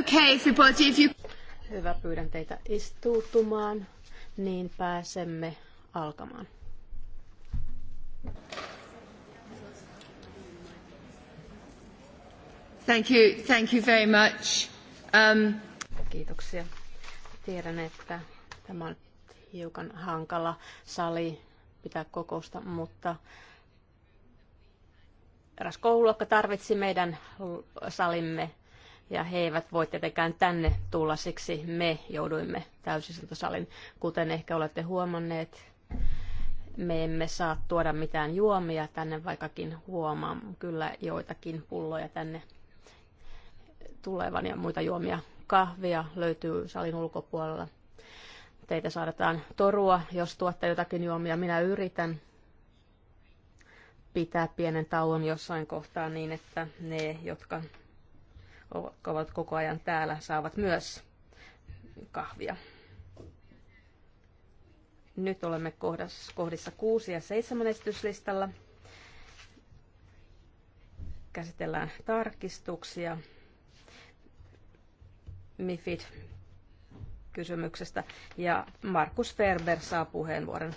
Okay, everybody, if you... Hyvä, pyydän teitä istuutumaan, niin pääsemme alkamaan. Thank you, thank you very much. Um... Kiitoksia. Tiedän, että tämä on hiukan hankala sali pitää kokousta, mutta eräs koululuokka tarvitsi meidän salimme ja he eivät voi tietenkään tänne tulla, siksi me jouduimme täysistuntosalin. Kuten ehkä olette huomanneet, me emme saa tuoda mitään juomia tänne, vaikkakin huomaan kyllä joitakin pulloja tänne tulevan ja muita juomia. Kahvia löytyy salin ulkopuolella. Teitä saadaan torua, jos tuotte jotakin juomia. Minä yritän pitää pienen tauon jossain kohtaa niin, että ne, jotka ovat koko ajan täällä, saavat myös kahvia. Nyt olemme kohdissa 6 ja 7 esityslistalla. Käsitellään tarkistuksia MIFID kysymyksestä ja Markus Ferber saa puheenvuoron.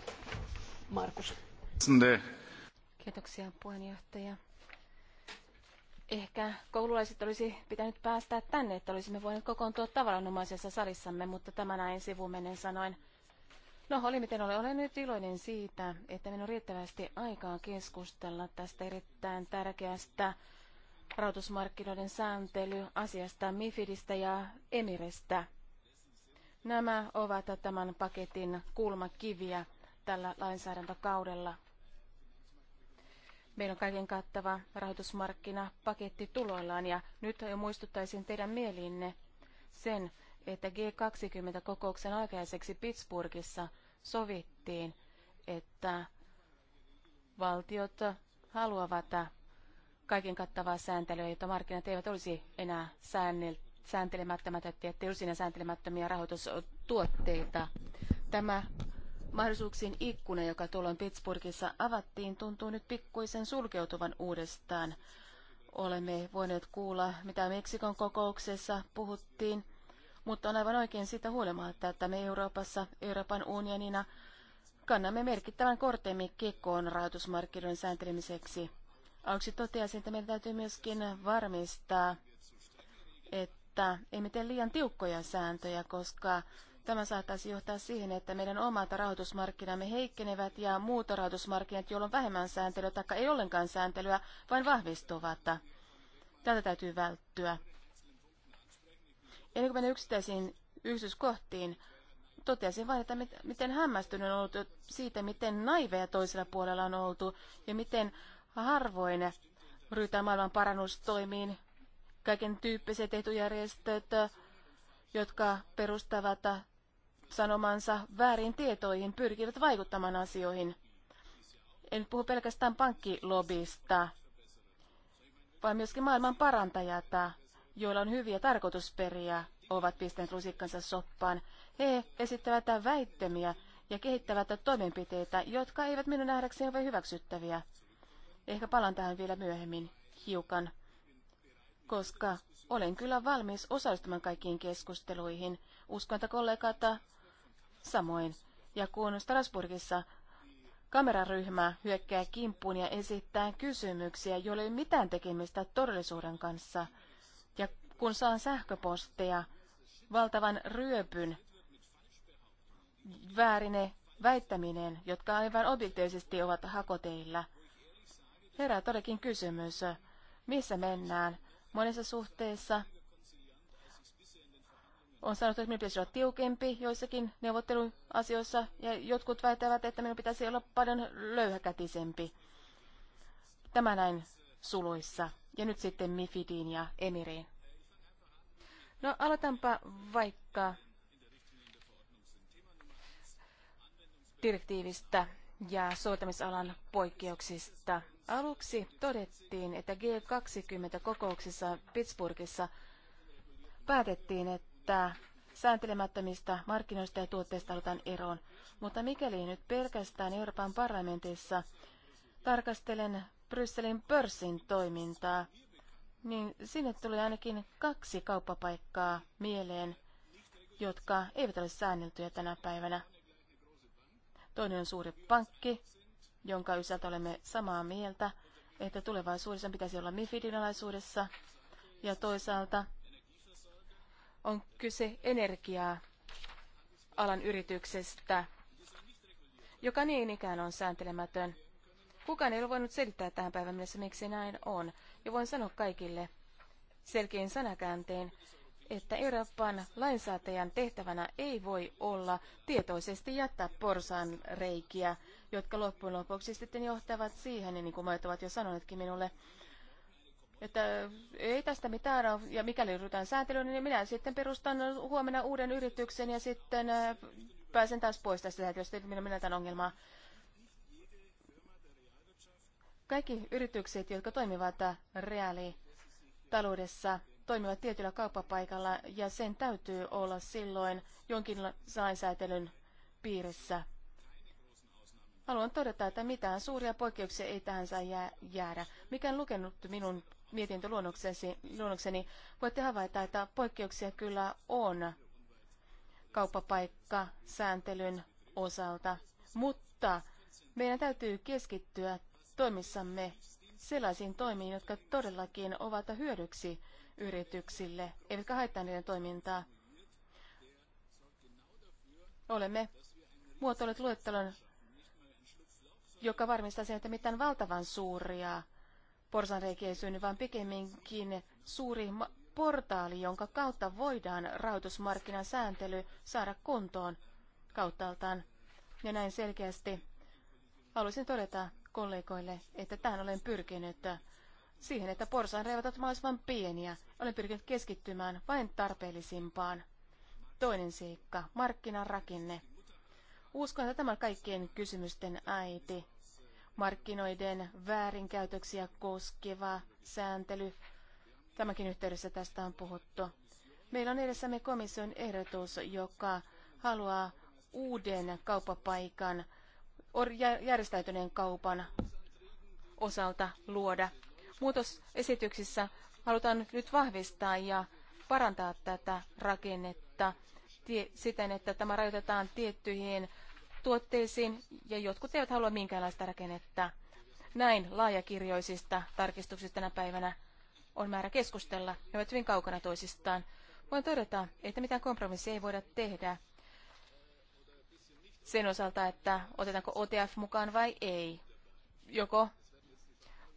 Markus. Kiitoksia puheenjohtaja. Ehkä koululaiset olisi pitänyt päästää tänne, että olisimme voineet kokoontua tavallanomaisessa salissamme, mutta tämä näin sivumennen sanoin. No oli miten ole. Olen nyt iloinen siitä, että minulla on riittävästi aikaa keskustella tästä erittäin tärkeästä rahoitusmarkkinoiden sääntelyasiasta, MIFIDistä ja EMIRestä. Nämä ovat tämän paketin kulmakiviä tällä lainsäädäntökaudella. Meillä on kaiken kattava rahoitusmarkkinapaketti tuloillaan ja nyt muistuttaisin teidän mieliinne sen, että G20-kokouksen aikaiseksi Pittsburghissa sovittiin, että valtiot haluavat kaiken kattavaa sääntelyä, jotta markkinat eivät olisi enää sääntelemättömät, ettei olisi enää sääntelemättömiä rahoitustuotteita. Tämä mahdollisuuksien ikkuna, joka tuolloin Pittsburghissa avattiin, tuntuu nyt pikkuisen sulkeutuvan uudestaan. Olemme voineet kuulla, mitä Meksikon kokouksessa puhuttiin, mutta on aivan oikein sitä huolimatta, että me Euroopassa, Euroopan unionina, kannamme merkittävän korteemme kekoon rahoitusmarkkinoiden sääntelemiseksi. Aluksi toteaisin, että meidän täytyy myöskin varmistaa, että emme tee liian tiukkoja sääntöjä, koska Tämä saattaisi johtaa siihen, että meidän omat rahoitusmarkkinamme heikkenevät ja muut rahoitusmarkkinat, joilla on vähemmän sääntelyä tai ei ollenkaan sääntelyä, vain vahvistuvat. Tätä täytyy välttyä. Ennen kuin mennään yksittäisiin yksityiskohtiin, totesin vain, että mit, miten hämmästynyt on ollut siitä, miten naiveja toisella puolella on oltu ja miten harvoin ryhtää maailman parannustoimiin. Kaiken tyyppiset etujärjestöt, jotka perustavat sanomansa väärin tietoihin, pyrkivät vaikuttamaan asioihin. En puhu pelkästään pankkilobista, vaan myöskin maailman parantajata, joilla on hyviä tarkoitusperiä, ovat pistäneet lusikkansa soppaan. He esittävät väittämiä ja kehittävät toimenpiteitä, jotka eivät minun nähdäkseni ole hyväksyttäviä. Ehkä palaan tähän vielä myöhemmin hiukan, koska olen kyllä valmis osallistumaan kaikkiin keskusteluihin. Uskon, että kollegat samoin. Ja kun Strasburgissa kameraryhmä hyökkää kimppuun ja esittää kysymyksiä, joilla ei ole mitään tekemistä todellisuuden kanssa, ja kun saan sähköposteja, valtavan ryöpyn, väärine väittäminen, jotka aivan objektiivisesti ovat hakoteilla. Herää todellakin kysymys, missä mennään? Monessa suhteessa on sanottu, että minun pitäisi olla tiukempi joissakin neuvotteluasioissa, ja jotkut väittävät, että minun pitäisi olla paljon löyhäkätisempi. Tämä näin suluissa. Ja nyt sitten Mifidiin ja Emiriin. No aloitanpa vaikka direktiivistä ja soveltamisalan poikkeuksista. Aluksi todettiin, että G20-kokouksessa Pittsburghissa päätettiin, että että sääntelemättömistä markkinoista ja tuotteista halutaan eroon. Mutta mikäli nyt pelkästään Euroopan parlamentissa tarkastelen Brysselin pörssin toimintaa, niin sinne tuli ainakin kaksi kauppapaikkaa mieleen, jotka eivät ole säänneltyjä tänä päivänä. Toinen on suuri pankki, jonka ysältä olemme samaa mieltä, että tulevaisuudessa pitäisi olla MIFIDin alaisuudessa, ja toisaalta on kyse energia-alan yrityksestä, joka niin ikään on sääntelemätön. Kukaan ei ole voinut selittää tähän päivän mennessä, miksi näin on. Ja voin sanoa kaikille selkein sanakäänteen, että Euroopan lainsäätäjän tehtävänä ei voi olla tietoisesti jättää porsaan reikiä, jotka loppujen lopuksi sitten johtavat siihen, niin kuin ovat jo sanoneetkin minulle, että ei tästä mitään ole, ja mikäli ryhdytään sääntelyyn, niin minä sitten perustan huomenna uuden yrityksen ja sitten äh, pääsen taas pois tästä säätelystä, minä minä tämän ongelmaa. Kaikki yritykset, jotka toimivat äh, reaalitaloudessa, toimivat tietyllä kauppapaikalla ja sen täytyy olla silloin jonkin lainsäätelyn piirissä. Haluan todeta, että mitään suuria poikkeuksia ei tähän saa jää, jäädä. Mikä on lukenut minun mietintöluonnokseni, voitte havaita, että poikkeuksia kyllä on kauppapaikka sääntelyn osalta, mutta meidän täytyy keskittyä toimissamme sellaisiin toimiin, jotka todellakin ovat hyödyksi yrityksille, eivätkä haittaa niiden toimintaa. Olemme muotoilleet luettelon, joka varmistaa sen, että mitään valtavan suuria porsanreikiä ei synny, vaan pikemminkin suuri portaali, jonka kautta voidaan rahoitusmarkkinan sääntely saada kuntoon kauttaaltaan. Ja näin selkeästi haluaisin todeta kollegoille, että tähän olen pyrkinyt siihen, että porsanreivat ovat mahdollisimman pieniä. Olen pyrkinyt keskittymään vain tarpeellisimpaan. Toinen seikka, markkinan Uskon, että tämä on kaikkien kysymysten äiti markkinoiden väärinkäytöksiä koskeva sääntely. Tämäkin yhteydessä tästä on puhuttu. Meillä on edessämme komission ehdotus, joka haluaa uuden kauppapaikan järjestäytyneen kaupan osalta luoda. Muutosesityksissä halutaan nyt vahvistaa ja parantaa tätä rakennetta siten, että tämä rajoitetaan tiettyihin tuotteisiin ja jotkut eivät halua minkäänlaista rakennetta. Näin laajakirjoisista tarkistuksista tänä päivänä on määrä keskustella. Ne ovat hyvin kaukana toisistaan. Voin todeta, että mitään kompromissia ei voida tehdä sen osalta, että otetaanko OTF mukaan vai ei. Joko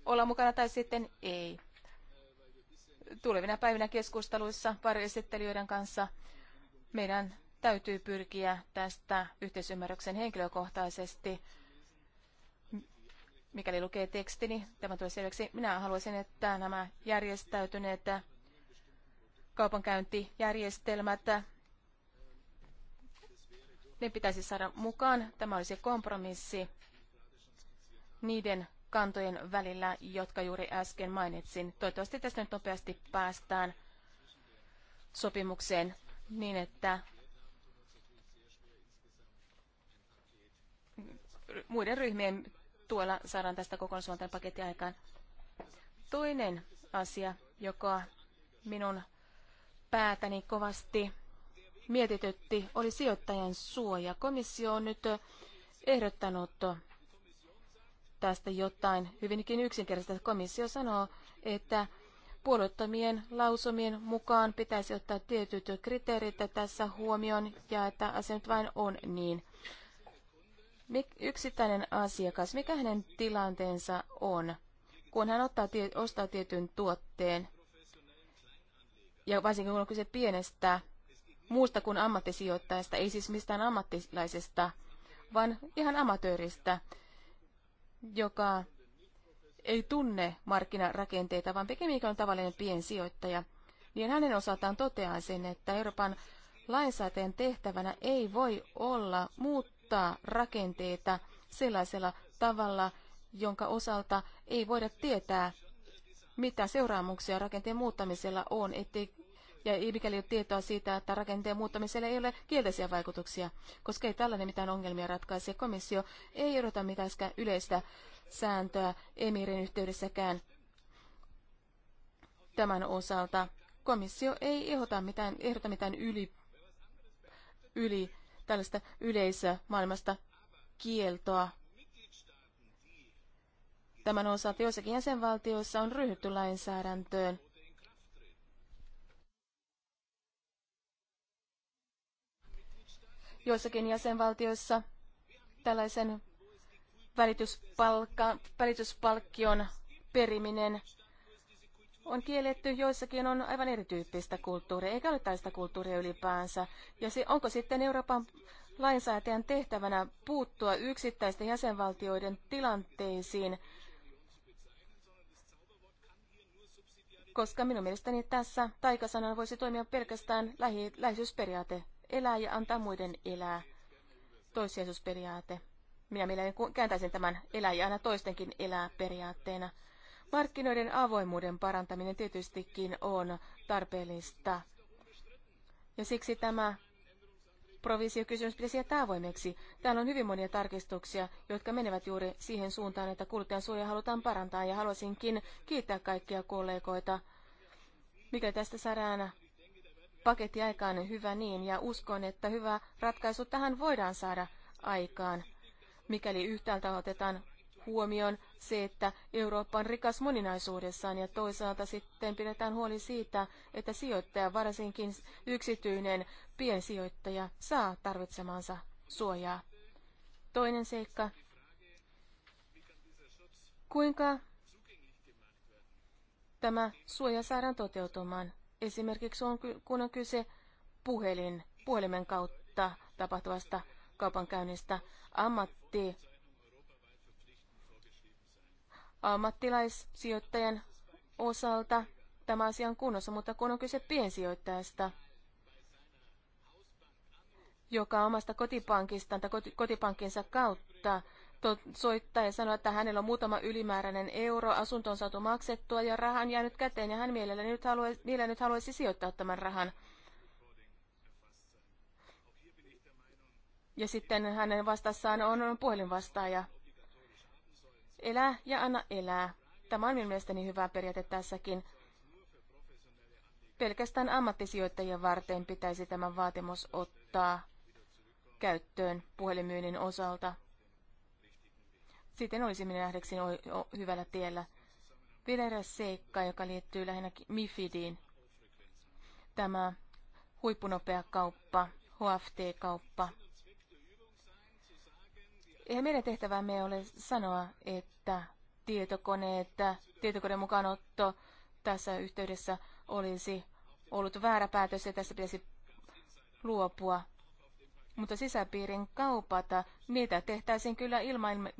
olla mukana tai sitten ei. Tulevina päivinä keskusteluissa pari esittelijöiden kanssa meidän täytyy pyrkiä tästä yhteisymmärryksen henkilökohtaisesti. Mikäli lukee tekstini, niin tämä tulee selväksi. Minä haluaisin, että nämä järjestäytyneet kaupankäyntijärjestelmät, ne pitäisi saada mukaan. Tämä olisi kompromissi niiden kantojen välillä, jotka juuri äsken mainitsin. Toivottavasti tästä nyt nopeasti päästään sopimukseen niin, että muiden ryhmien tuella saadaan tästä kokonaisuuteen paketti aikaan. Toinen asia, joka minun päätäni kovasti mietitytti, oli sijoittajan suoja. Komissio on nyt ehdottanut tästä jotain hyvinkin yksinkertaista. Komissio sanoo, että puolueettomien lausumien mukaan pitäisi ottaa tietyt kriteerit tässä huomioon ja että asia nyt vain on niin yksittäinen asiakas, mikä hänen tilanteensa on, kun hän ottaa, ostaa tietyn tuotteen, ja varsinkin kun on kyse pienestä muusta kuin ammattisijoittajasta, ei siis mistään ammattilaisesta, vaan ihan amatööristä, joka ei tunne markkinarakenteita, vaan pikemminkin on tavallinen piensijoittaja, niin hänen osaltaan toteaa sen, että Euroopan lainsäätäjän tehtävänä ei voi olla muuttaa muuttaa rakenteita sellaisella tavalla, jonka osalta ei voida tietää, mitä seuraamuksia rakenteen muuttamisella on, ettei ja ei mikäli ole tietoa siitä, että rakenteen muuttamisella ei ole kielteisiä vaikutuksia, koska ei tällainen mitään ongelmia ratkaise. Komissio ei odota mitään yleistä sääntöä emirin yhteydessäkään tämän osalta. Komissio ei ehdota mitään, ehdota mitään yli, yli tällaista yleisömaailmasta kieltoa. Tämän osalta joissakin jäsenvaltioissa on ryhdytty lainsäädäntöön. Joissakin jäsenvaltioissa tällaisen välityspalkkion periminen on kielletty, joissakin on aivan erityyppistä kulttuuria, eikä ole tällaista kulttuuria ylipäänsä. Ja se, onko sitten Euroopan lainsäätäjän tehtävänä puuttua yksittäisten jäsenvaltioiden tilanteisiin, koska minun mielestäni tässä taikasanan voisi toimia pelkästään lähi- läheisyysperiaate, elää ja antaa muiden elää, toissijaisuusperiaate. Minä mielelläni kääntäisin tämän elää ja aina toistenkin elää periaatteena. Markkinoiden avoimuuden parantaminen tietystikin on tarpeellista. Ja siksi tämä provisiokysymys pitäisi jättää avoimeksi. Täällä on hyvin monia tarkistuksia, jotka menevät juuri siihen suuntaan, että kuluttajan suoja halutaan parantaa ja haluaisinkin kiittää kaikkia kollegoita. Mikä tästä saadaan paketti aikaan, hyvä niin, ja uskon, että hyvä ratkaisu tähän voidaan saada aikaan, mikäli yhtäältä otetaan huomioon se, että Eurooppa on rikas moninaisuudessaan ja toisaalta sitten pidetään huoli siitä, että sijoittaja, varsinkin yksityinen piensijoittaja, saa tarvitsemansa suojaa. Toinen seikka. Kuinka tämä suoja saadaan toteutumaan? Esimerkiksi on, kun on kyse puhelin, puhelimen kautta tapahtuvasta kaupankäynnistä, ammatti ammattilaissijoittajien osalta tämä asia on kunnossa, mutta kun on kyse piensijoittajasta, joka omasta kotipankistaan tai kotipankkinsa kautta soittaa ja sanoo, että hänellä on muutama ylimääräinen euro, asunto on saatu maksettua ja rahan jäänyt käteen ja hän mielellä nyt haluaisi, niillä nyt haluaisi sijoittaa tämän rahan. Ja sitten hänen vastassaan on puhelinvastaaja Elää ja anna elää. Tämä on mielestäni hyvä periaate tässäkin. Pelkästään ammattisijoittajien varten pitäisi tämä vaatimus ottaa käyttöön puhelimyynnin osalta. Siten olisimme nähdäkseni hyvällä tiellä. Vielä eräs seikka, joka liittyy lähinnä MIFIDiin. Tämä huippunopea kauppa, HFT-kauppa. Eihän meidän tehtävämme ole sanoa, että tietokoneet, tietokoneen mukaanotto tässä yhteydessä olisi ollut väärä päätös ja tästä pitäisi luopua. Mutta sisäpiirin kaupata, niitä tehtäisiin kyllä ilman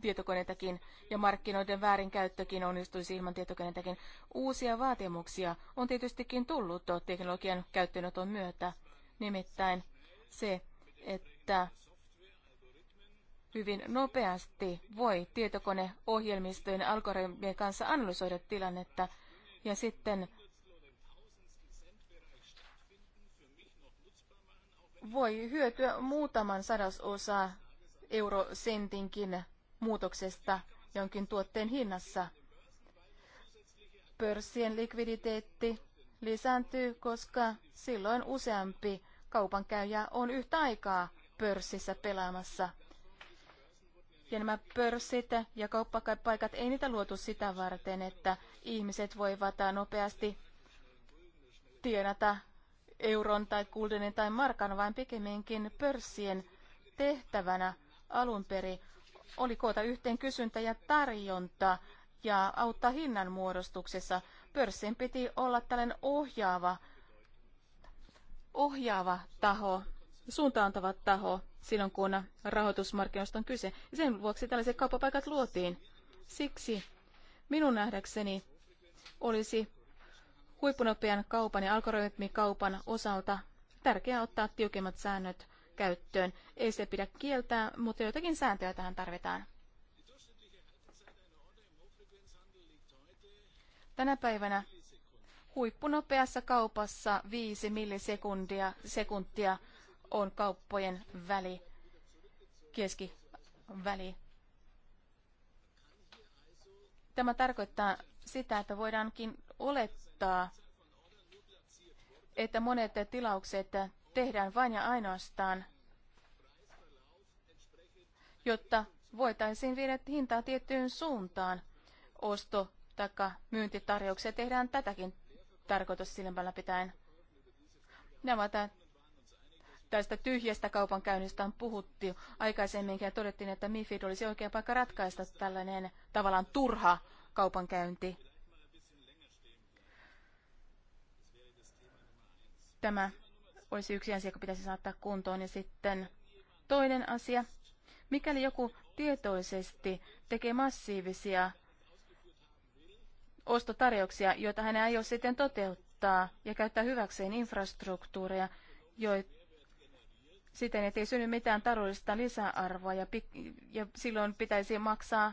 tietokoneitakin ja markkinoiden väärinkäyttökin onnistuisi ilman tietokoneitäkin. Uusia vaatimuksia on tietystikin tullut teknologian käyttöönoton myötä. Nimittäin se, että hyvin nopeasti voi tietokoneohjelmistojen algoritmien kanssa analysoida tilannetta ja sitten voi hyötyä muutaman sadasosa eurosentinkin muutoksesta jonkin tuotteen hinnassa. Pörssien likviditeetti lisääntyy, koska silloin useampi kaupankäyjä on yhtä aikaa pörssissä pelaamassa – ja nämä pörssit ja kauppapaikat, ei niitä luotu sitä varten, että ihmiset voivat nopeasti tienata euron tai kuldenin tai markan, vaan pikemminkin pörssien tehtävänä alun perin oli koota yhteen kysyntä ja tarjonta ja auttaa hinnan muodostuksessa. Pörssin piti olla tällainen ohjaava, ohjaava taho suuntaantava taho silloin, kun rahoitusmarkkinoista on kyse. Ja sen vuoksi tällaiset kauppapaikat luotiin. Siksi minun nähdäkseni olisi huippunopean kaupan ja algoritmikaupan osalta tärkeää ottaa tiukemmat säännöt käyttöön. Ei se pidä kieltää, mutta jotakin sääntöjä tähän tarvitaan. Tänä päivänä huippunopeassa kaupassa 5 millisekuntia sekuntia on kauppojen väli, keskiväli. Tämä tarkoittaa sitä, että voidaankin olettaa, että monet tilaukset tehdään vain ja ainoastaan, jotta voitaisiin viedä hintaa tiettyyn suuntaan. Osto- tai myyntitarjouksia tehdään tätäkin tarkoitus silmällä pitäen. Nämä ovat tästä tyhjästä kaupankäynnistä on puhuttu aikaisemminkin ja todettiin, että MIFID olisi oikea paikka ratkaista tällainen tavallaan turha kaupankäynti. Tämä olisi yksi asia, joka pitäisi saattaa kuntoon. Ja sitten toinen asia. Mikäli joku tietoisesti tekee massiivisia ostotarjouksia, joita hän ei aio sitten toteuttaa ja käyttää hyväkseen infrastruktuuria, joita siten, ettei synny mitään taloudellista lisäarvoa ja, ja silloin pitäisi maksaa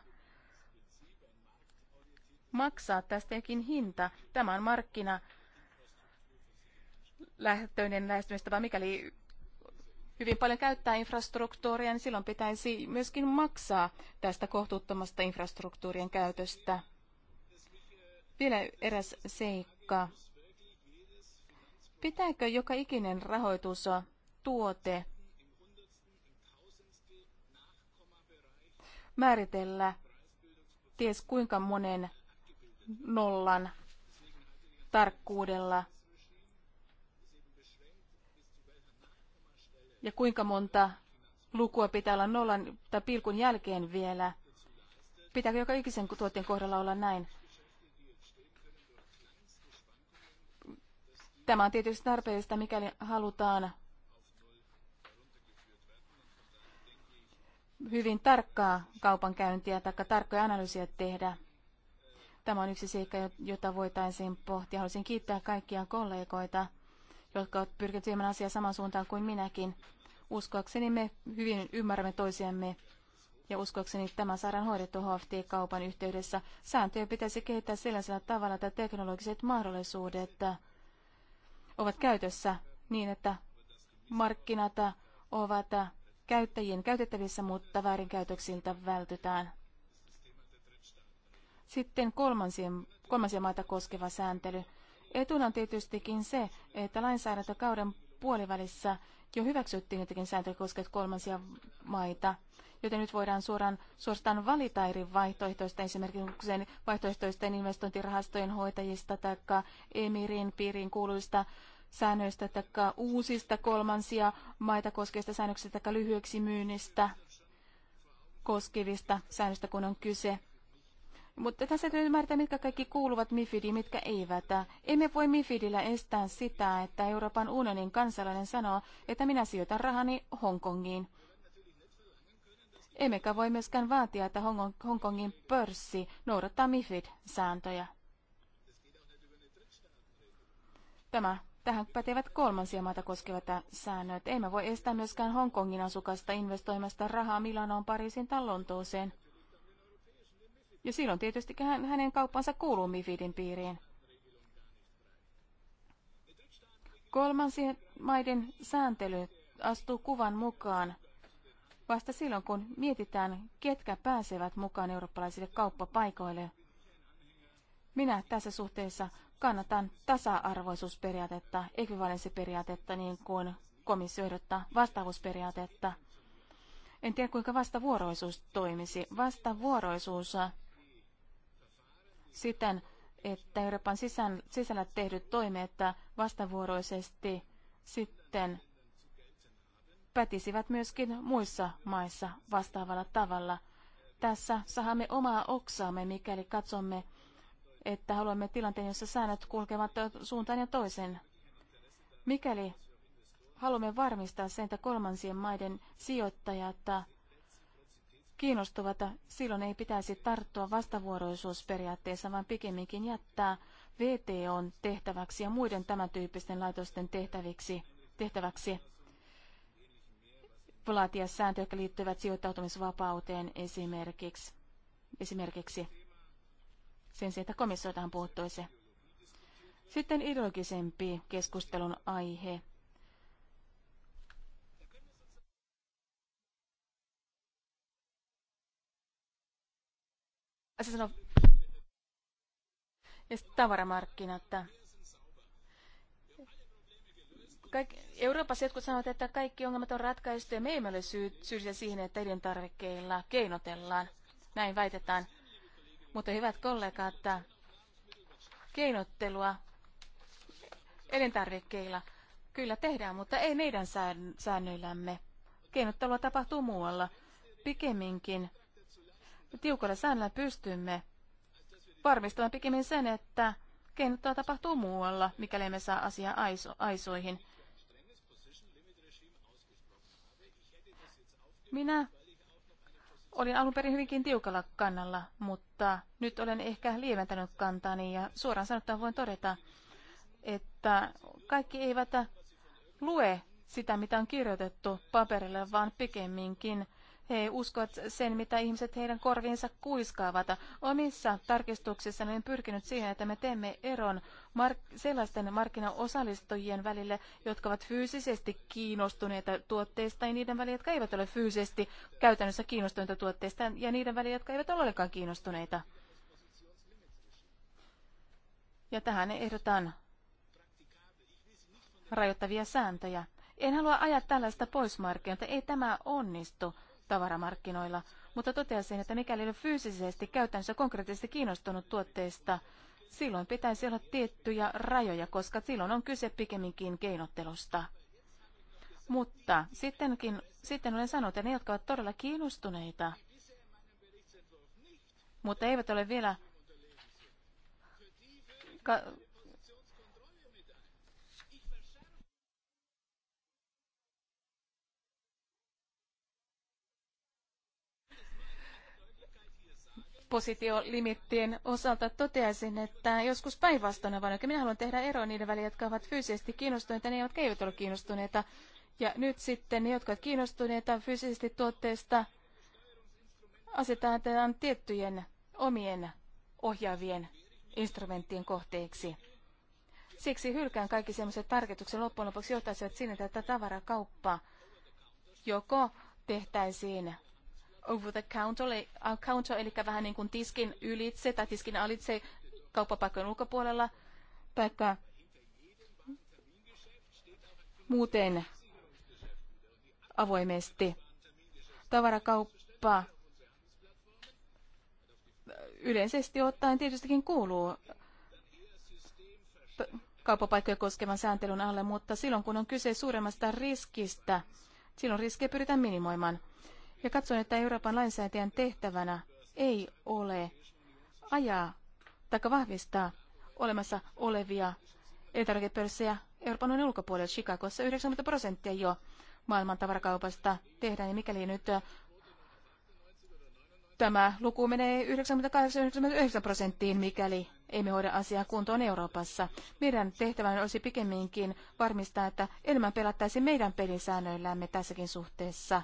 maksaa tästä jokin hinta. Tämä on markkina lähtöinen lähestymistapa, mikäli hyvin paljon käyttää infrastruktuuria, niin silloin pitäisi myöskin maksaa tästä kohtuuttomasta infrastruktuurien käytöstä. Vielä eräs seikka. Pitääkö joka ikinen rahoitus tuote määritellä ties kuinka monen nollan tarkkuudella ja kuinka monta lukua pitää olla nollan tai pilkun jälkeen vielä. Pitääkö joka ikisen tuotteen kohdalla olla näin? Tämä on tietysti tarpeellista, mikäli halutaan hyvin tarkkaa kaupankäyntiä tai tarkkoja analyysiä tehdä. Tämä on yksi seikka, jota voitaisiin pohtia. Haluaisin kiittää kaikkia kollegoita, jotka ovat pyrkineet viemään asiaa saman suuntaan kuin minäkin. Uskoakseni me hyvin ymmärrämme toisiamme ja uskoakseni tämä saadaan hoidettu HFT-kaupan yhteydessä. Sääntöjä pitäisi kehittää sellaisella tavalla, että teknologiset mahdollisuudet ovat käytössä niin, että markkinat ovat käyttäjien käytettävissä, mutta väärinkäytöksiltä vältytään. Sitten kolmansien, kolmansia maita koskeva sääntely. Etuna on tietystikin se, että lainsäädäntökauden puolivälissä jo hyväksyttiin jotenkin sääntöjä koskevat kolmansia maita, joten nyt voidaan suoraan suorastaan valita eri vaihtoehtoista, esimerkiksi vaihtoehtoisten investointirahastojen hoitajista tai emirin piiriin kuuluista säännöistä tai uusista kolmansia maita koskevista säännöksistä tai lyhyeksi myynnistä koskevista säännöistä, kun on kyse. Mutta tässä täytyy ymmärtää, mitkä kaikki kuuluvat MIFIDiin, mitkä eivät. Emme voi MIFIDillä estää sitä, että Euroopan unionin kansalainen sanoo, että minä sijoitan rahani Hongkongiin. Emmekä voi myöskään vaatia, että Hongkongin pörssi noudattaa MIFID-sääntöjä. Tämä Tähän pätevät kolmansia maita koskevat säännöt. Emme voi estää myöskään Hongkongin asukasta investoimasta rahaa Milanoon, Pariisin tai Lontooseen. Ja silloin tietysti hänen kauppansa kuuluu MIFIDin piiriin. Kolmansien maiden sääntely astuu kuvan mukaan vasta silloin, kun mietitään, ketkä pääsevät mukaan eurooppalaisille kauppapaikoille. Minä tässä suhteessa kannatan tasa-arvoisuusperiaatetta, ekvivalenssiperiaatetta, niin kuin komissio ehdottaa vastaavuusperiaatetta. En tiedä, kuinka vastavuoroisuus toimisi. Vastavuoroisuus äh, siten, että Euroopan sisään, sisällä tehdyt toimet äh, vastavuoroisesti sitten pätisivät myöskin muissa maissa vastaavalla tavalla. Tässä saamme omaa oksaamme, mikäli katsomme että haluamme tilanteen, jossa säännöt kulkevat suuntaan ja toiseen. Mikäli haluamme varmistaa sen, että kolmansien maiden sijoittajat kiinnostuvat, silloin ei pitäisi tarttua vastavuoroisuusperiaatteessa, vaan pikemminkin jättää VTOn tehtäväksi ja muiden tämän tyyppisten laitosten tehtäviksi, tehtäväksi laatia sääntöjä, jotka liittyvät sijoittautumisvapauteen esimerkiksi. esimerkiksi sen sijaan, että komissio tähän puuttuisi. Sitten ideologisempi keskustelun aihe. Se sanoo, ja tavaramarkkinat. Euroopassa jotkut sanovat, että kaikki ongelmat on ratkaistu ja me emme ole syy, syyllisiä siihen, että elintarvikkeilla keinotellaan. Näin väitetään. Mutta hyvät kollegat, keinottelua elintarvikkeilla kyllä tehdään, mutta ei meidän säännöillämme. Keinottelua tapahtuu muualla. Pikemminkin tiukalla säännöllä pystymme varmistamaan pikemmin sen, että keinottelua tapahtuu muualla, mikäli emme saa asiaa aiso, aisoihin. Minä Olin alun perin hyvinkin tiukalla kannalla, mutta nyt olen ehkä lieventänyt kantani ja suoraan sanottuna voin todeta, että kaikki eivät lue sitä, mitä on kirjoitettu paperille, vaan pikemminkin he uskovat sen, mitä ihmiset heidän korviinsa kuiskaavat. Omissa tarkistuksissa olen pyrkinyt siihen, että me teemme eron mark- sellaisten markkinaosallistujien välille, jotka ovat fyysisesti kiinnostuneita tuotteista ja niiden välillä, jotka eivät ole fyysisesti käytännössä kiinnostuneita tuotteista ja niiden välillä, jotka eivät ole olekaan kiinnostuneita. Ja tähän ehdotan rajoittavia sääntöjä. En halua ajaa tällaista pois markkinoilta, ei tämä onnistu tavaramarkkinoilla, mutta toteaisin, että mikäli ei ole fyysisesti käytännössä konkreettisesti kiinnostunut tuotteista, silloin pitäisi olla tiettyjä rajoja, koska silloin on kyse pikemminkin keinottelusta. Mutta sittenkin, sitten olen sanonut, että ne, jotka ovat todella kiinnostuneita, mutta eivät ole vielä positiolimittien osalta toteaisin, että joskus päinvastoin on vain, minä haluan tehdä eroa niiden välillä, jotka ovat fyysisesti kiinnostuneita ja ne, jotka eivät ole kiinnostuneita. Ja nyt sitten ne, jotka ovat kiinnostuneita fyysisesti tuotteista, asetetaan tiettyjen omien ohjaavien instrumenttien kohteeksi. Siksi hylkään kaikki sellaiset tarkoituksen loppujen lopuksi johtaisivat sinne, että tavarakauppa joko tehtäisiin over the counter, uh, counter eli vähän niin kuin tiskin ylitse tai tiskin alitse kauppapaikkojen ulkopuolella, taikka muuten avoimesti. Tavarakauppa äh, yleisesti ottaen tietystikin kuuluu kauppapaikkoja koskevan sääntelyn alle, mutta silloin kun on kyse suuremmasta riskistä, silloin riskejä pyritään minimoimaan. Ja katson, että Euroopan lainsäätäjän tehtävänä ei ole ajaa tai vahvistaa olemassa olevia elintarvikepörssejä Euroopan unionin ulkopuolella. Chicagossa 90 prosenttia jo maailman tavarakaupasta tehdään, ja mikäli nyt äh, tämä luku menee 98-99 prosenttiin, mikäli emme hoida asiaa kuntoon Euroopassa. Meidän tehtävänä olisi pikemminkin varmistaa, että enemmän pelattaisi meidän pelisäännöillämme tässäkin suhteessa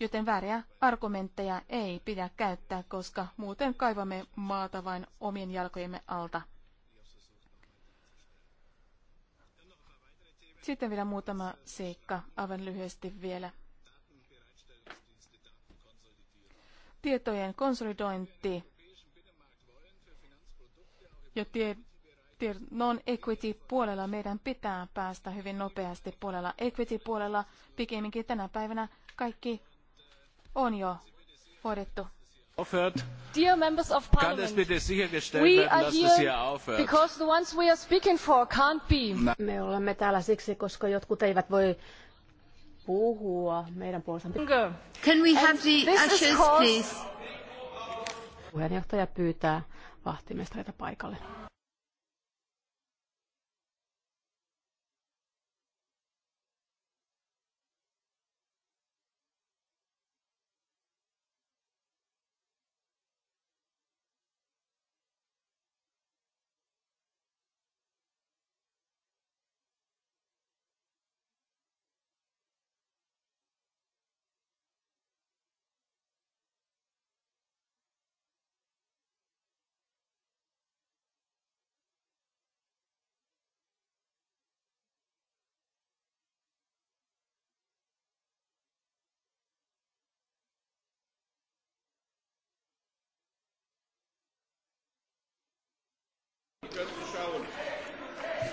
Joten väriä argumentteja ei pidä käyttää, koska muuten kaivamme maata vain omien jalkojemme alta. Sitten vielä muutama seikka, aivan lyhyesti vielä. Tietojen konsolidointi ja tie, tie, non-equity-puolella meidän pitää päästä hyvin nopeasti puolella. Equity-puolella pikemminkin tänä päivänä kaikki on jo hoidettu. Dear members of parliament, we are here because the ones we are speaking for can't be. Me olemme täällä siksi, koska jotkut eivät voi puhua meidän puolestaan. Can we have the ashes, please? Puheenjohtaja pyytää vahtimestareita paikalle.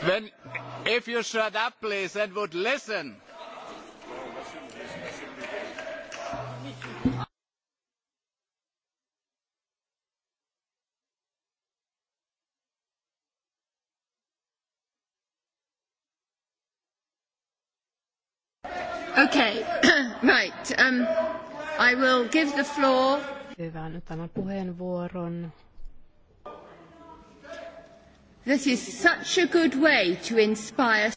When, if you shut up, please, and would listen. Okay, right. Um, I will give the floor. Hyvä, nyt annan puheenvuoron This is such a good way to inspire.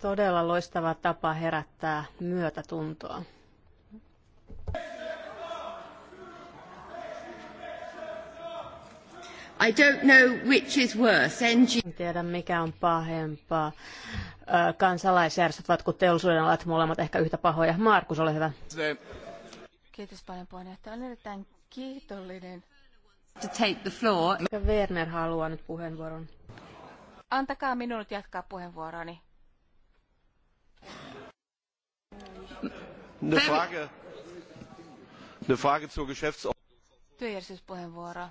Todella loistava tapa herättää myötätuntoa. I don't know which is worse. NG... En tiedä mikä on pahempaa. Kansalaisjärjestöt kuin teollisuuden alat molemmat ehkä yhtä pahoja. Markus, ole hyvä. Kiitos paljon puheenjohtaja. Olen erittäin kiitollinen to take the floor. Werner haluaa nyt puheenvuoron. Antakaa minun jatkaa puheenvuoroani. Eine Frage, eine Frage zur Geschäftsordnung. Työjärjestyspuheenvuoro.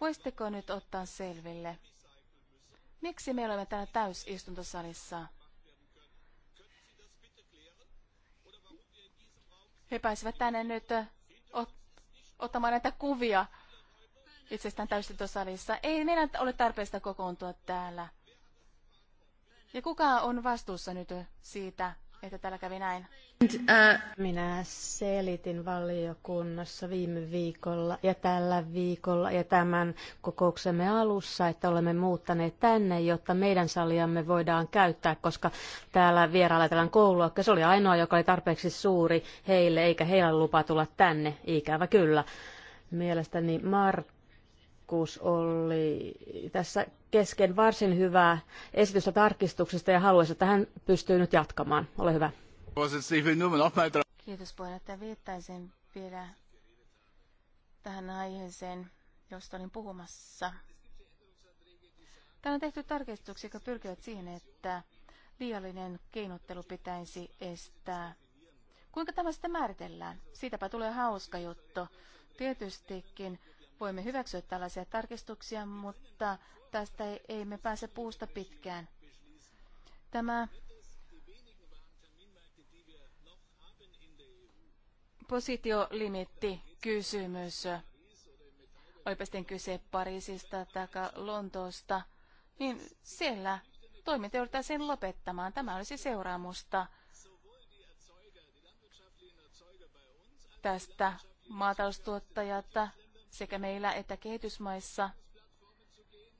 Voisitteko nyt ottaa selville, miksi me olemme täällä täysistuntosalissa? He pääsivät tänne nyt ottamaan näitä kuvia itsestään täysistuntosalissa. Ei meidän ole tarpeesta kokoontua täällä. Ja kuka on vastuussa nyt siitä, että täällä kävi näin? Uh, Minä selitin valiokunnassa viime viikolla ja tällä viikolla ja tämän kokouksemme alussa, että olemme muuttaneet tänne, jotta meidän saliamme voidaan käyttää, koska täällä vieraillaan koulua. Se oli ainoa, joka oli tarpeeksi suuri heille, eikä heillä lupa tulla tänne, ikävä kyllä. Mielestäni Mart tarkkuus oli tässä kesken varsin hyvää esitystä tarkistuksesta ja haluaisin, että hän pystyy nyt jatkamaan. Ole hyvä. Kiitos puheenjohtaja. Viittaisin vielä tähän aiheeseen, josta olin puhumassa. Täällä on tehty tarkistuksia, jotka pyrkivät siihen, että liiallinen keinottelu pitäisi estää. Kuinka tämä sitten määritellään? Siitäpä tulee hauska juttu. Tietystikin voimme hyväksyä tällaisia tarkistuksia, mutta tästä ei, ei me pääse puusta pitkään. Tämä positiolimitti kysymys, olipa sitten kyse Pariisista tai Lontoosta, niin siellä toiminta joudutaan sen lopettamaan. Tämä olisi seuraamusta tästä maataloustuottajat sekä meillä että kehitysmaissa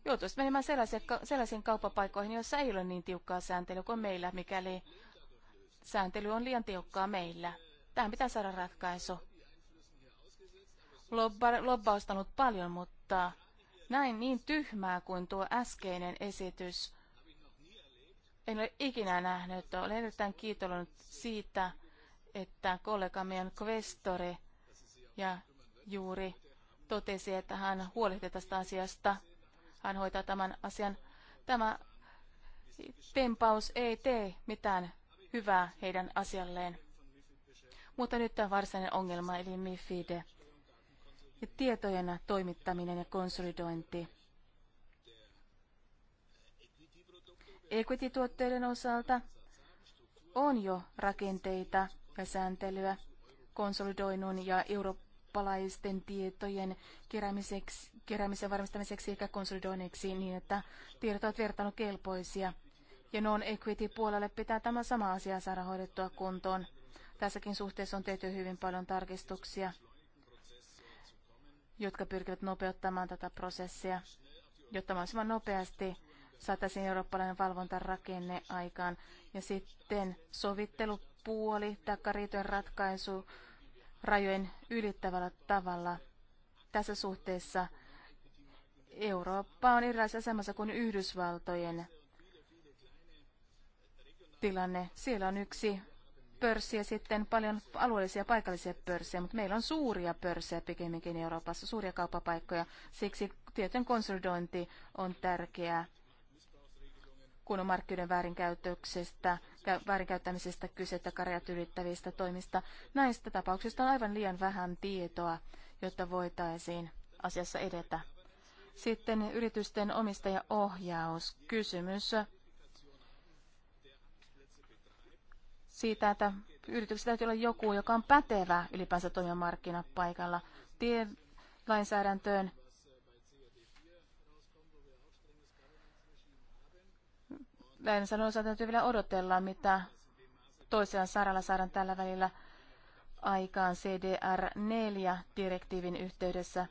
joutuisi menemään sellaisiin kauppapaikoihin, joissa ei ole niin tiukkaa sääntelyä kuin meillä, mikäli sääntely on liian tiukkaa meillä. Tähän pitää saada ratkaisu. Lobba, lobbaustanut paljon, mutta näin niin tyhmää kuin tuo äskeinen esitys. En ole ikinä nähnyt. Olen erittäin kiitollinen siitä, että kollegamme on kvestori ja juuri totesi, että hän huolehtii tästä asiasta. Hän hoitaa tämän asian. Tämä tempaus ei tee mitään hyvää heidän asialleen. Mutta nyt tämä varsinainen ongelma, eli MIFID, ja tietojen toimittaminen ja konsolidointi. Equity-tuotteiden osalta on jo rakenteita ja sääntelyä konsolidoinnun ja Euroopan eurooppalaisten tietojen keräämiseksi, keräämisen varmistamiseksi eikä konsolidoinneksi niin, että tiedot ovat kelpoisia. Ja non-equity-puolelle pitää tämä sama asia saada hoidettua kuntoon. Tässäkin suhteessa on tehty hyvin paljon tarkistuksia, jotka pyrkivät nopeuttamaan tätä prosessia, jotta mahdollisimman nopeasti saataisiin eurooppalainen valvontarakenne aikaan. Ja sitten sovittelupuoli takkariitojen ratkaisu rajojen ylittävällä tavalla. Tässä suhteessa Eurooppa on erilaisessa asemassa kuin Yhdysvaltojen tilanne. Siellä on yksi pörssi ja sitten paljon alueellisia paikallisia pörssejä, mutta meillä on suuria pörssejä pikemminkin Euroopassa, suuria kauppapaikkoja. Siksi tietyn konsolidointi on tärkeää, kun on markkinoiden väärinkäytöksestä väärinkäyttämisestä että karjat ylittävistä toimista. Näistä tapauksista on aivan liian vähän tietoa, jotta voitaisiin asiassa edetä. Sitten yritysten omistajaohjaus. Kysymys siitä, että yrityksessä täytyy olla joku, joka on pätevä ylipäänsä toimia markkinapaikalla. Tie lainsäädäntöön Näin että täytyy vielä odotella, mitä toisella saralla saadaan tällä välillä aikaan CDR4-direktiivin yhteydessä.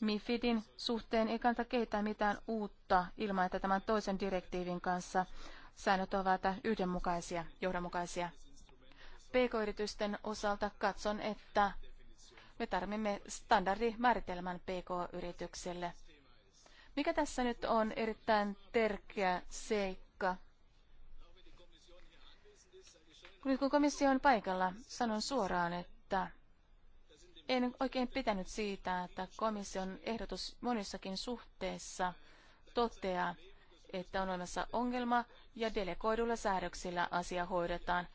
MIFIDin suhteen ei kannata kehittää mitään uutta ilman, että tämän toisen direktiivin kanssa säännöt ovat yhdenmukaisia, johdonmukaisia. PK-yritysten osalta katson, että me tarvitsemme standardimääritelmän PK-yritykselle. Mikä tässä nyt on erittäin tärkeä seikka? Nyt kun komissio on paikalla, sanon suoraan, että en oikein pitänyt siitä, että komission ehdotus monissakin suhteessa toteaa, että on olemassa ongelma ja delegoidulla säädöksillä asia hoidetaan.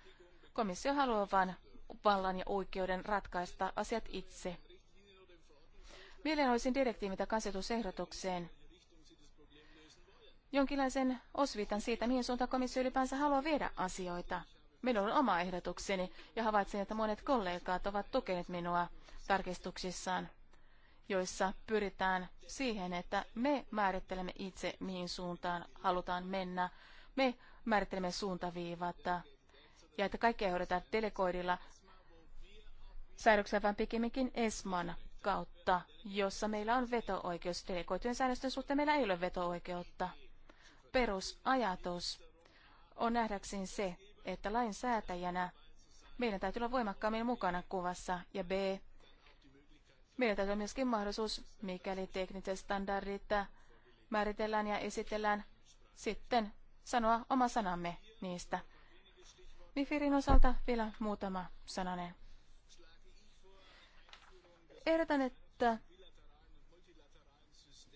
Komissio haluaa vain vallan ja oikeuden ratkaista asiat itse. olisin direktiivitä kasetusehdotukseen jonkinlaisen osviitan siitä, mihin suuntaan komissio ylipäänsä haluaa viedä asioita. Minulla on oma ehdotukseni ja havaitsin, että monet kollegat ovat tukeneet minua tarkistuksissaan, joissa pyritään siihen, että me määrittelemme itse, mihin suuntaan halutaan mennä. Me määrittelemme suuntaviivat ja että kaikkea hoidetaan telekoidilla säädöksellä, vaan pikemminkin ESMAN kautta, jossa meillä on veto-oikeus. Delegoitujen säännösten suhteen meillä ei ole veto-oikeutta. Perusajatus on nähdäkseni se, että lainsäätäjänä meidän täytyy olla voimakkaammin mukana kuvassa, ja B, meillä täytyy olla myöskin mahdollisuus, mikäli tekniset standardit määritellään ja esitellään, sitten sanoa oma sanamme niistä. Mifirin osalta vielä muutama sananen. Ehdotan, että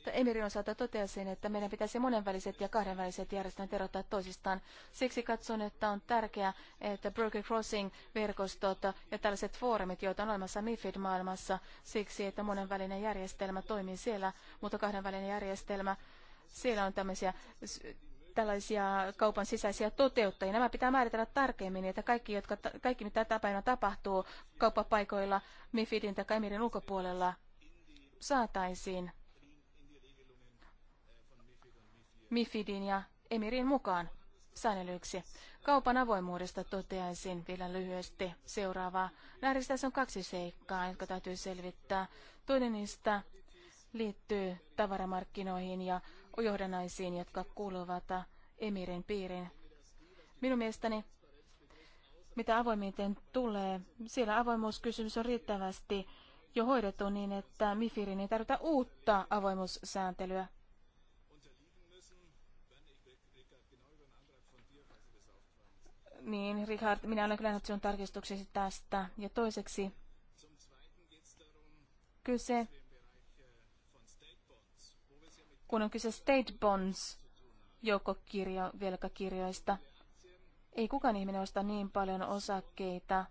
Emirin osalta totesin, että meidän pitäisi monenväliset ja kahdenväliset järjestelmät erottaa toisistaan. Siksi katson, että on tärkeää, että Broker Crossing-verkostot ja tällaiset foorumit, joita on olemassa MIFID-maailmassa, siksi että monenvälinen järjestelmä toimii siellä, mutta kahdenvälinen järjestelmä, siellä on tämmöisiä tällaisia kaupan sisäisiä toteuttajia. Nämä pitää määritellä tarkemmin, että kaikki, jotka, kaikki mitä tätä päivänä tapahtuu kauppapaikoilla, MIFIDin tai Emirin ulkopuolella, saataisiin MIFIDin ja Emirin mukaan säännellyiksi. Kaupan avoimuudesta toteaisin vielä lyhyesti seuraavaa. Näristässä on kaksi seikkaa, jotka täytyy selvittää. Toinen niistä liittyy tavaramarkkinoihin ja johdannaisiin, jotka kuuluvat Emirin piiriin. Minun mielestäni, mitä avoimiten tulee, siellä avoimuuskysymys on riittävästi jo hoidettu niin, että Mifirin ei tarvita uutta avoimuussääntelyä. Niin, Richard, minä olen kyllä nähnyt sinun tarkistuksesi tästä. Ja toiseksi kyse, kun on kyse state bonds joukkokirjo, velkakirjoista, ei kukaan ihminen osta niin paljon osakkeita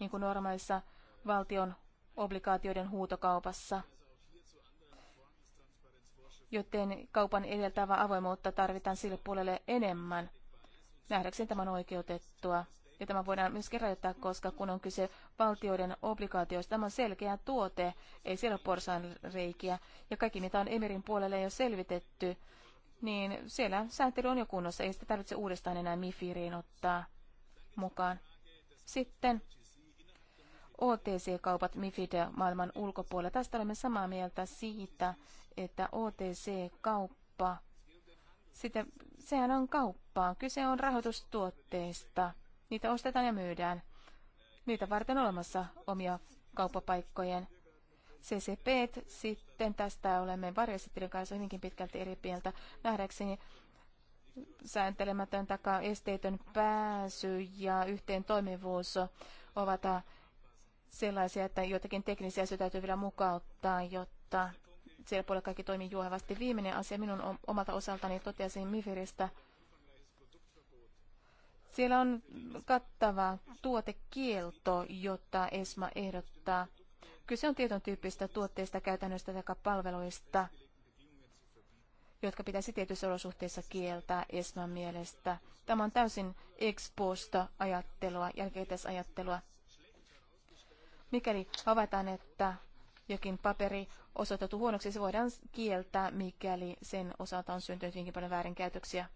niin kuin normaalissa valtion obligaatioiden huutokaupassa. Joten kaupan edeltävä avoimuutta tarvitaan sille puolelle enemmän. Nähdäkseni tämä on oikeutettua. Ja tämä voidaan myös kerätä, koska kun on kyse valtioiden obligaatioista, tämä on selkeä tuote, ei siellä ole porsaan reikiä. Ja kaikki, mitä on emerin puolelle jo selvitetty, niin siellä sääntely on jo kunnossa, ei sitä tarvitse uudestaan enää MIFIRiin ottaa mukaan. Sitten OTC-kaupat MIFID maailman ulkopuolella. Tästä olemme samaa mieltä siitä, että OTC-kauppa, sitä Sehän on kauppaa. Kyse on rahoitustuotteista. Niitä ostetaan ja myydään. Niitä varten olemassa omia kauppapaikkojen CCP, sitten tästä olemme varjoesittelyn kanssa hyvinkin pitkälti eri mieltä. Nähdäkseni sääntelemätön takaa esteetön pääsy ja yhteen toimivuus ovat äh, sellaisia, että jotakin teknisiä syitä täytyy vielä mukauttaa, jotta siellä puolella kaikki toimii juohevasti. Viimeinen asia minun omalta osaltani totesin Mifiristä. Siellä on kattava tuotekielto, jota ESMA ehdottaa. Kyse on tietyn tyyppistä tuotteista, käytännöistä tai palveluista, jotka pitäisi tietyissä olosuhteissa kieltää ESMAn mielestä. Tämä on täysin ex ajattelua, jälkeitäisajattelua. Mikäli havaitaan, että jokin paperi osoitettu huonoksi, se voidaan kieltää, mikäli sen osalta on syntynyt hyvinkin paljon väärinkäytöksiä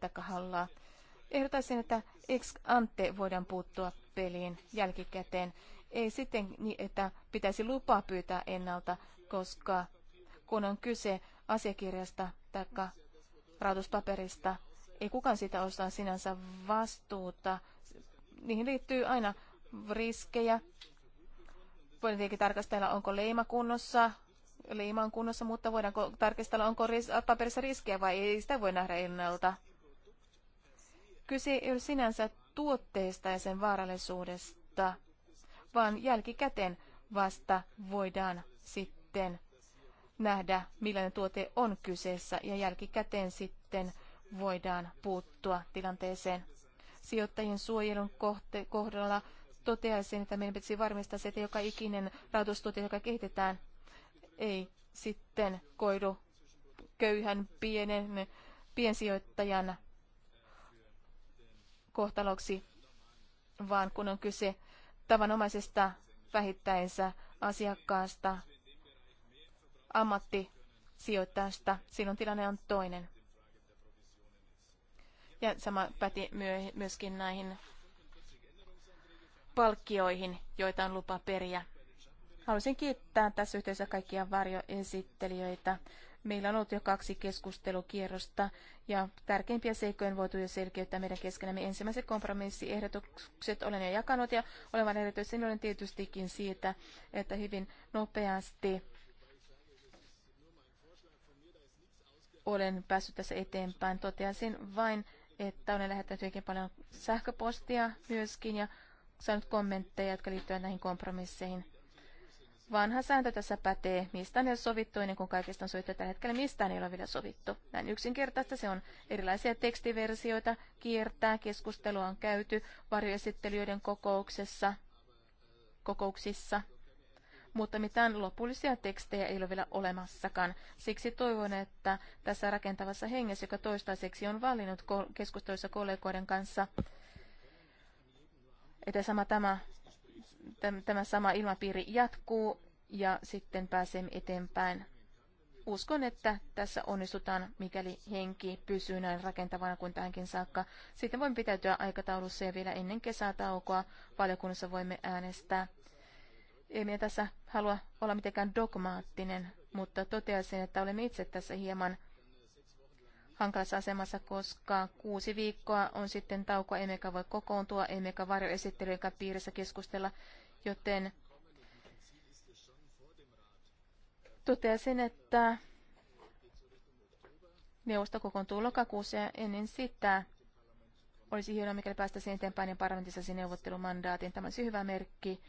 takahallaa. Ehdotaisin, että ex ante voidaan puuttua peliin jälkikäteen. Ei sitten niin, että pitäisi lupaa pyytää ennalta, koska kun on kyse asiakirjasta tai rahoituspaperista, ei kukaan sitä osaa sinänsä vastuuta. Niihin liittyy aina riskejä voidaan tietenkin tarkastella, onko leima kunnossa, leima on kunnossa, mutta voidaanko tarkistella, onko ris- paperissa riskejä vai ei sitä voi nähdä ennalta. Kyse ei ole sinänsä tuotteesta ja sen vaarallisuudesta, vaan jälkikäteen vasta voidaan sitten nähdä, millainen tuote on kyseessä, ja jälkikäteen sitten voidaan puuttua tilanteeseen. Sijoittajien suojelun kohte- kohdalla toteaisin, että meidän pitäisi varmistaa se, että joka ikinen rahoitustuote, joka kehitetään, ei sitten koidu köyhän pienen, piensijoittajan kohtaloksi, vaan kun on kyse tavanomaisesta vähittäensä asiakkaasta, ammattisijoittajasta, silloin tilanne on toinen. Ja sama päti myöskin näihin palkkioihin, joita on lupa periä. Haluaisin kiittää tässä yhteydessä kaikkia varjoesittelijöitä. Meillä on ollut jo kaksi keskustelukierrosta ja tärkeimpiä seikkoja on voitu jo selkeyttää meidän keskenämme. Ensimmäiset kompromissiehdotukset olen jo jakanut ja vain erityisen iloinen tietystikin siitä, että hyvin nopeasti olen päässyt tässä eteenpäin. Toteasin vain, että olen lähettänyt hyvin paljon sähköpostia myöskin ja saanut kommentteja, jotka liittyvät näihin kompromisseihin. Vanha sääntö tässä pätee. Mistään ei ole sovittu ennen kuin kaikista on sovittu. Tällä hetkellä mistään ei ole vielä sovittu. Näin yksinkertaista se on. Erilaisia tekstiversioita kiertää. Keskustelua on käyty varjoesittelijöiden kokouksessa, kokouksissa. Mutta mitään lopullisia tekstejä ei ole vielä olemassakaan. Siksi toivon, että tässä rakentavassa hengessä, joka toistaiseksi on valinnut keskusteluissa kollegoiden kanssa, että sama tämä, tämä sama ilmapiiri jatkuu ja sitten pääsemme eteenpäin. Uskon, että tässä onnistutaan, mikäli henki pysyy näin rakentavana kuin tähänkin saakka. Sitten voimme pitäytyä aikataulussa ja vielä ennen kesätaukoa valiokunnassa voimme äänestää. Ei minä tässä halua olla mitenkään dogmaattinen, mutta toteaisin, että olemme itse tässä hieman hankalassa asemassa, koska kuusi viikkoa on sitten tauko, emmekä voi kokoontua, emmekä varjoesittelyjen piirissä keskustella, joten toteaisin, että neuvosto kokoontuu lokakuussa ja ennen sitä olisi hienoa, mikäli päästäisiin eteenpäin ja niin parlamentissa neuvottelumandaatin. Tämä olisi hyvä merkki,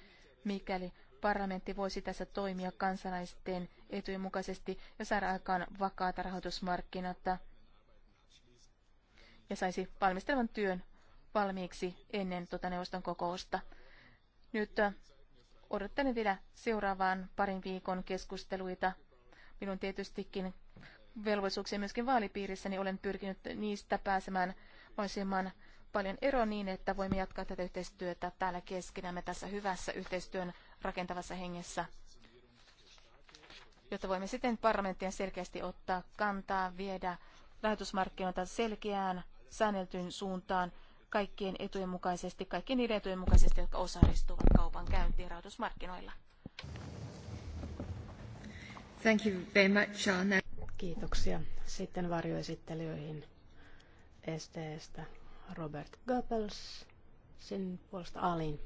mikäli parlamentti voisi tässä toimia kansalaisten etujen mukaisesti ja saada aikaan vakaata rahoitusmarkkinata ja saisi valmistelevan työn valmiiksi ennen tuota neuvoston kokousta. Nyt äh, odottelen vielä seuraavaan parin viikon keskusteluita. Minun tietystikin velvollisuuksia myöskin vaalipiirissä, niin olen pyrkinyt niistä pääsemään mahdollisimman paljon ero niin, että voimme jatkaa tätä yhteistyötä täällä keskenämme tässä hyvässä yhteistyön rakentavassa hengessä, jotta voimme sitten parlamenttien selkeästi ottaa kantaa, viedä rahoitusmarkkinoita selkeään säänneltyyn suuntaan kaikkien etujen mukaisesti, kaikkien niiden etujen mukaisesti, jotka osallistuvat kaupan käyntiin rahoitusmarkkinoilla. Thank you very much, Kiitoksia. Sitten varjoesittelyihin STstä Robert Goebbels, sen puolesta Alin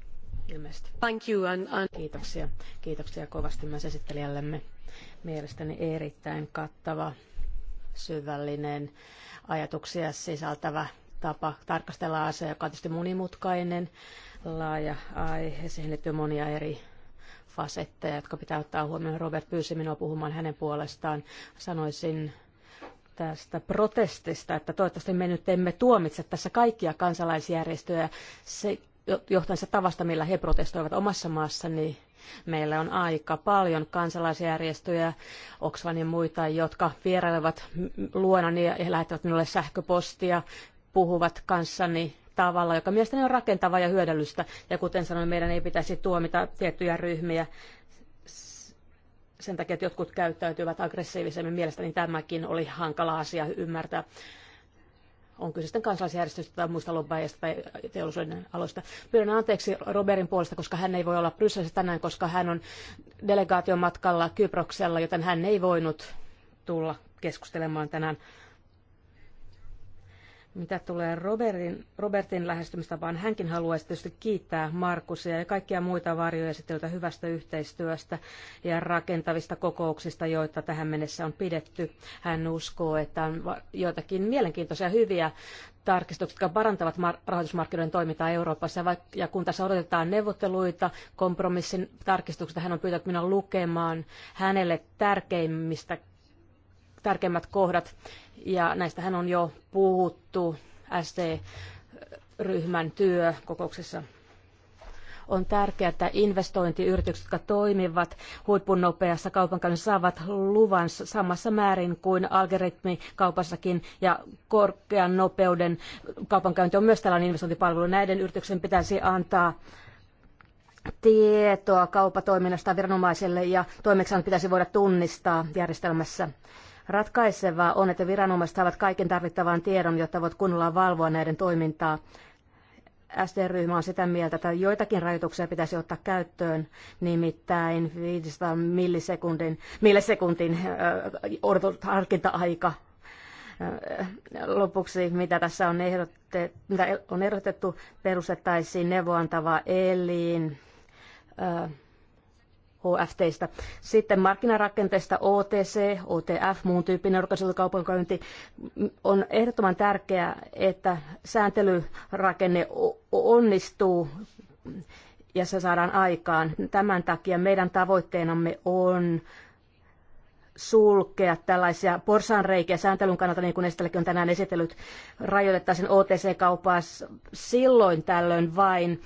ilmeisesti. Thank you and, and... Kiitoksia. Kiitoksia kovasti myös esittelijällemme. Mielestäni erittäin kattava syvällinen ajatuksia sisältävä tapa tarkastella asiaa, joka on tietysti monimutkainen, laaja aihe. Siihen liittyy monia eri fasetteja, jotka pitää ottaa huomioon. Robert pyysi minua puhumaan hänen puolestaan. Sanoisin tästä protestista, että toivottavasti me nyt emme tuomitse tässä kaikkia kansalaisjärjestöjä se, siitä se tavasta, millä he protestoivat omassa niin. Meillä on aika paljon kansalaisjärjestöjä, Oxfam ja muita, jotka vierailevat luonani ja lähettävät minulle sähköpostia, puhuvat kanssani tavalla, joka mielestäni on rakentavaa ja hyödyllistä. Ja kuten sanoin, meidän ei pitäisi tuomita tiettyjä ryhmiä sen takia, että jotkut käyttäytyvät aggressiivisemmin. Mielestäni tämäkin oli hankala asia ymmärtää on kyse sitten kansalaisjärjestöistä tai muista lobbyista tai teollisuuden aloista. Pyydän anteeksi Robertin puolesta, koska hän ei voi olla Brysselissä tänään, koska hän on delegaation matkalla Kyproksella, joten hän ei voinut tulla keskustelemaan tänään mitä tulee Robertin, Robertin lähestymistapaan, hänkin haluaisi tietysti kiittää Markusia ja kaikkia muita varjoesittelyitä hyvästä yhteistyöstä ja rakentavista kokouksista, joita tähän mennessä on pidetty. Hän uskoo, että on joitakin mielenkiintoisia hyviä tarkistukset, jotka parantavat rahoitusmarkkinoiden toimintaa Euroopassa. Ja kun tässä odotetaan neuvotteluita, kompromissin tarkistuksista, hän on pyytänyt minua lukemaan hänelle tärkeimmistä, tärkeimmät kohdat ja näistähän on jo puhuttu ST-ryhmän työkokouksessa. On tärkeää, että investointiyritykset, jotka toimivat huipun nopeassa kaupankäynnissä, saavat luvan samassa määrin kuin algoritmikaupassakin ja korkean nopeuden kaupankäynti on myös tällainen investointipalvelu. Näiden yrityksen pitäisi antaa tietoa kaupatoiminnasta viranomaiselle ja toimeksiannot pitäisi voida tunnistaa järjestelmässä. Ratkaisevaa on, että viranomaiset saavat kaiken tarvittavan tiedon, jotta voit kunnolla valvoa näiden toimintaa. SD-ryhmä on sitä mieltä, että joitakin rajoituksia pitäisi ottaa käyttöön, nimittäin 500 millisekundin, millisekuntin harkinta-aika. Lopuksi, mitä tässä on ehdotettu, mitä on ehdotettu perustettaisiin neuvoantava elin, HFTistä. Sitten markkinarakenteesta OTC, OTF, muun tyyppinen organisaatiokaupankäynti On ehdottoman tärkeää, että sääntelyrakenne onnistuu ja se saadaan aikaan. Tämän takia meidän tavoitteenamme on sulkea tällaisia porsaanreikiä sääntelyn kannalta, niin kuin Estelläkin on tänään esitellyt, rajoitettaisiin OTC-kaupaa silloin tällöin vain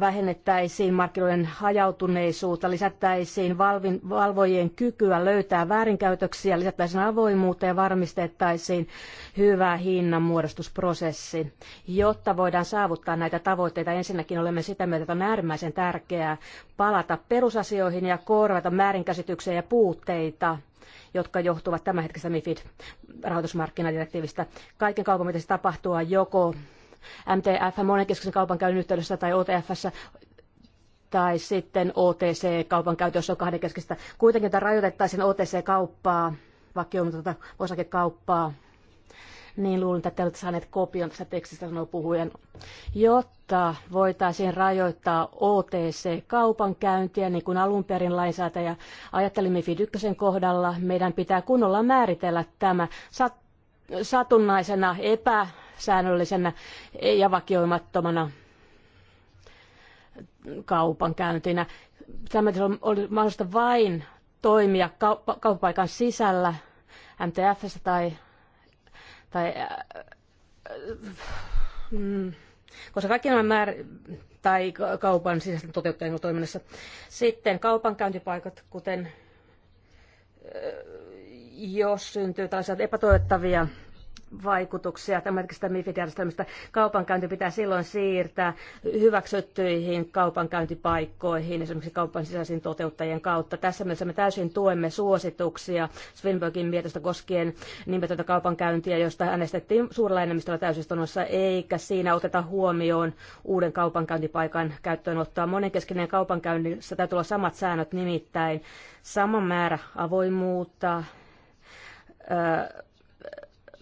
vähennettäisiin markkinoiden hajautuneisuutta, lisättäisiin valvin, valvojien kykyä löytää väärinkäytöksiä, lisättäisiin avoimuutta ja varmistettaisiin hyvä hinnanmuodostusprosessi. Jotta voidaan saavuttaa näitä tavoitteita, ensinnäkin olemme sitä mieltä, että on äärimmäisen tärkeää palata perusasioihin ja korvata väärinkäsityksiä ja puutteita jotka johtuvat tämänhetkisestä MIFID-rahoitusmarkkinadirektiivistä. Kaiken kaupan pitäisi tapahtua joko MTF, monenkeskisen kaupankäynnin yhteydessä tai OTFssä tai sitten OTC-kaupan käytössä on kahdenkeskistä. Kuitenkin tämä rajoitettaisiin OTC-kauppaa, vakioimatonta tuota osakekauppaa, niin luulen, että te olette saaneet kopion tästä tekstistä sanoo puhujen, jotta voitaisiin rajoittaa OTC-kaupankäyntiä, niin kuin alun perin lainsäätäjä ajattelimme MIFID 1 kohdalla, meidän pitää kunnolla määritellä tämä sat- satunnaisena epä säännöllisenä ja vakioimattomana kaupankäyntinä. Tämä oli mahdollista vain toimia kauppapaikan sisällä mtf tai, tai äh, mm, koska kaikki nämä määr- tai kaupan sisäisten toteuttajien toiminnassa. Sitten kaupankäyntipaikat, kuten äh, jos syntyy tällaisia epätoivottavia vaikutuksia tämänhetkisestä MIFID-järjestelmästä. Kaupankäynti pitää silloin siirtää hyväksyttyihin kaupankäyntipaikkoihin, esimerkiksi kaupan sisäisiin toteuttajien kautta. Tässä mielessä me täysin tuemme suosituksia Swinburgin mietosta koskien nimetöntä kaupankäyntiä, josta äänestettiin suurella enemmistöllä täysistunnossa, eikä siinä oteta huomioon uuden kaupankäyntipaikan käyttöönottoa. Monenkeskinen kaupankäynnissä täytyy olla samat säännöt, nimittäin sama määrä avoimuutta, öö,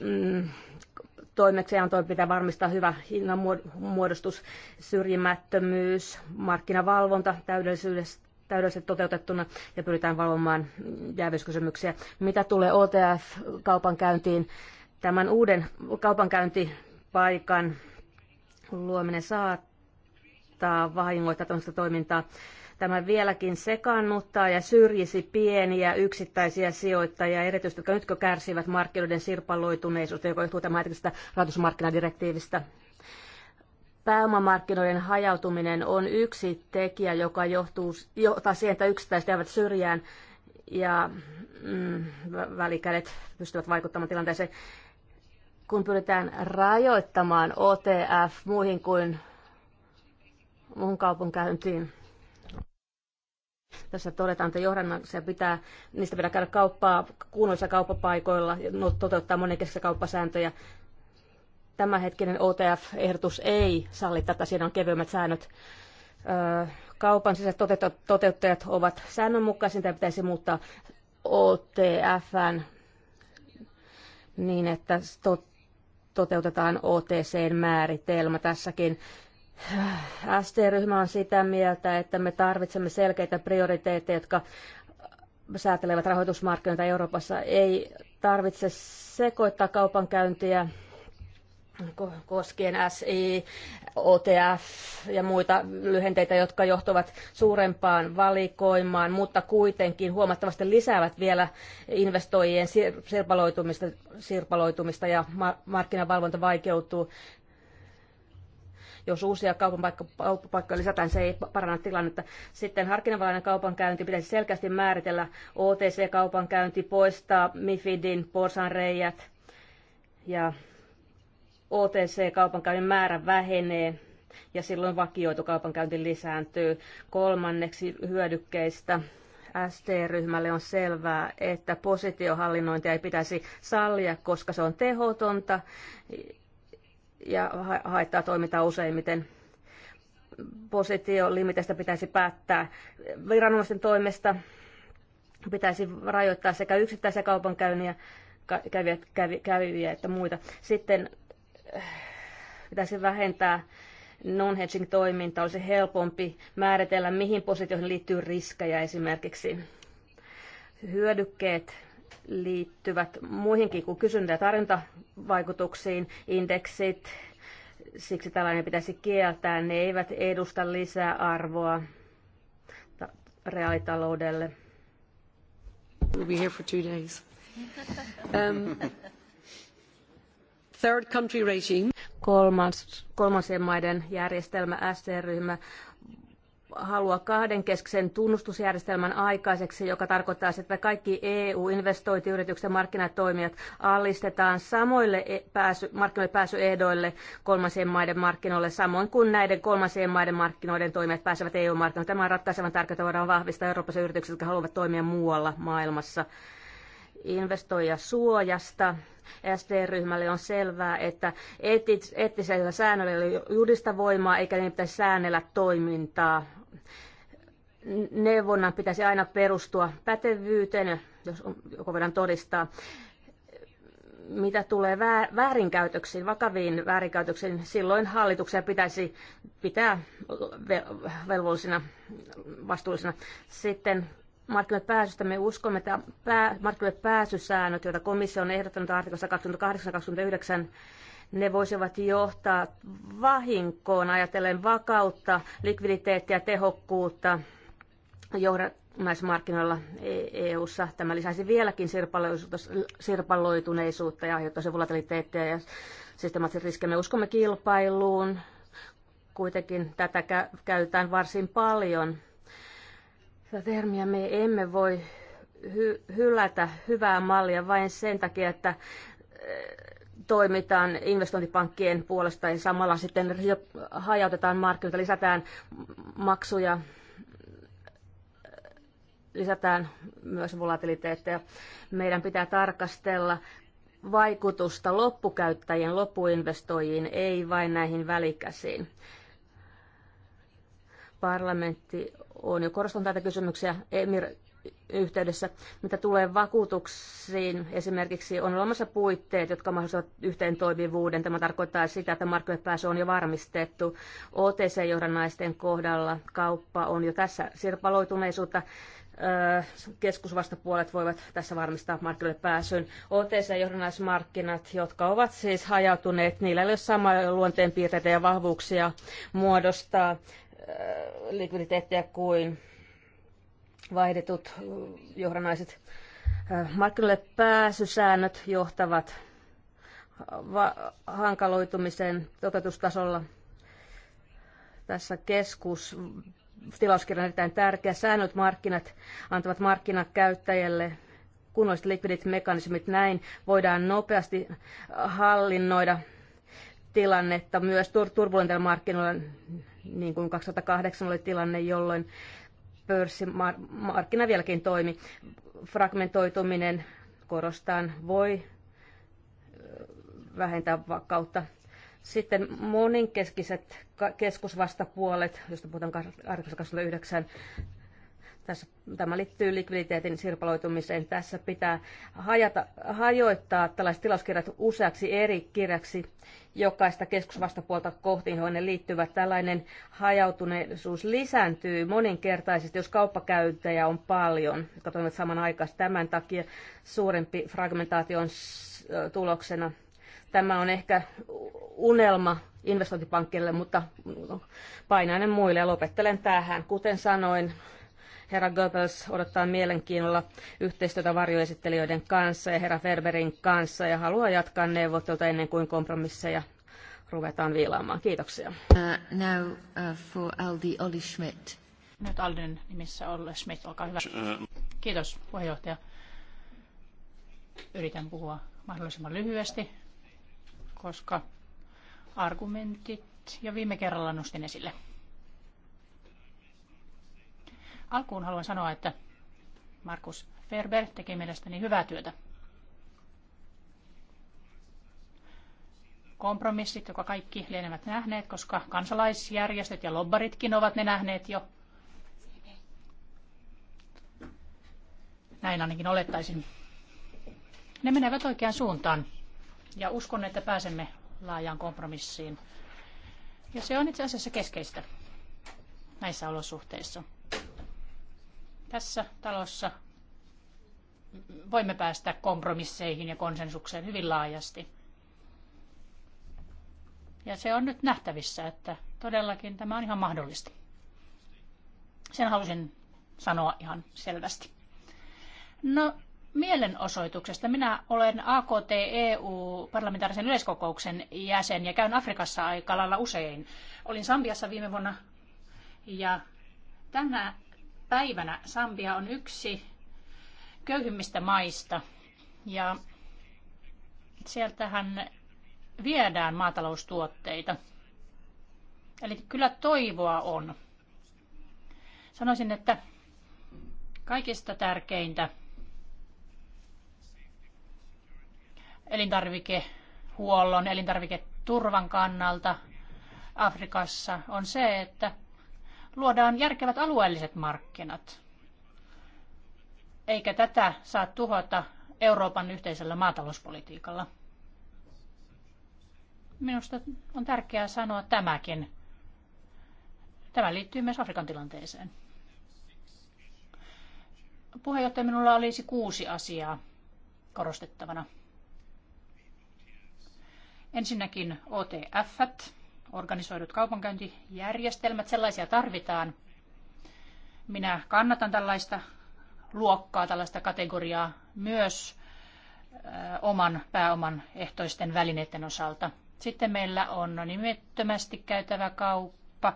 mm, on pitää varmistaa hyvä hinnanmuodostus, syrjimättömyys, markkinavalvonta täydellisyydestä täydellisesti toteutettuna ja pyritään valvomaan jäävyyskysymyksiä. Mitä tulee OTF-kaupankäyntiin, tämän uuden kaupankäyntipaikan luominen saattaa vahingoittaa tämmöistä toimintaa. Tämä vieläkin sekaannuttaa ja syrjisi pieniä yksittäisiä sijoittajia, erityisesti jotka nytkö kärsivät markkinoiden sirpaloituneisuutta, joka johtuu tämän rahoitusmarkkinadirektiivistä. Pääomamarkkinoiden hajautuminen on yksi tekijä, joka johtuu, johtaa siihen, että yksittäiset jäävät syrjään ja mm, välikädet pystyvät vaikuttamaan tilanteeseen. Kun pyritään rajoittamaan OTF muihin kuin mun kaupunkäyntiin, tässä todetaan, että johdannaisia pitää, niistä pitää käydä kauppaa kuunnollisilla kauppapaikoilla, no, toteuttaa monenkeskisiä kauppasääntöjä. Tämänhetkinen OTF-ehdotus ei salli tätä, siinä on kevyemmät säännöt. Kaupan sisäiset toteuttajat ovat säännönmukaisinta ja pitäisi muuttaa OTFn niin, että toteutetaan OTCn määritelmä tässäkin ST-ryhmä on sitä mieltä, että me tarvitsemme selkeitä prioriteetteja, jotka säätelevät rahoitusmarkkinoita Euroopassa. Ei tarvitse sekoittaa kaupankäyntiä koskien SI, OTF ja muita lyhenteitä, jotka johtavat suurempaan valikoimaan, mutta kuitenkin huomattavasti lisäävät vielä investoijien sirpaloitumista, sirpaloitumista ja markkinavalvonta vaikeutuu. Jos uusia kauppapaikkoja lisätään, se ei paranna tilannetta. Sitten harkinnanvalainen kaupankäynti pitäisi selkeästi määritellä. OTC-kaupankäynti poistaa MIFIDin porsanreijät ja OTC-kaupankäynnin määrä vähenee ja silloin vakioitu kaupankäynti lisääntyy. Kolmanneksi hyödykkeistä ST-ryhmälle on selvää, että positiohallinnointia ei pitäisi sallia, koska se on tehotonta ja haittaa toimintaa useimmiten. Positiolimiteistä pitäisi päättää viranomaisten toimesta, pitäisi rajoittaa sekä yksittäisiä kaupankäynniä käviä, käviä, että muita. Sitten äh, pitäisi vähentää non-hedging-toiminta, olisi helpompi määritellä, mihin positioihin liittyy riskejä esimerkiksi. Hyödykkeet liittyvät muihinkin kuin kysyntä- ja tarjontavaikutuksiin, indeksit, siksi tällainen pitäisi kieltää, ne eivät edusta lisäarvoa reaalitaloudelle. We'll be here for two days. Um, third country regime. Kolmas, kolmansien maiden järjestelmä, sd ryhmä halua kahdenkeskisen tunnustusjärjestelmän aikaiseksi, joka tarkoittaa, että kaikki EU-investointiyritykset ja markkinatoimijat allistetaan samoille e- pääsy, markkinoille pääsyehdoille kolmansien maiden markkinoille, samoin kuin näiden kolmansien maiden markkinoiden toimijat pääsevät EU-markkinoille. Tämä on ratkaisevan tärkeää, voidaan vahvistaa Euroopan yrityksiä, jotka haluavat toimia muualla maailmassa investoijasuojasta. SD-ryhmälle on selvää, että eettisellä säännöllä ei ole juridista voimaa eikä niin pitäisi säännellä toimintaa. Neuvonnan pitäisi aina perustua pätevyyteen, jos on, joko voidaan todistaa mitä tulee väärinkäytöksiin, vakaviin väärinkäytöksiin, silloin hallituksia pitäisi pitää velvollisina vastuullisina. Sitten markkinoille pääsystä me uskomme, että pää, markkinoille pääsysäännöt, joita komissio on ehdottanut artikossa 28-29, ne voisivat johtaa vahinkoon ajatellen vakautta, likviditeettiä, tehokkuutta johdannaismarkkinoilla EU-ssa. E Tämä lisäisi vieläkin sirpaloituneisuutta ja aiheuttaisi volatiliteettia ja systemaattisen riskejä. Me uskomme kilpailuun. Kuitenkin tätä käytetään varsin paljon Tätä termiä me emme voi hy- hylätä hyvää mallia vain sen takia, että eh, toimitaan investointipankkien puolesta ja samalla sitten hajautetaan markkinoita, lisätään maksuja, eh, lisätään myös volatiliteetteja. Meidän pitää tarkastella vaikutusta loppukäyttäjien, loppuinvestoijiin, ei vain näihin välikäsiin. Parlamentti on jo korostanut näitä kysymyksiä Emir yhteydessä, mitä tulee vakuutuksiin. Esimerkiksi on olemassa puitteet, jotka mahdollistavat yhteen toimivuuden. Tämä tarkoittaa sitä, että markkinoille on jo varmistettu. OTC-johdannaisten kohdalla kauppa on jo tässä sirpaloituneisuutta keskusvastapuolet voivat tässä varmistaa markkinoille pääsyn. OTC-johdannaismarkkinat, jotka ovat siis hajautuneet, niillä ei ole samaa luonteenpiirteitä ja vahvuuksia muodostaa likviditeettiä kuin vaihdetut johdannaiset. Markkinoille pääsysäännöt johtavat hankaloitumiseen toteutustasolla. Tässä keskus tilauskirja on erittäin tärkeä. Säännöt markkinat antavat markkinakäyttäjälle kunnolliset likvidit mekanismit. Näin voidaan nopeasti hallinnoida tilannetta myös turbulentilla markkinoilla niin kuin 2008 oli tilanne, jolloin pörssimarkkina vieläkin toimi. Fragmentoituminen korostaan voi vähentää vakautta. Sitten moninkeskiset keskusvastapuolet, josta puhutaan 829, tässä, tämä liittyy likviditeetin sirpaloitumiseen. Tässä pitää hajata, hajoittaa tällaiset tilauskirjat useaksi eri kirjaksi jokaista keskusvastapuolta kohti, johon ne liittyvät. Tällainen hajautuneisuus lisääntyy moninkertaisesti, jos kauppakäyttäjä on paljon, jotka toimivat samanaikaisesti. Tämän takia suurempi fragmentaatio on tuloksena. Tämä on ehkä unelma investointipankille, mutta painainen muille. Ja lopettelen tähän. Kuten sanoin, Herra Goebbels odottaa mielenkiinnolla yhteistyötä varjoesittelijöiden kanssa ja herra Ferberin kanssa ja haluaa jatkaa neuvottelua ennen kuin kompromisseja ruvetaan viilaamaan. Kiitoksia. Uh, now uh, for Aldi Schmidt. Nyt Alden nimissä Olle Schmidt, olkaa hyvä. Äh. Kiitos puheenjohtaja. Yritän puhua mahdollisimman lyhyesti, koska argumentit jo viime kerralla nostin esille. Alkuun haluan sanoa, että Markus Ferber tekee mielestäni hyvää työtä. Kompromissit, joka kaikki lienevät nähneet, koska kansalaisjärjestöt ja lobbaritkin ovat ne nähneet jo. Näin ainakin olettaisin. Ne menevät oikeaan suuntaan ja uskon, että pääsemme laajaan kompromissiin. Ja se on itse asiassa keskeistä näissä olosuhteissa tässä talossa voimme päästä kompromisseihin ja konsensukseen hyvin laajasti. Ja se on nyt nähtävissä, että todellakin tämä on ihan mahdollista. Sen halusin sanoa ihan selvästi. No, mielenosoituksesta. Minä olen AKT-EU parlamentaarisen yleiskokouksen jäsen ja käyn Afrikassa aika lailla usein. Olin Sambiassa viime vuonna ja tänä päivänä Sambia on yksi köyhimmistä maista ja sieltähän viedään maataloustuotteita. Eli kyllä toivoa on. Sanoisin, että kaikista tärkeintä elintarvikehuollon, elintarviketurvan kannalta Afrikassa on se, että luodaan järkevät alueelliset markkinat. Eikä tätä saa tuhota Euroopan yhteisellä maatalouspolitiikalla. Minusta on tärkeää sanoa tämäkin. Tämä liittyy myös Afrikan tilanteeseen. Puheenjohtaja, minulla olisi kuusi asiaa korostettavana. Ensinnäkin OTF, -t organisoidut kaupankäyntijärjestelmät, sellaisia tarvitaan. Minä kannatan tällaista luokkaa, tällaista kategoriaa myös oman pääoman ehtoisten välineiden osalta. Sitten meillä on nimettömästi käytävä kauppa.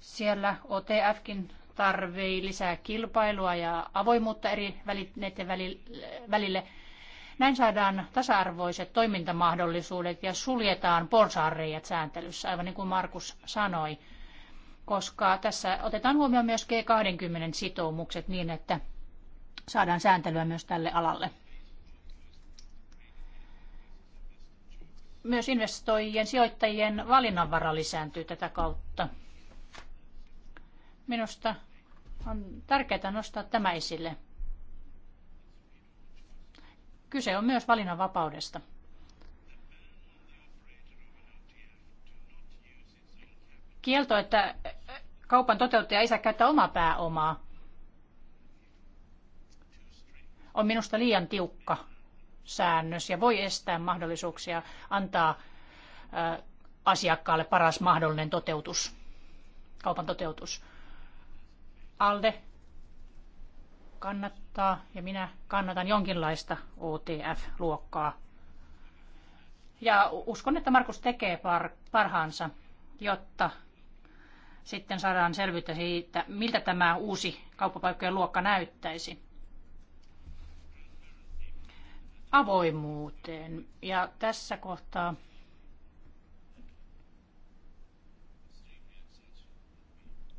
Siellä OTFkin tarvii lisää kilpailua ja avoimuutta eri välineiden välille. Näin saadaan tasa-arvoiset toimintamahdollisuudet ja suljetaan porsaanreijät sääntelyssä, aivan niin kuin Markus sanoi, koska tässä otetaan huomioon myös G20-sitoumukset niin, että saadaan sääntelyä myös tälle alalle. Myös investoijien, sijoittajien valinnanvara lisääntyy tätä kautta. Minusta on tärkeää nostaa tämä esille. Kyse on myös valinnanvapaudesta. Kielto, että kaupan toteuttaja ei saa käyttää omaa pääomaa, on minusta liian tiukka säännös ja voi estää mahdollisuuksia antaa asiakkaalle paras mahdollinen toteutus, kaupan toteutus. ALDE kannattaa ja minä kannatan jonkinlaista OTF-luokkaa. Ja uskon, että Markus tekee par- parhaansa, jotta sitten saadaan selvyyttä siitä, miltä tämä uusi kauppapaikkojen luokka näyttäisi. Avoimuuteen. Ja tässä kohtaa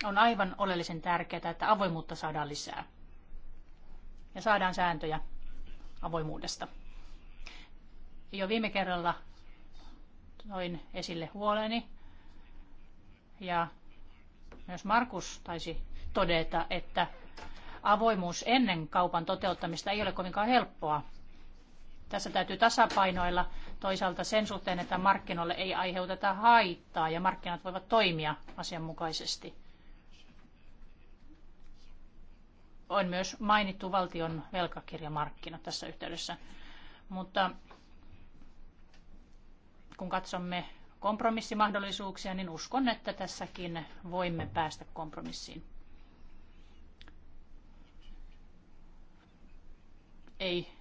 on aivan oleellisen tärkeää, että avoimuutta saadaan lisää ja saadaan sääntöjä avoimuudesta. Jo viime kerralla toin esille huoleni ja myös Markus taisi todeta, että avoimuus ennen kaupan toteuttamista ei ole kovinkaan helppoa. Tässä täytyy tasapainoilla toisaalta sen suhteen, että markkinoille ei aiheuteta haittaa ja markkinat voivat toimia asianmukaisesti. on myös mainittu valtion velkakirjamarkkinat tässä yhteydessä. Mutta kun katsomme kompromissimahdollisuuksia, niin uskon, että tässäkin voimme päästä kompromissiin. Ei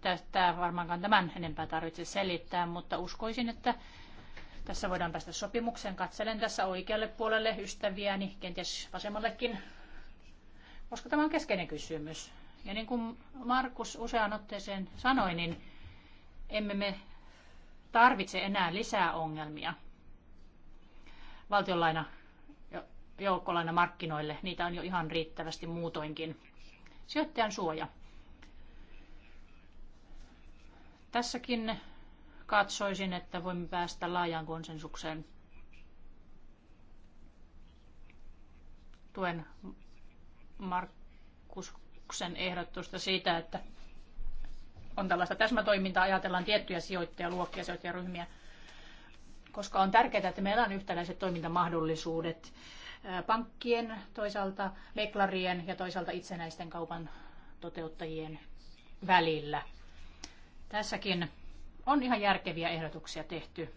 tästä varmaankaan tämän enempää tarvitse selittää, mutta uskoisin, että tässä voidaan päästä sopimukseen. Katselen tässä oikealle puolelle ystäviäni, kenties vasemmallekin koska tämä on keskeinen kysymys. Ja niin kuin Markus usean otteeseen sanoi, niin emme me tarvitse enää lisää ongelmia valtionlaina joukkolaina markkinoille. Niitä on jo ihan riittävästi muutoinkin. Sijoittajan suoja. Tässäkin katsoisin, että voimme päästä laajaan konsensukseen. Tuen Markuksen ehdotusta siitä, että on tällaista täsmätoimintaa, ajatellaan tiettyjä sijoittajaluokkia, sijoittajaryhmiä, koska on tärkeää, että meillä on yhtäläiset toimintamahdollisuudet pankkien, toisaalta meklarien ja toisaalta itsenäisten kaupan toteuttajien välillä. Tässäkin on ihan järkeviä ehdotuksia tehty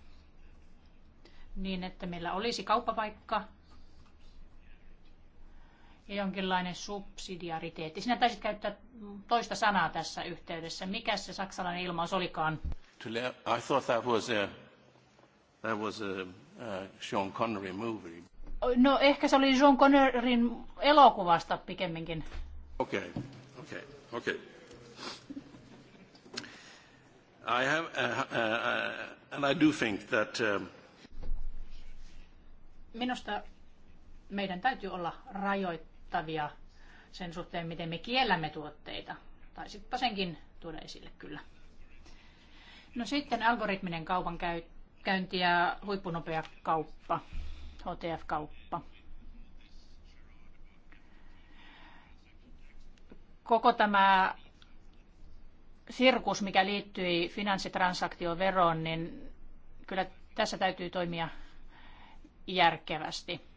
niin, että meillä olisi kauppapaikka ja jonkinlainen subsidiariteetti. Sinä taisit käyttää toista sanaa tässä yhteydessä. Mikä se saksalainen ilmaus olikaan? I thought that was a, that was a, a Sean Connery movie. No ehkä se oli Sean Connerin elokuvasta pikemminkin. Okei, okay. okei, okay. okei. Okay. I have, uh, uh, and I do think that... Uh... Minusta meidän täytyy olla rajoit joustavia sen suhteen, miten me kiellämme tuotteita. Taisitpa senkin tuoda esille kyllä. No sitten algoritminen kaupankäynti ja huippunopea kauppa, HTF-kauppa. Koko tämä sirkus, mikä liittyi finanssitransaktioveroon, niin kyllä tässä täytyy toimia järkevästi.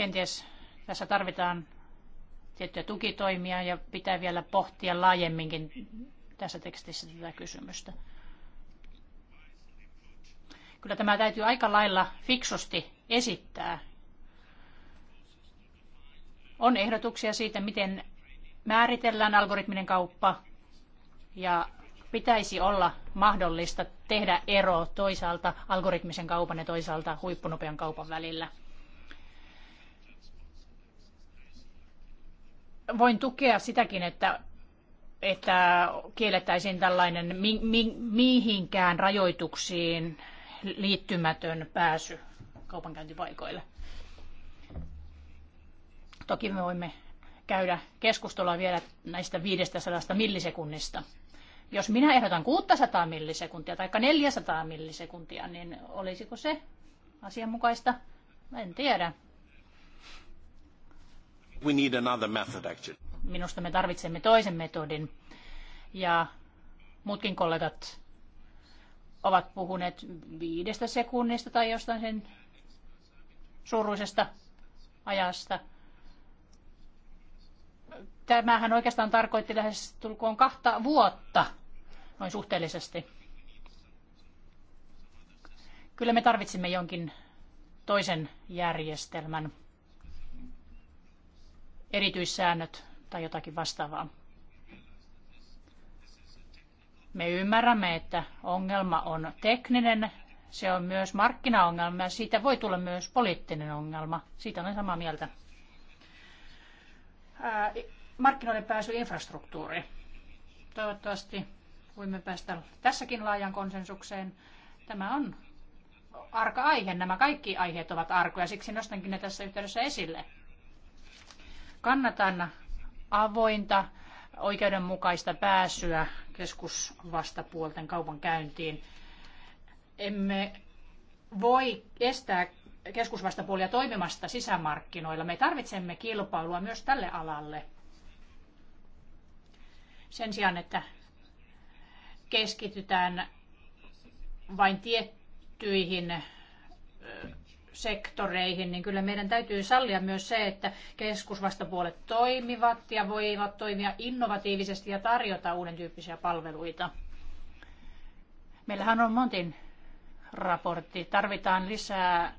Kenties tässä tarvitaan tiettyjä tukitoimia ja pitää vielä pohtia laajemminkin tässä tekstissä tätä kysymystä. Kyllä tämä täytyy aika lailla fiksusti esittää. On ehdotuksia siitä, miten määritellään algoritminen kauppa ja pitäisi olla mahdollista tehdä ero toisaalta algoritmisen kaupan ja toisaalta huippunopean kaupan välillä – voin tukea sitäkin, että että kiellettäisiin tällainen mi- mi- mihinkään rajoituksiin liittymätön pääsy kaupankäyntipaikoille. Toki me voimme käydä keskustelua vielä näistä 500 millisekunnista. Jos minä ehdotan 600 millisekuntia tai 400 millisekuntia, niin olisiko se asianmukaista? En tiedä. We need another method, actually. Minusta me tarvitsemme toisen metodin. Ja muutkin kollegat ovat puhuneet viidestä sekunnista tai jostain sen suuruisesta ajasta. Tämähän oikeastaan tarkoitti lähes tulkoon kahta vuotta noin suhteellisesti. Kyllä me tarvitsemme jonkin toisen järjestelmän erityissäännöt tai jotakin vastaavaa. Me ymmärrämme, että ongelma on tekninen, se on myös markkinaongelma ja siitä voi tulla myös poliittinen ongelma. Siitä olen samaa mieltä. markkinoiden pääsy infrastruktuuri. Toivottavasti voimme päästä tässäkin laajan konsensukseen. Tämä on arka aihe. Nämä kaikki aiheet ovat arkoja, siksi nostankin ne tässä yhteydessä esille. Kannatan avointa oikeudenmukaista pääsyä keskusvastapuolten kaupankäyntiin. Emme voi estää keskusvastapuolia toimimasta sisämarkkinoilla. Me tarvitsemme kilpailua myös tälle alalle. Sen sijaan, että keskitytään vain tiettyihin sektoreihin, niin kyllä meidän täytyy sallia myös se, että keskusvastapuolet toimivat ja voivat toimia innovatiivisesti ja tarjota uuden tyyppisiä palveluita. Meillähän on Montin raportti. Tarvitaan lisää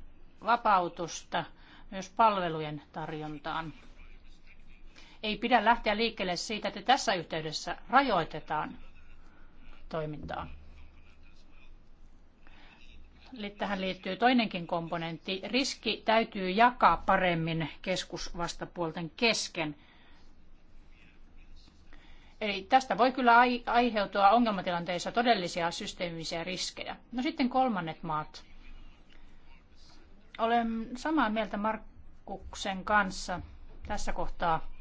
vapautusta myös palvelujen tarjontaan. Ei pidä lähteä liikkeelle siitä, että tässä yhteydessä rajoitetaan toimintaa tähän liittyy toinenkin komponentti. Riski täytyy jakaa paremmin keskusvastapuolten kesken. Eli tästä voi kyllä aiheutua ongelmatilanteissa todellisia systeemisiä riskejä. No sitten kolmannet maat. Olen samaa mieltä Markkuksen kanssa tässä kohtaa.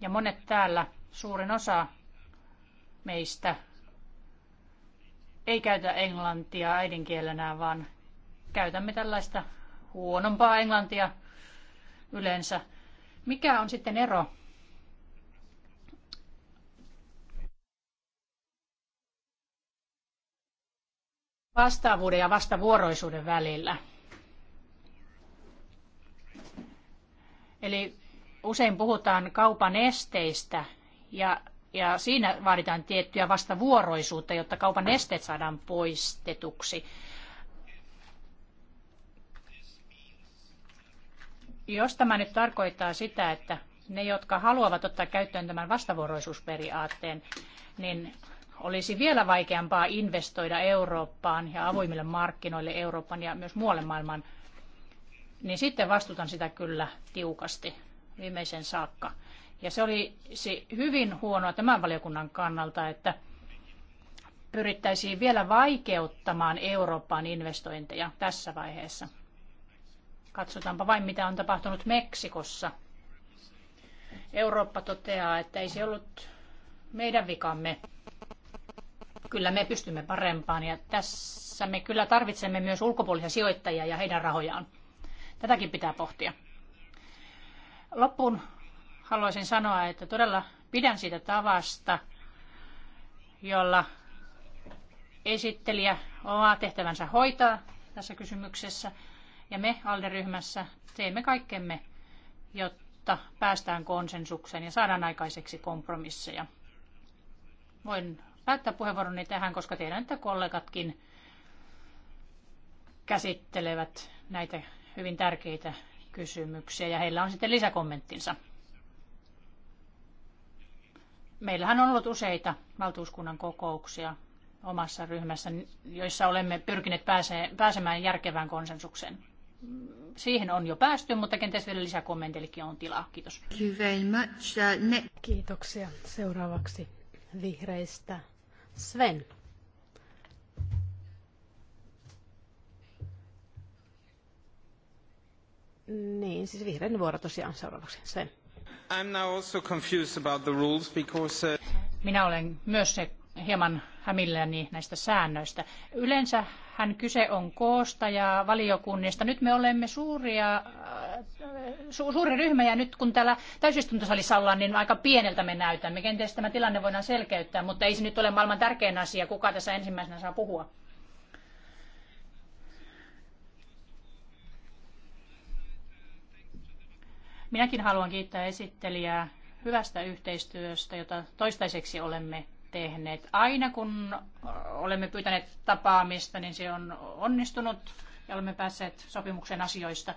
Ja monet täällä, suurin osa meistä ei käytä englantia äidinkielenään, vaan käytämme tällaista huonompaa englantia yleensä. Mikä on sitten ero vastaavuuden ja vastavuoroisuuden välillä? Eli usein puhutaan kaupan esteistä ja ja siinä vaaditaan tiettyä vastavuoroisuutta, jotta kaupan esteet saadaan poistetuksi. Jos tämä nyt tarkoittaa sitä, että ne, jotka haluavat ottaa käyttöön tämän vastavuoroisuusperiaatteen, niin olisi vielä vaikeampaa investoida Eurooppaan ja avoimille markkinoille Euroopan ja myös muualle maailman, niin sitten vastutan sitä kyllä tiukasti viimeisen saakka. Ja se oli se hyvin huonoa tämän valiokunnan kannalta, että pyrittäisiin vielä vaikeuttamaan Euroopan investointeja tässä vaiheessa. Katsotaanpa vain, mitä on tapahtunut Meksikossa. Eurooppa toteaa, että ei se ollut meidän vikamme. Kyllä me pystymme parempaan ja tässä me kyllä tarvitsemme myös ulkopuolisia sijoittajia ja heidän rahojaan. Tätäkin pitää pohtia. Loppuun haluaisin sanoa, että todella pidän siitä tavasta, jolla esittelijä omaa tehtävänsä hoitaa tässä kysymyksessä. Ja me alderyhmässä teemme kaikkemme, jotta päästään konsensukseen ja saadaan aikaiseksi kompromisseja. Voin päättää puheenvuoroni tähän, koska tiedän, että kollegatkin käsittelevät näitä hyvin tärkeitä kysymyksiä ja heillä on sitten lisäkommenttinsa. Meillähän on ollut useita valtuuskunnan kokouksia omassa ryhmässä, joissa olemme pyrkineet pääsemään järkevään konsensukseen. Siihen on jo päästy, mutta kenties vielä lisäkommenteillekin on tilaa. Kiitos. Uh, Kiitoksia. Seuraavaksi vihreistä Sven. Niin, siis vihreän vuoro tosiaan seuraavaksi. Sven. Uh, Minä olen myös hieman hämilläni näistä säännöistä. Yleensä hän kyse on koosta ja valiokunnista. Nyt me olemme suuria, äh, su, suuri ryhmä ja nyt kun täällä täysistuntosalissa ollaan, niin aika pieneltä me näytämme. Kenties tämä tilanne voidaan selkeyttää, mutta ei se nyt ole maailman tärkein asia, kuka tässä ensimmäisenä saa puhua. Minäkin haluan kiittää esittelijää hyvästä yhteistyöstä, jota toistaiseksi olemme tehneet. Aina kun olemme pyytäneet tapaamista, niin se on onnistunut ja olemme päässeet sopimuksen asioista.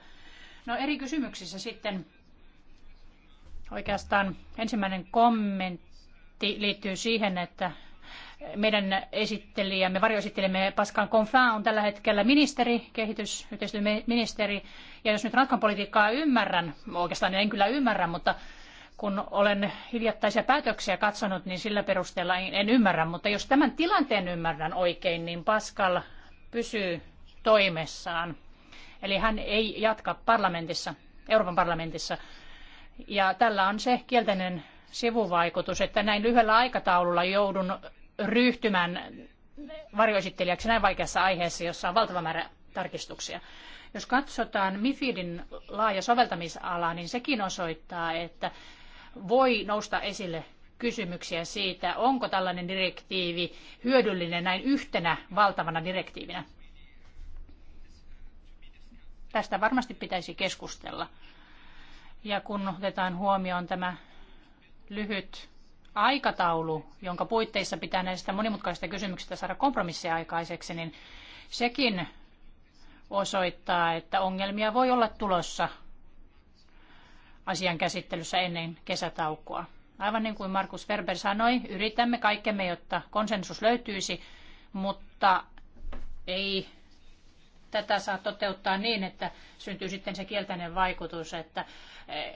No eri kysymyksissä sitten oikeastaan ensimmäinen kommentti liittyy siihen, että meidän esittelijämme, varjoesittelijämme Pascal Confin on tällä hetkellä ministeri, kehitysyhteistyöministeri. Ja jos nyt Ranskan politiikkaa ymmärrän, oikeastaan en kyllä ymmärrä, mutta kun olen hiljattaisia päätöksiä katsonut, niin sillä perusteella en, en ymmärrä. Mutta jos tämän tilanteen ymmärrän oikein, niin Pascal pysyy toimessaan. Eli hän ei jatka parlamentissa, Euroopan parlamentissa. Ja tällä on se kielteinen sivuvaikutus, että näin lyhyellä aikataululla joudun ryhtymään varjoesittelijäksi näin vaikeassa aiheessa, jossa on valtava määrä tarkistuksia. Jos katsotaan MIFIDin laaja soveltamisala, niin sekin osoittaa, että voi nousta esille kysymyksiä siitä, onko tällainen direktiivi hyödyllinen näin yhtenä valtavana direktiivinä. Tästä varmasti pitäisi keskustella. Ja kun otetaan huomioon tämä lyhyt aikataulu, jonka puitteissa pitää näistä monimutkaisista kysymyksistä saada kompromisseja aikaiseksi, niin sekin osoittaa, että ongelmia voi olla tulossa asian käsittelyssä ennen kesätaukoa. Aivan niin kuin Markus Ferber sanoi, yritämme kaikkemme, jotta konsensus löytyisi, mutta ei tätä saa toteuttaa niin, että syntyy sitten se kielteinen vaikutus, että eh,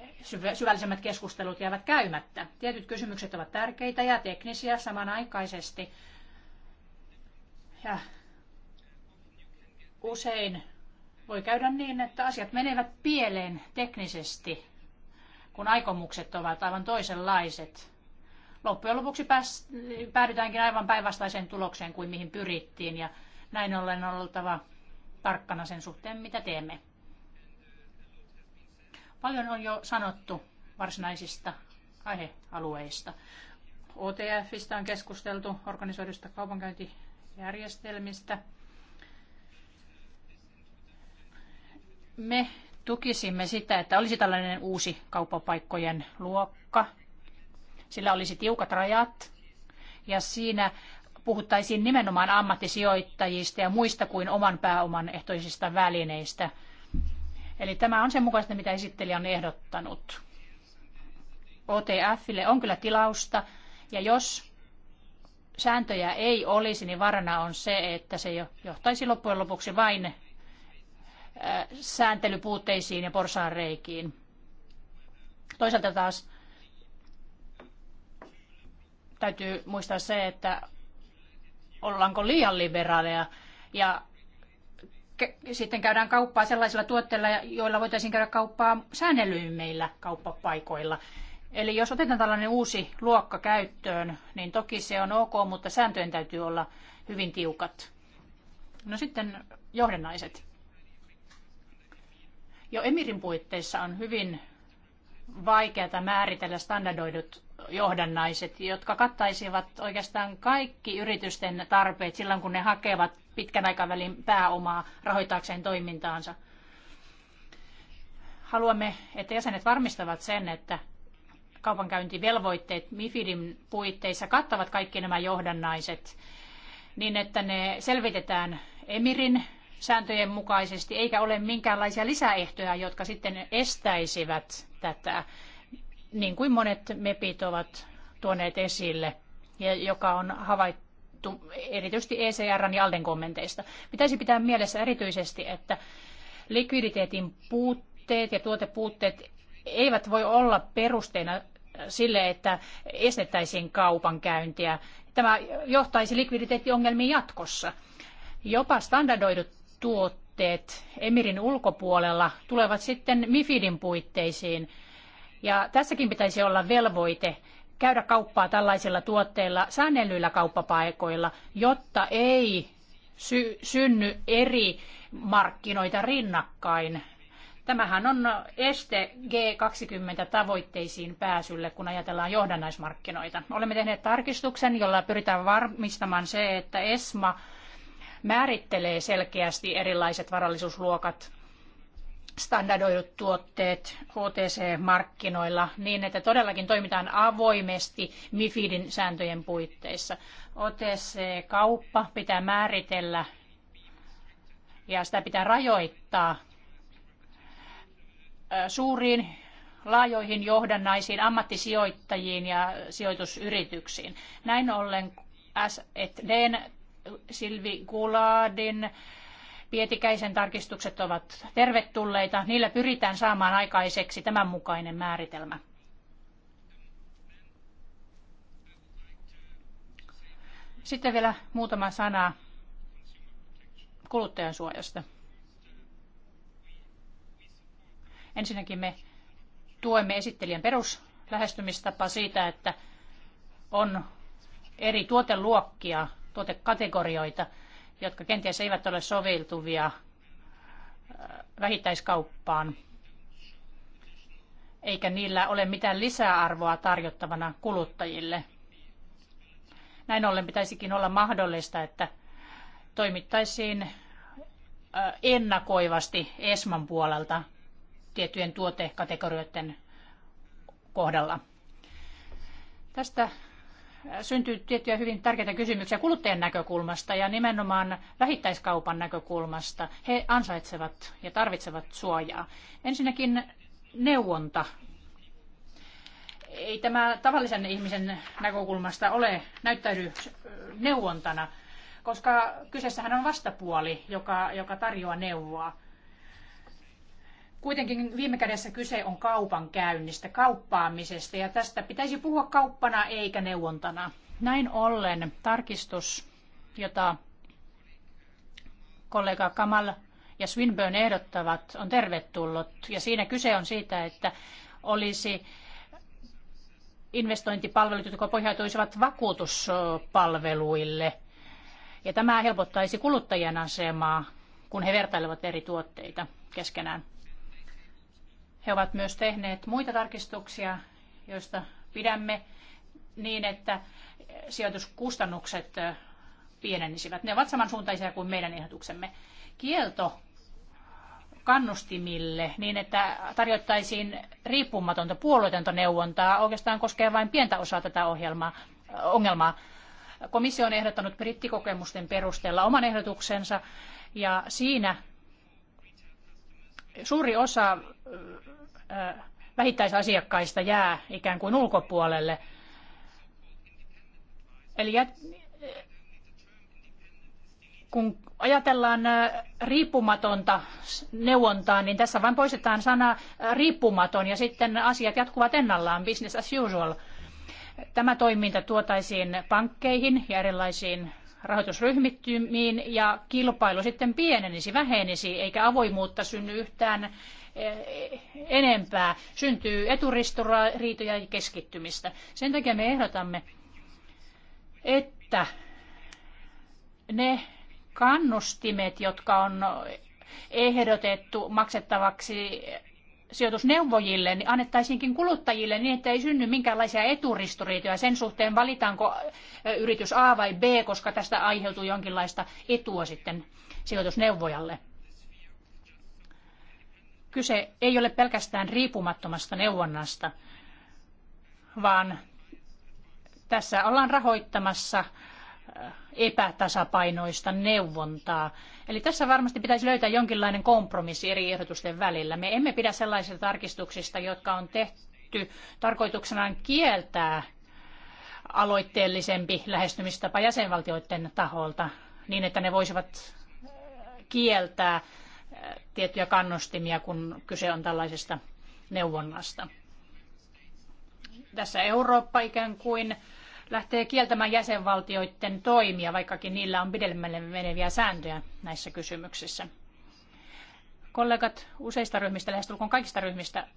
syvällisemmät keskustelut jäävät käymättä. Tietyt kysymykset ovat tärkeitä ja teknisiä samanaikaisesti. Ja usein voi käydä niin, että asiat menevät pieleen teknisesti, kun aikomukset ovat aivan toisenlaiset. Loppujen lopuksi päädytäänkin aivan päinvastaiseen tulokseen kuin mihin pyrittiin ja näin ollen on oltava tarkkana sen suhteen, mitä teemme. Paljon on jo sanottu varsinaisista aihealueista. OTFistä on keskusteltu, organisoidusta kaupankäyntijärjestelmistä. Me tukisimme sitä, että olisi tällainen uusi kauppapaikkojen luokka. Sillä olisi tiukat rajat ja siinä puhuttaisiin nimenomaan ammattisijoittajista ja muista kuin oman pääoman ehtoisista välineistä. Eli tämä on sen mukaista, mitä esittelijä on ehdottanut. OTFille on kyllä tilausta, ja jos sääntöjä ei olisi, niin varana on se, että se johtaisi loppujen lopuksi vain äh, sääntelypuutteisiin ja porsaanreikiin. Toisaalta taas täytyy muistaa se, että ollaanko liian liberaaleja ja sitten käydään kauppaa sellaisilla tuotteilla, joilla voitaisiin käydä kauppaa meillä kauppapaikoilla. Eli jos otetaan tällainen uusi luokka käyttöön, niin toki se on ok, mutta sääntöjen täytyy olla hyvin tiukat. No sitten johdennaiset. Jo Emirin puitteissa on hyvin vaikeaa määritellä standardoidut johdannaiset, jotka kattaisivat oikeastaan kaikki yritysten tarpeet silloin, kun ne hakevat pitkän aikavälin pääomaa rahoittaakseen toimintaansa. Haluamme, että jäsenet varmistavat sen, että kaupankäyntivelvoitteet MIFIDin puitteissa kattavat kaikki nämä johdannaiset niin, että ne selvitetään Emirin sääntöjen mukaisesti, eikä ole minkäänlaisia lisäehtoja, jotka sitten estäisivät tätä niin kuin monet MEPit ovat tuoneet esille, ja joka on havaittu erityisesti ECR ja Alden kommenteista. Pitäisi pitää mielessä erityisesti, että likviditeetin puutteet ja tuotepuutteet eivät voi olla perusteena sille, että estettäisiin kaupankäyntiä. Tämä johtaisi likviditeettiongelmiin jatkossa. Jopa standardoidut tuotteet Emirin ulkopuolella tulevat sitten MIFIDin puitteisiin – ja tässäkin pitäisi olla velvoite käydä kauppaa tällaisilla tuotteilla säännellyillä kauppapaikoilla, jotta ei sy- synny eri markkinoita rinnakkain. Tämähän on este G20-tavoitteisiin pääsylle, kun ajatellaan johdannaismarkkinoita. Olemme tehneet tarkistuksen, jolla pyritään varmistamaan se, että ESMA määrittelee selkeästi erilaiset varallisuusluokat standardoidut tuotteet HTC-markkinoilla niin, että todellakin toimitaan avoimesti MIFIDin sääntöjen puitteissa. OTC-kauppa pitää määritellä ja sitä pitää rajoittaa suuriin laajoihin johdannaisiin, ammattisijoittajiin ja sijoitusyrityksiin. Näin ollen SEDn Silvi Guladin Pietikäisen tarkistukset ovat tervetulleita. Niillä pyritään saamaan aikaiseksi tämän mukainen määritelmä. Sitten vielä muutama sana kuluttajansuojasta. Ensinnäkin me tuemme esittelijän peruslähestymistapaa siitä, että on eri tuoteluokkia, tuotekategorioita – jotka kenties eivät ole soveltuvia äh, vähittäiskauppaan, eikä niillä ole mitään lisäarvoa tarjottavana kuluttajille. Näin ollen pitäisikin olla mahdollista, että toimittaisiin äh, ennakoivasti ESMAn puolelta tiettyjen tuotekategorioiden kohdalla. Tästä syntyy tiettyjä hyvin tärkeitä kysymyksiä kuluttajan näkökulmasta ja nimenomaan vähittäiskaupan näkökulmasta. He ansaitsevat ja tarvitsevat suojaa. Ensinnäkin neuvonta. Ei tämä tavallisen ihmisen näkökulmasta ole näyttäydy neuvontana, koska kyseessähän on vastapuoli, joka, joka tarjoaa neuvoa. Kuitenkin viime kädessä kyse on kaupan käynnistä, kauppaamisesta ja tästä pitäisi puhua kauppana eikä neuvontana. Näin ollen tarkistus, jota kollega Kamal ja Swinburne ehdottavat, on tervetullut. Ja siinä kyse on siitä, että olisi investointipalvelut, jotka pohjautuisivat vakuutuspalveluille. Ja tämä helpottaisi kuluttajien asemaa, kun he vertailevat eri tuotteita keskenään. He ovat myös tehneet muita tarkistuksia, joista pidämme niin, että sijoituskustannukset pienenisivät. Ne ovat samansuuntaisia kuin meidän ehdotuksemme. Kielto kannustimille niin, että tarjottaisiin riippumatonta puolueetonta neuvontaa oikeastaan koskee vain pientä osaa tätä ohjelmaa, ongelmaa. Komissio on ehdottanut brittikokemusten perusteella oman ehdotuksensa ja siinä suuri osa vähittäisasiakkaista jää ikään kuin ulkopuolelle. Eli kun ajatellaan riippumatonta neuvontaa, niin tässä vain poistetaan sana riippumaton ja sitten asiat jatkuvat ennallaan, business as usual. Tämä toiminta tuotaisiin pankkeihin ja erilaisiin rahoitusryhmittymiin ja kilpailu sitten pienenisi, vähenisi, eikä avoimuutta synny yhtään Eh, enempää. Syntyy eturistoriitoja ja keskittymistä. Sen takia me ehdotamme, että ne kannustimet, jotka on ehdotettu maksettavaksi sijoitusneuvojille, niin annettaisiinkin kuluttajille niin, että ei synny minkäänlaisia eturistoriitoja sen suhteen, valitaanko eh, yritys A vai B, koska tästä aiheutuu jonkinlaista etua sitten sijoitusneuvojalle. Kyse ei ole pelkästään riippumattomasta neuvonnasta, vaan tässä ollaan rahoittamassa äh, epätasapainoista neuvontaa. Eli tässä varmasti pitäisi löytää jonkinlainen kompromissi eri ehdotusten välillä. Me emme pidä sellaisista tarkistuksista, jotka on tehty tarkoituksenaan kieltää aloitteellisempi lähestymistapa jäsenvaltioiden taholta niin, että ne voisivat äh, kieltää tiettyjä kannustimia, kun kyse on tällaisesta neuvonnasta. Tässä Eurooppa ikään kuin lähtee kieltämään jäsenvaltioiden toimia, vaikkakin niillä on pidemmälle meneviä sääntöjä näissä kysymyksissä. Kollegat useista ryhmistä, lähestulkoon kaikista ryhmistä,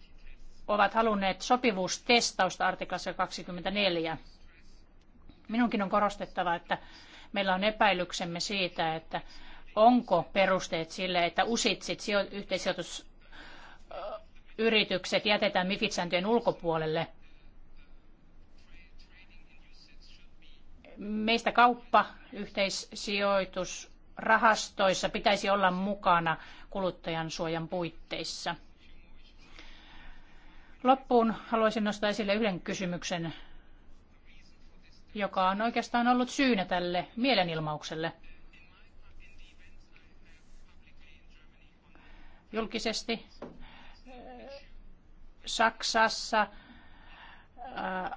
ovat halunneet sopivuustestausta artiklassa 24. Minunkin on korostettava, että meillä on epäilyksemme siitä, että onko perusteet sille, että usitsit yhteisijoitusyritykset jätetään MIFID-sääntöjen ulkopuolelle? Meistä kauppa yhteissijoitusrahastoissa pitäisi olla mukana kuluttajan suojan puitteissa. Loppuun haluaisin nostaa esille yhden kysymyksen, joka on oikeastaan ollut syynä tälle mielenilmaukselle – julkisesti. Äh, Saksassa äh,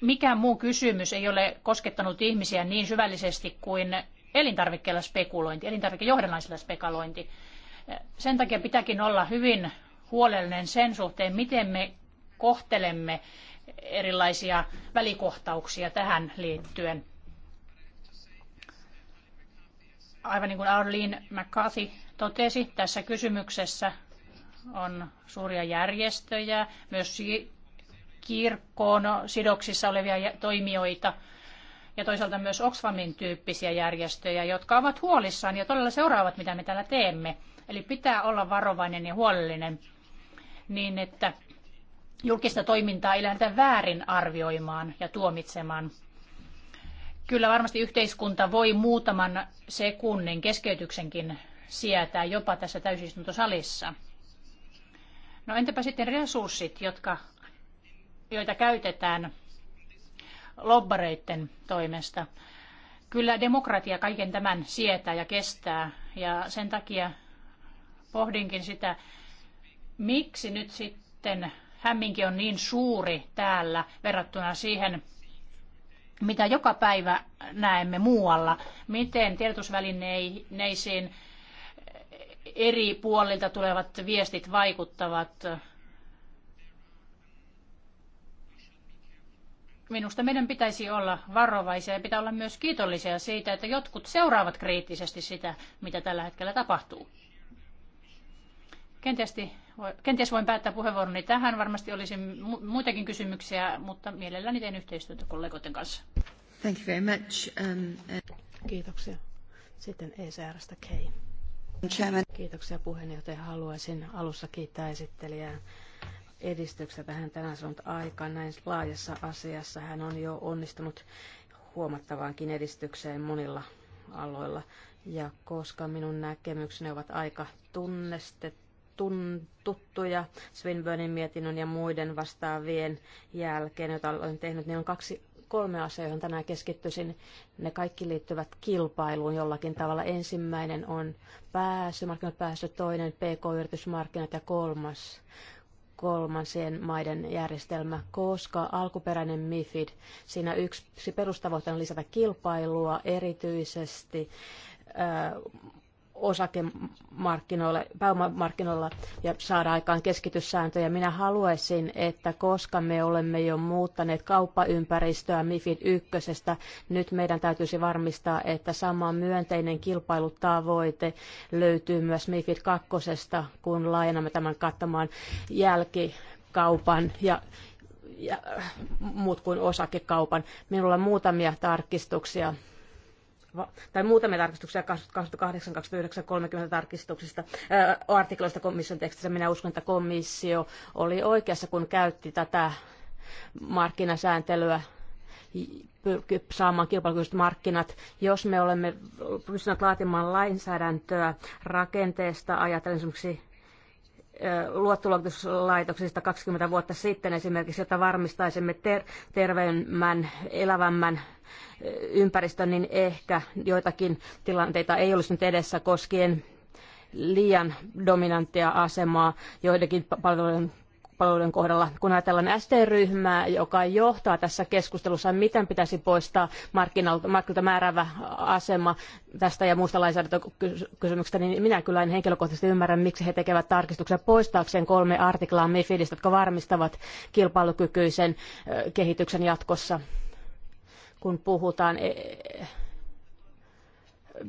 mikään muu kysymys ei ole koskettanut ihmisiä niin syvällisesti kuin elintarvikkeilla spekulointi, elintarvikejohdannaisilla spekulointi. Äh, sen takia pitääkin olla hyvin huolellinen sen suhteen, miten me kohtelemme erilaisia välikohtauksia tähän liittyen. Aivan niin kuin Arlene McCarthy totesi, tässä kysymyksessä on suuria järjestöjä, myös kirkkoon sidoksissa olevia toimijoita ja toisaalta myös Oxfamin tyyppisiä järjestöjä, jotka ovat huolissaan ja todella seuraavat, mitä me täällä teemme. Eli pitää olla varovainen ja huolellinen niin, että julkista toimintaa ei lähdetä väärin arvioimaan ja tuomitsemaan. Kyllä varmasti yhteiskunta voi muutaman sekunnin keskeytyksenkin sietää jopa tässä täysistuntosalissa. No entäpä sitten resurssit, jotka, joita käytetään lobbareiden toimesta? Kyllä demokratia kaiken tämän sietää ja kestää ja sen takia pohdinkin sitä, miksi nyt sitten hämminkin on niin suuri täällä verrattuna siihen, mitä joka päivä näemme muualla. Miten tiedotusvälineisiin eri puolilta tulevat viestit vaikuttavat. Minusta meidän pitäisi olla varovaisia ja pitää olla myös kiitollisia siitä, että jotkut seuraavat kriittisesti sitä, mitä tällä hetkellä tapahtuu. Kenties, kenties voin päättää puheenvuoroni tähän. Varmasti olisi muitakin kysymyksiä, mutta mielelläni teen yhteistyötä kollegoiden kanssa. Thank you very much. Um, uh... Kiitoksia. Sitten ECRstä Kei. Kiitoksia puheenjohtaja. Haluaisin alussa kiittää esittelijää edistyksestä hän tänään sanonut aikaan näin laajassa asiassa. Hän on jo onnistunut huomattavaankin edistykseen monilla aloilla. Ja koska minun näkemykseni ovat aika tunnestettu, tun, tuttuja Swinburnin mietinnön ja muiden vastaavien jälkeen, joita olen tehnyt, niin on kaksi kolme asiaa, joihin tänään keskittyisin. Ne kaikki liittyvät kilpailuun jollakin tavalla. Ensimmäinen on pääsy, markkinat pääsy, toinen PK-yritysmarkkinat ja kolmas kolmansien maiden järjestelmä, koska alkuperäinen MIFID, siinä yksi perustavoite on lisätä kilpailua erityisesti osakemarkkinoilla, pääomamarkkinoilla ja saada aikaan keskityssääntöjä. Minä haluaisin, että koska me olemme jo muuttaneet kauppaympäristöä MIFID ykkösestä, nyt meidän täytyisi varmistaa, että sama myönteinen kilpailutavoite löytyy myös MIFID kakkosesta, kun laajennamme tämän kattamaan jälkikaupan ja ja muut kuin osakekaupan. Minulla on muutamia tarkistuksia tai muutamia tarkistuksia 28, 29, 30 tarkistuksista, ää, artikloista komission tekstissä. Minä uskon, että komissio oli oikeassa, kun käytti tätä markkinasääntelyä saamaan kilpailukykyiset markkinat. Jos me olemme pystyneet laatimaan lainsäädäntöä rakenteesta, ajatellen esimerkiksi luottoluokituslaitoksista 20 vuotta sitten esimerkiksi, jotta varmistaisimme ter- terveemmän, elävämmän eh, ympäristön, niin ehkä joitakin tilanteita ei olisi nyt edessä koskien liian dominanttia asemaa joidenkin palvelujen palveluiden kohdalla. Kun ajatellaan ST-ryhmää, joka johtaa tässä keskustelussa, miten pitäisi poistaa markkinoilta määräävä asema tästä ja muusta lainsäädäntökysymyksestä, niin minä kyllä en henkilökohtaisesti ymmärrä, miksi he tekevät tarkistuksen poistaakseen kolme artiklaa MIFIDistä, jotka varmistavat kilpailukykyisen kehityksen jatkossa kun puhutaan e,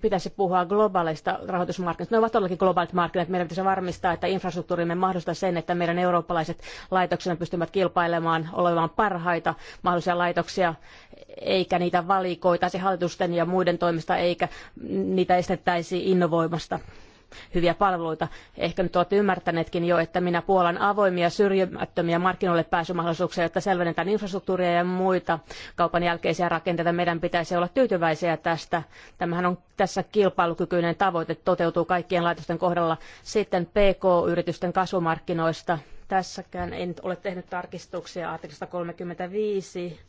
pitäisi puhua globaaleista rahoitusmarkkinoista. Ne ovat todellakin globaalit markkinat. Meidän pitäisi varmistaa, että infrastruktuurimme mahdollistaa sen, että meidän eurooppalaiset laitoksemme pystyvät kilpailemaan olevan parhaita mahdollisia laitoksia, eikä niitä valikoitaisi hallitusten ja muiden toimista, eikä niitä estettäisi innovoimasta hyviä palveluita. Ehkä nyt olette ymmärtäneetkin jo, että minä puolan avoimia syrjimättömiä markkinoille pääsymahdollisuuksia, jotta selvennetään infrastruktuuria ja muita kaupan jälkeisiä rakenteita. Meidän pitäisi olla tyytyväisiä tästä. Tämähän on tässä kilpailukykyinen tavoite, toteutuu kaikkien laitosten kohdalla. Sitten PK-yritysten kasvumarkkinoista tässäkään en ole tehnyt tarkistuksia artiklasta 35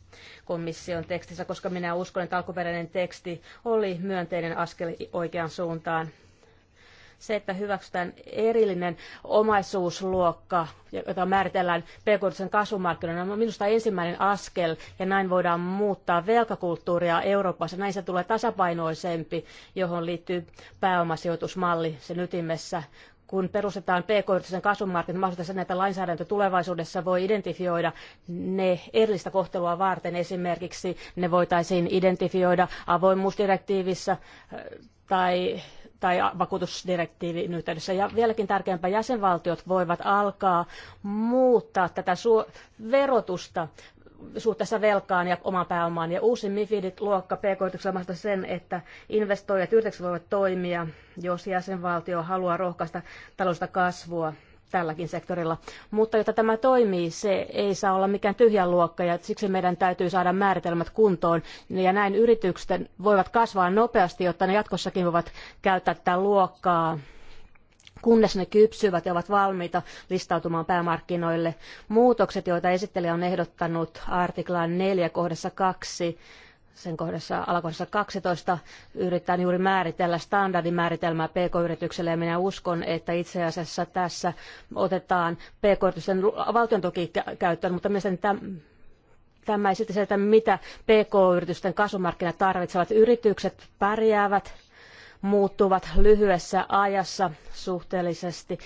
komission tekstissä, koska minä uskon, että alkuperäinen teksti oli myönteinen askel oikeaan suuntaan. Se, että hyväksytään erillinen omaisuusluokka, jota määritellään pk kasvumarkkinoina, on minusta ensimmäinen askel, ja näin voidaan muuttaa velkakulttuuria Euroopassa. Näin se tulee tasapainoisempi, johon liittyy pääomasijoitusmalli sen ytimessä, kun perustetaan pk-yritysten kasvumarkkinat niin mahdollisesti sen, että lainsäädäntö tulevaisuudessa voi identifioida ne erillistä kohtelua varten. Esimerkiksi ne voitaisiin identifioida avoimuusdirektiivissä äh, tai tai vakuutusdirektiivin yhteydessä. Ja vieläkin tärkeämpää, jäsenvaltiot voivat alkaa muuttaa tätä verotusta suhteessa velkaan ja omaan pääomaan. Ja uusi MIFID-luokka pk sen, että investoijat yritykset voivat toimia, jos jäsenvaltio haluaa rohkaista taloudellista kasvua tälläkin sektorilla. Mutta jotta tämä toimii, se ei saa olla mikään tyhjä luokka ja siksi meidän täytyy saada määritelmät kuntoon. Ja näin yritykset voivat kasvaa nopeasti, jotta ne jatkossakin voivat käyttää tätä luokkaa kunnes ne kypsyvät ja ovat valmiita listautumaan päämarkkinoille. Muutokset, joita esittelijä on ehdottanut artiklaan 4 kohdassa 2, sen kohdassa, alakohdassa 12 yritetään juuri määritellä standardimääritelmää pk-yritykselle ja minä uskon, että itse asiassa tässä otetaan pk-yritysten valtion toki käyttöön, mutta mielestäni tämä ei sitten että mitä pk-yritysten kasvumarkkinat tarvitsevat. Yritykset pärjäävät, muuttuvat lyhyessä ajassa suhteellisesti.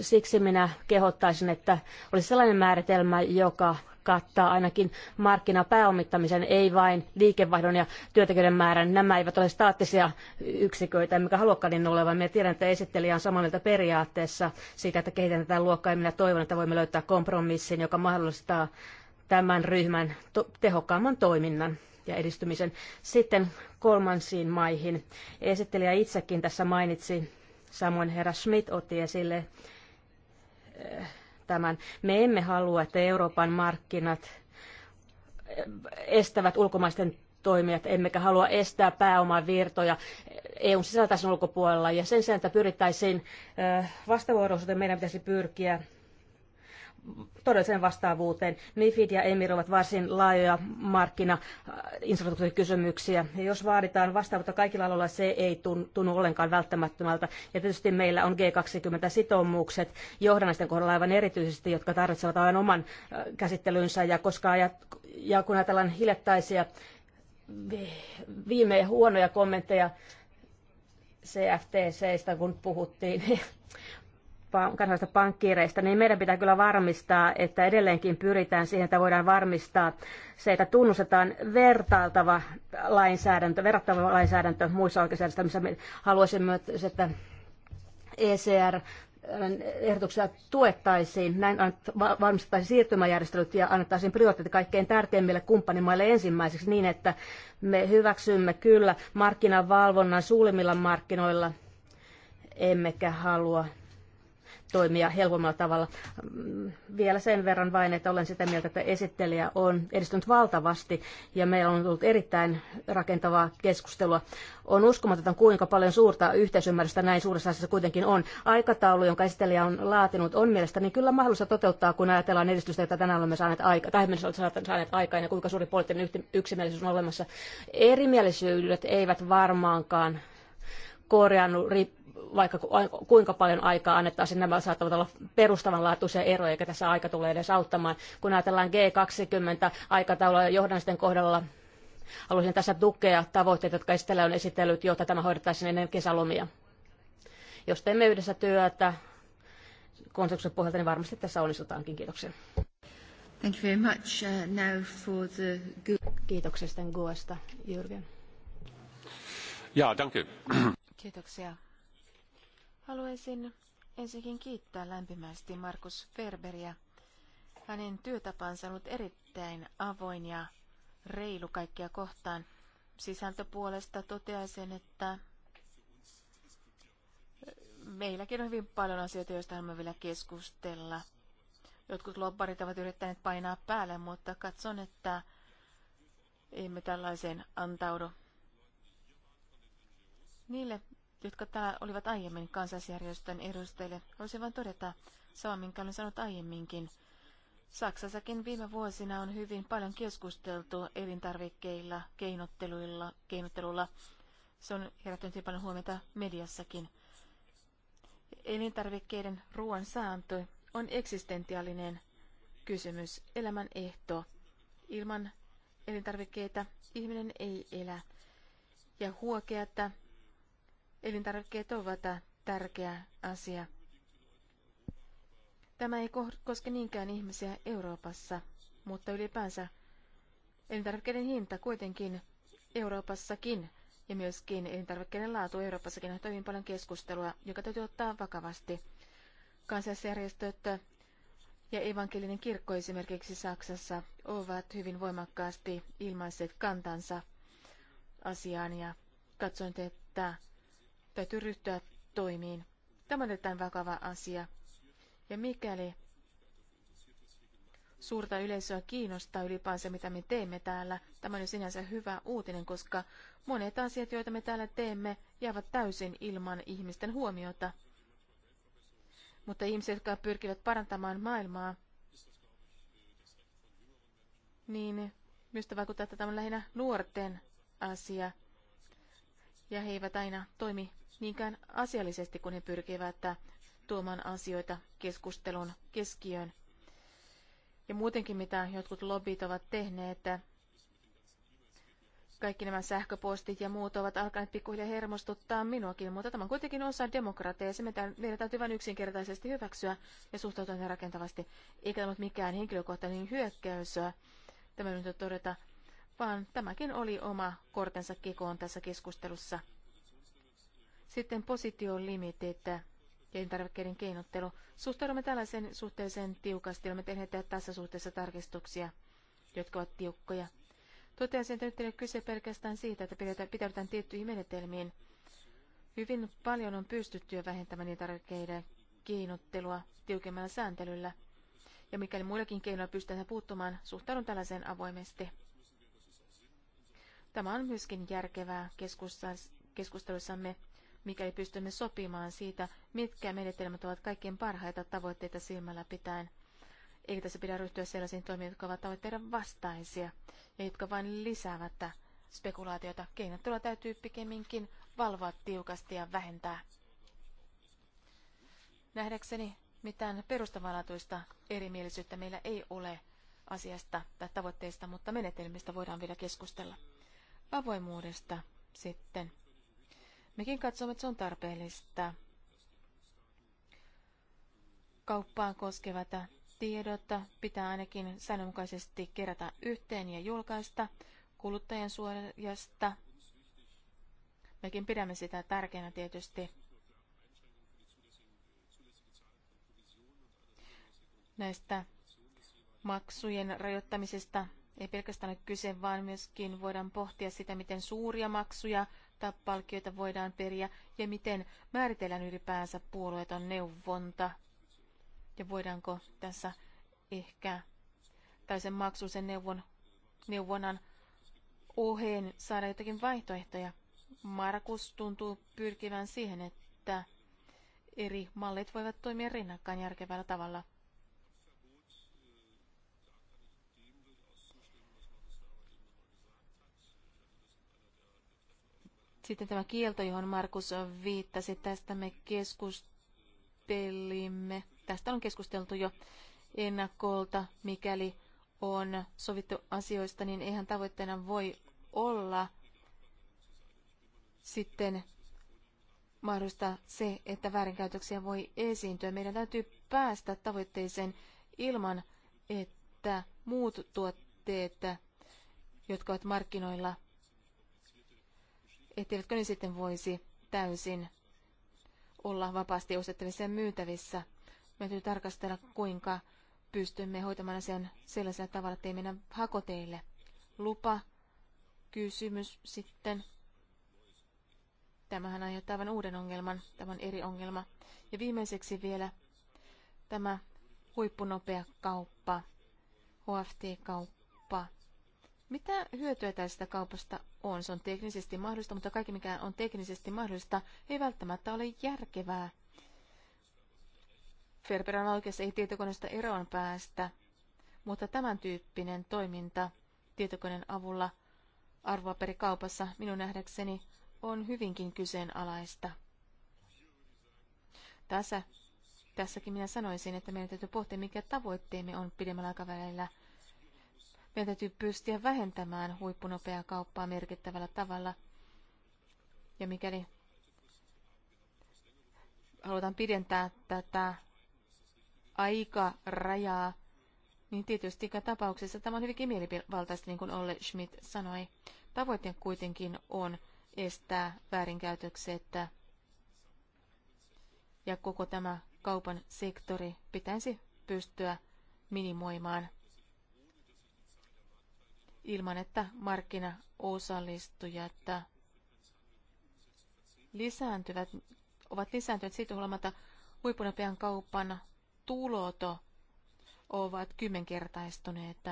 Siksi minä kehottaisin, että olisi sellainen määritelmä, joka kattaa ainakin markkinapääomittamisen, ei vain liikevaihdon ja työntekijöiden määrän. Nämä eivät ole staattisia yksiköitä, mikä haluakaan niin olevan. Minä tiedän, että esittelijä on samaa mieltä periaatteessa siitä, että kehitetään tätä luokkaa, ja minä toivon, että voimme löytää kompromissin, joka mahdollistaa tämän ryhmän tehokkaamman toiminnan ja edistymisen. Sitten kolmansiin maihin. Esittelijä itsekin tässä mainitsi, samoin herra Schmidt otti esille tämän. Me emme halua, että Euroopan markkinat estävät ulkomaisten toimijat, emmekä halua estää pääoman virtoja EUn sisältäisen ulkopuolella. Ja sen sijaan, että pyrittäisiin vastavuoroisuuteen, meidän pitäisi pyrkiä todelliseen vastaavuuteen. MIFID ja EMIR ovat varsin laajoja äh, kysymyksiä. Ja jos vaaditaan vastaavuutta kaikilla aloilla, se ei tunnu ollenkaan välttämättömältä. Ja tietysti meillä on G20-sitoumukset johdannaisten kohdalla aivan erityisesti, jotka tarvitsevat aivan oman äh, käsittelynsä. Ja, koska ajat, ja kun ajatellaan hiljattaisia viime huonoja kommentteja CFTCistä, kun puhuttiin, kansallisista pankkiireista, niin meidän pitää kyllä varmistaa, että edelleenkin pyritään siihen, että voidaan varmistaa se, että tunnustetaan vertailtava lainsäädäntö, verrattava lainsäädäntö muissa oikeusjärjestelmissä. Haluaisin myös, että ECR äh, ehdotuksia tuettaisiin, näin varmistettaisiin siirtymäjärjestelyt ja annettaisiin prioriteetti kaikkein tärkeimmille kumppanimaille ensimmäiseksi niin, että me hyväksymme kyllä markkinavalvonnan suulimmilla markkinoilla, emmekä halua toimia helpommalla tavalla. Mm, vielä sen verran vain, että olen sitä mieltä, että esittelijä on edistynyt valtavasti ja meillä on ollut erittäin rakentavaa keskustelua. On uskomatonta, kuinka paljon suurta yhteisymmärrystä näin suuressa asiassa kuitenkin on. Aikataulu, jonka esittelijä on laatinut, on mielestäni kyllä mahdollista toteuttaa, kun ajatellaan edistystä, jota tänään olemme saaneet aika, tai mennessä olemme saaneet aikaa, ja kuinka suuri poliittinen yksimielisyys on olemassa. Erimielisyydet eivät varmaankaan korjannut vaikka kuinka paljon aikaa annettaisiin, nämä saattavat olla perustavanlaatuisia eroja, eikä tässä aika tulee edes auttamaan. Kun ajatellaan G20-aikataulua ja johdannisten kohdalla, haluaisin tässä tukea tavoitteita, jotka Estelä on esitellyt, jotta tämä hoidettaisiin ennen kesälomia. Jos teemme yhdessä työtä konsensuksen pohjalta, niin varmasti tässä onnistutaankin. Kiitoksia. Thank you very much. Uh, now for the... Kiitoksia sitten Guesta, Jürgen. Ja, danke. Kiitoksia Haluaisin ensinnäkin kiittää lämpimästi Markus Ferberiä. Hänen työtapansa on ollut erittäin avoin ja reilu kaikkia kohtaan. Sisältöpuolesta toteaisin, että meilläkin on hyvin paljon asioita, joista haluamme vielä keskustella. Jotkut lobbarit ovat yrittäneet painaa päälle, mutta katson, että emme tällaiseen antaudu. Niille jotka täällä olivat aiemmin kansallisjärjestön edustajille. olisin vain todeta sama, minkä olen sanonut aiemminkin. Saksassakin viime vuosina on hyvin paljon keskusteltu elintarvikkeilla, keinotteluilla, keinottelulla. Se on herättänyt hyvin paljon huomiota mediassakin. Elintarvikkeiden ruoan saanto on eksistentiaalinen kysymys, elämän ehto. Ilman elintarvikkeita ihminen ei elä. Ja että Elintarvikkeet ovat tärkeä asia. Tämä ei koske niinkään ihmisiä Euroopassa, mutta ylipäänsä elintarvikkeiden hinta kuitenkin Euroopassakin ja myöskin elintarvikkeiden laatu Euroopassakin on hyvin paljon keskustelua, joka täytyy ottaa vakavasti. Kansallisjärjestöt ja evankelinen kirkko esimerkiksi Saksassa ovat hyvin voimakkaasti ilmaiset kantansa asiaan ja katsonut, että täytyy ryhtyä toimiin. Tämä on erittäin vakava asia. Ja mikäli suurta yleisöä kiinnostaa ylipäänsä, mitä me teemme täällä. Tämä on jo sinänsä hyvä uutinen, koska monet asiat, joita me täällä teemme, jäävät täysin ilman ihmisten huomiota. Mutta ihmiset, jotka pyrkivät parantamaan maailmaa, niin minusta vaikuttaa, että tämä on lähinnä nuorten asia. Ja he eivät aina toimi niinkään asiallisesti, kun he pyrkivät tuomaan asioita keskustelun keskiöön. Ja muutenkin, mitä jotkut lobbyt ovat tehneet, kaikki nämä sähköpostit ja muut ovat alkaneet pikkuhiljaa hermostuttaa minuakin, mutta tämä on kuitenkin osa demokratiaa ja se meidän täytyy vain yksinkertaisesti hyväksyä ja suhtautua rakentavasti. Eikä tämä ole mikään henkilökohtainen hyökkäys, tämä nyt todeta, vaan tämäkin oli oma kortensa kekoon tässä keskustelussa. Sitten position limit, että elintarvikkeiden keinottelu. Suhtaudumme tällaisen suhteeseen tiukasti. Olemme tehneet tässä suhteessa tarkistuksia, jotka ovat tiukkoja. Toteaisin, että nyt ei ole kyse pelkästään siitä, että pitäydytään tiettyihin menetelmiin. Hyvin paljon on pystytty jo vähentämään elintarvikkeiden keinottelua tiukemmalla sääntelyllä. Ja mikäli muillakin keinoilla pystytään puuttumaan, suhtaudun tällaiseen avoimesti. Tämä on myöskin järkevää keskustelussamme mikäli pystymme sopimaan siitä, mitkä menetelmät ovat kaikkein parhaita tavoitteita silmällä pitäen. Eikä tässä pidä ryhtyä sellaisiin toimiin, jotka ovat tavoitteiden vastaisia ja jotka vain lisäävät spekulaatiota. Keinottelua täytyy pikemminkin valvoa tiukasti ja vähentää. Nähdäkseni mitään perustavanlaatuista erimielisyyttä meillä ei ole asiasta tai tavoitteista, mutta menetelmistä voidaan vielä keskustella. Avoimuudesta sitten. Mekin katsomme, että se on tarpeellista. kauppaan koskevat tiedot pitää ainakin säännönmukaisesti kerätä yhteen ja julkaista kuluttajan suojasta. Mekin pidämme sitä tärkeänä tietysti. Näistä maksujen rajoittamisesta ei pelkästään ole kyse, vaan myöskin voidaan pohtia sitä, miten suuria maksuja palkkioita voidaan periä ja miten määritellään ylipäänsä puolueeton neuvonta ja voidaanko tässä ehkä tai sen maksullisen neuvon, neuvonnan oheen saada jotakin vaihtoehtoja. Markus tuntuu pyrkivän siihen, että eri mallit voivat toimia rinnakkain järkevällä tavalla – Sitten tämä kielto, johon Markus viittasi, tästä me keskustelimme. Tästä on keskusteltu jo ennakolta, mikäli on sovittu asioista, niin eihän tavoitteena voi olla sitten mahdollista se, että väärinkäytöksiä voi esiintyä. Meidän täytyy päästä tavoitteeseen ilman, että muut tuotteet, jotka ovat markkinoilla, etteivätkö ne sitten voisi täysin olla vapaasti ostettavissa ja myytävissä. Meidän täytyy tarkastella, kuinka pystymme hoitamaan asian sellaisella tavalla, ei mennä hakoteille. Lupa, kysymys sitten. Tämähän aiheuttaa aivan uuden ongelman, tämä on eri ongelma. Ja viimeiseksi vielä tämä huippunopea kauppa, HFT-kauppa. Mitä hyötyä tästä kaupasta on. Se on teknisesti mahdollista, mutta kaikki mikä on teknisesti mahdollista ei välttämättä ole järkevää. Ferberan oikeassa, ei tietokoneesta eroon päästä, mutta tämän tyyppinen toiminta tietokoneen avulla arvopaperikaupassa minun nähdäkseni on hyvinkin kyseenalaista. Tässä, tässäkin minä sanoisin, että meidän täytyy pohtia, mikä tavoitteemme on pidemmällä aikavälillä – meidän täytyy pystyä vähentämään huippunopeaa kauppaa merkittävällä tavalla. Ja mikäli halutaan pidentää tätä aikarajaa, niin tietysti tapauksessa tämä on hyvinkin mielivaltaista, niin kuin Olle Schmidt sanoi. Tavoite kuitenkin on estää väärinkäytökset ja koko tämä kaupan sektori pitäisi pystyä minimoimaan ilman, että markkinaosallistujat lisääntyvät, ovat lisääntyneet siitä huolimatta huippunopean kaupan tulot ovat kymmenkertaistuneet.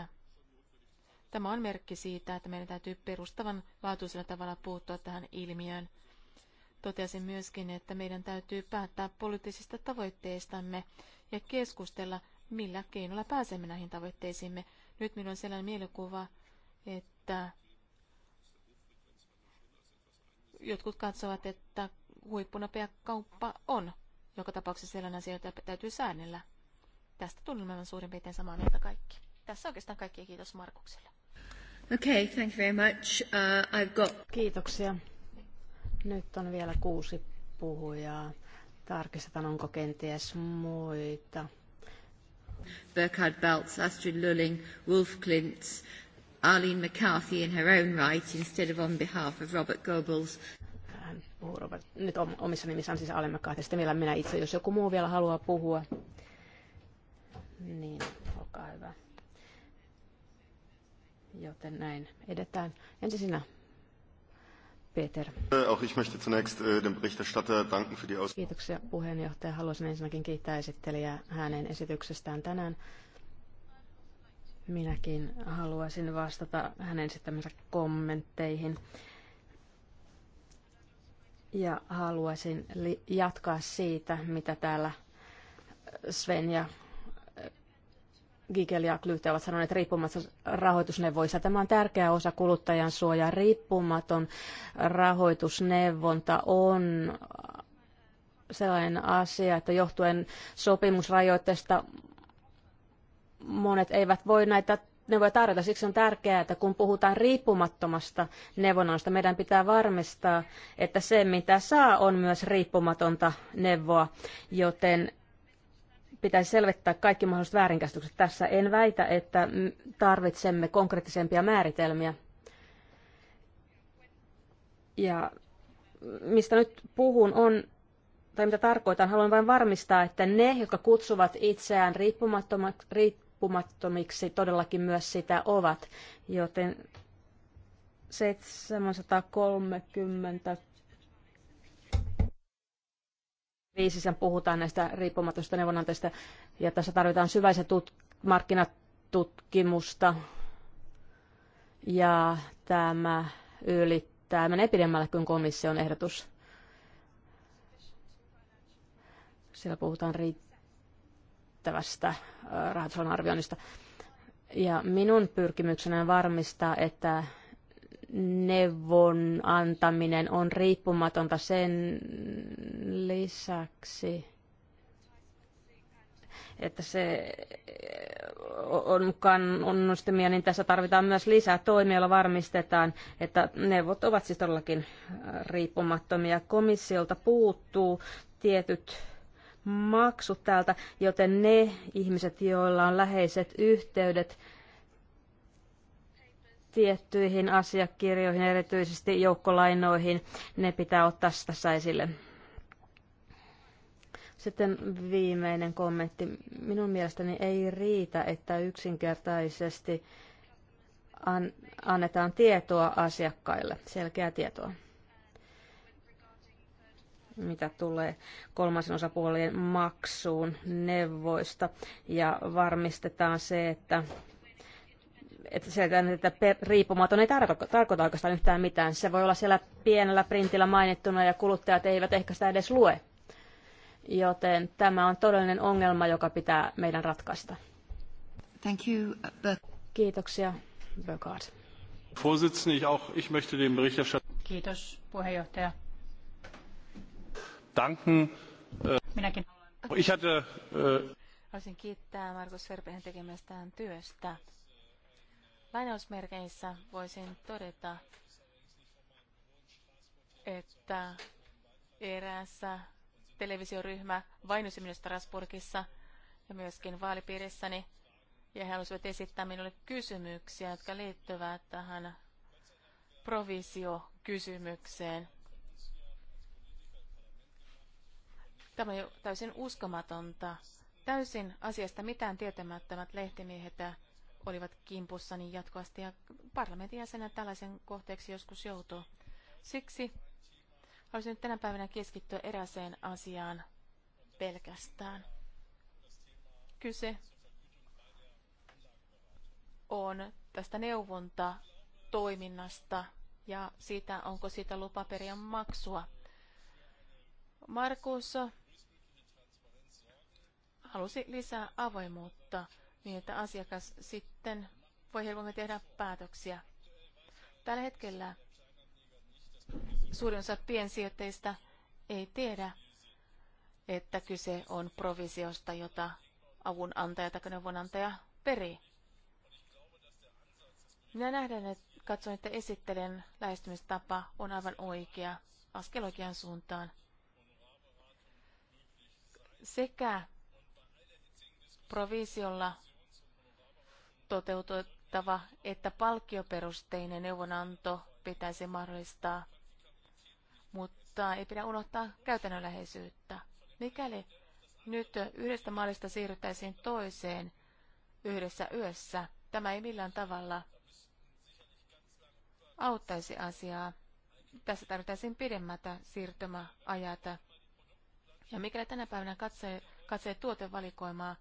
Tämä on merkki siitä, että meidän täytyy perustavan laatuisella tavalla puuttua tähän ilmiöön. Totesin myöskin, että meidän täytyy päättää poliittisista tavoitteistamme ja keskustella, millä keinoilla pääsemme näihin tavoitteisiimme. Nyt minulla on sellainen mielikuva, että jotkut katsovat, että huippunopea kauppa on. Joka tapauksessa sellainen asia, jota täytyy säännellä. Tästä tunnelma on suurin piirtein samaa mieltä kaikki. Tässä oikeastaan kaikki kiitos Markukselle. Okay, thank you very much. Uh, I've got... Kiitoksia. Nyt on vielä kuusi puhujaa. Tarkistetaan, onko kenties muita. Burkhard Beltz, Astrid Lulling, Wolf Klintz, Arlene McCarthy in her own right instead of on behalf of Robert Goebbels. Hän puhuu Robert, nyt omissa nimissään siis Arlene McCarthy. Sitten vielä minä itse, jos joku muu vielä haluaa puhua, niin olkaa hyvä. Joten näin edetään. Ensin sinä, Peter. Äh, auch ich möchte zunächst äh, dem Berichterstatter danken für die Aus Kiitoksia puheenjohtaja. Haluaisin ensinnäkin kiittää esittelijää hänen esityksestään tänään. Minäkin haluaisin vastata hänen esittämänsä kommentteihin. Ja haluaisin jatkaa siitä, mitä täällä Sven ja äh, Gigel ja Klyyte ovat sanoneet riippumatta rahoitusneuvoista. Tämä on tärkeä osa kuluttajan suojaa. Riippumaton rahoitusneuvonta on sellainen asia, että johtuen sopimusrajoitteesta monet eivät voi näitä neuvoja tarjota. Siksi on tärkeää, että kun puhutaan riippumattomasta neuvonnasta, meidän pitää varmistaa, että se mitä saa on myös riippumatonta neuvoa, joten pitäisi selvittää kaikki mahdolliset väärinkäsitykset. Tässä en väitä, että tarvitsemme konkreettisempia määritelmiä. Ja mistä nyt puhun on, tai mitä tarkoitan, haluan vain varmistaa, että ne, jotka kutsuvat itseään riippumattomaksi, riippumattomiksi todellakin myös sitä ovat, joten 730 kriisissä puhutaan näistä riippumattomista neuvonantajista, ja tässä tarvitaan syväistä tut- markkinatutkimusta, ja tämä ylittää, menee pidemmälle kuin komission ehdotus. Siellä puhutaan riittävästi käytettävästä rahoitusalan arvioinnista. Ja minun pyrkimykseni on varmistaa, että neuvon antaminen on riippumatonta sen lisäksi, että se on mukaan onnistumia, niin tässä tarvitaan myös lisää toimia, joilla varmistetaan, että neuvot ovat siis todellakin riippumattomia. Komissiolta puuttuu tietyt maksut täältä, joten ne ihmiset, joilla on läheiset yhteydet tiettyihin asiakirjoihin, erityisesti joukkolainoihin, ne pitää ottaa tässä esille. Sitten viimeinen kommentti. Minun mielestäni ei riitä, että yksinkertaisesti annetaan tietoa asiakkaille, selkeää tietoa mitä tulee kolmasen osapuolien maksuun neuvoista ja varmistetaan se, että että se, että riippumaton ei tarko- tarkoita oikeastaan yhtään mitään. Se voi olla siellä pienellä printillä mainittuna ja kuluttajat eivät ehkä sitä edes lue. Joten tämä on todellinen ongelma, joka pitää meidän ratkaista. Thank you, Ber- Kiitoksia, Burkhardt. Kiitos puheenjohtaja danken. Minäkin äh, Ich hatte, äh, Haluaisin kiittää Markus Verpehen tekemästään työstä. Lainausmerkeissä voisin todeta, että eräässä televisioryhmä vainosi minua Strasburgissa ja myöskin vaalipiirissäni. Ja he halusivat esittää minulle kysymyksiä, jotka liittyvät tähän provisiokysymykseen. Tämä on jo täysin uskomatonta. Täysin asiasta mitään tietämättömät lehtimiehet olivat kimpussani niin jatkuvasti ja parlamentin jäsenä tällaisen kohteeksi joskus joutuu. Siksi haluaisin nyt tänä päivänä keskittyä eräseen asiaan pelkästään. Kyse on tästä neuvontatoiminnasta ja siitä, onko siitä lupaperian maksua. Markus halusi lisää avoimuutta niin, että asiakas sitten voi helpommin tehdä päätöksiä. Tällä hetkellä suurin osa piensijoitteista ei tiedä, että kyse on provisiosta, jota avunantaja tai neuvonantaja perii. Minä nähden, että katson, että esittelen lähestymistapa on aivan oikea, askel oikeaan suuntaan. Sekä provisiolla toteutettava, että palkkioperusteinen neuvonanto pitäisi mahdollistaa, mutta ei pidä unohtaa käytännönläheisyyttä. Mikäli nyt yhdestä mallista siirryttäisiin toiseen yhdessä yössä, tämä ei millään tavalla auttaisi asiaa. Tässä tarvitaan pidemmätä siirtymäajata. Ja mikäli tänä päivänä katsee, katsee tuotevalikoimaa,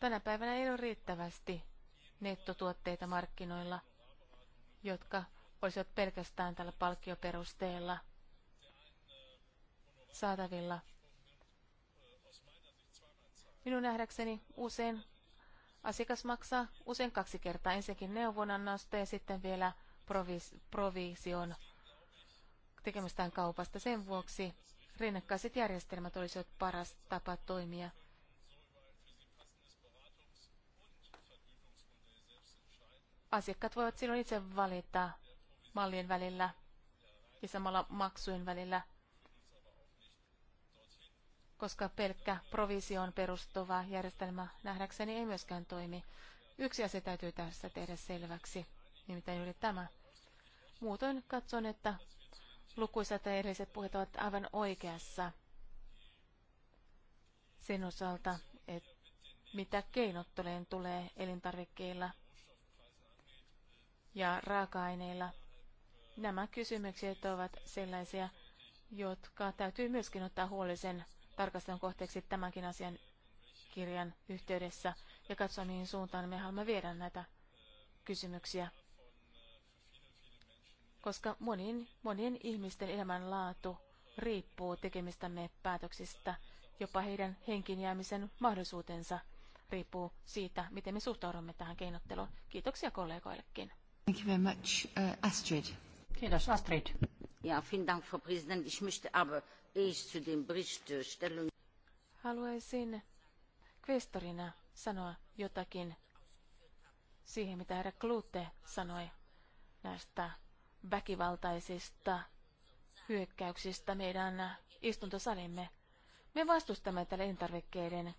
Tänä päivänä ei ole riittävästi nettotuotteita markkinoilla, jotka olisivat pelkästään tällä palkkioperusteella saatavilla. Minun nähdäkseni usein asiakas maksaa usein kaksi kertaa. Ensinnäkin neuvonannosta ja sitten vielä provis- provision tekemistään kaupasta. Sen vuoksi rinnakkaiset järjestelmät olisivat paras tapa toimia. Asiakkaat voivat silloin itse valita mallien välillä ja samalla maksujen välillä, koska pelkkä provisioon perustuva järjestelmä nähdäkseni ei myöskään toimi. Yksi asia täytyy tässä tehdä selväksi, nimittäin juuri tämä. Muutoin katson, että lukuisat ja erilliset puheet ovat aivan oikeassa sen osalta, että mitä keinottelujen tulee elintarvikkeilla – ja raaka-aineilla. Nämä kysymykset ovat sellaisia, jotka täytyy myöskin ottaa huolisen tarkastelun kohteeksi tämänkin asian kirjan yhteydessä ja katsoa, mihin suuntaan me haluamme viedä näitä kysymyksiä. Koska monien, monien ihmisten elämänlaatu riippuu tekemistämme päätöksistä, jopa heidän henkin jäämisen mahdollisuutensa riippuu siitä, miten me suhtaudumme tähän keinotteluun. Kiitoksia kollegoillekin. Thank you very much. Uh, Astrid. Kiitos, Astrid. Ja, vielen Dank, Frau Präsident. Ich möchte aber, ich zu dem Bericht äh, Stellung... Haluaisin kvestorina sanoa jotakin siihen, mitä herra Klute sanoi näistä väkivaltaisista hyökkäyksistä meidän istuntosalimme. Me vastustamme tätä elintarvikkeiden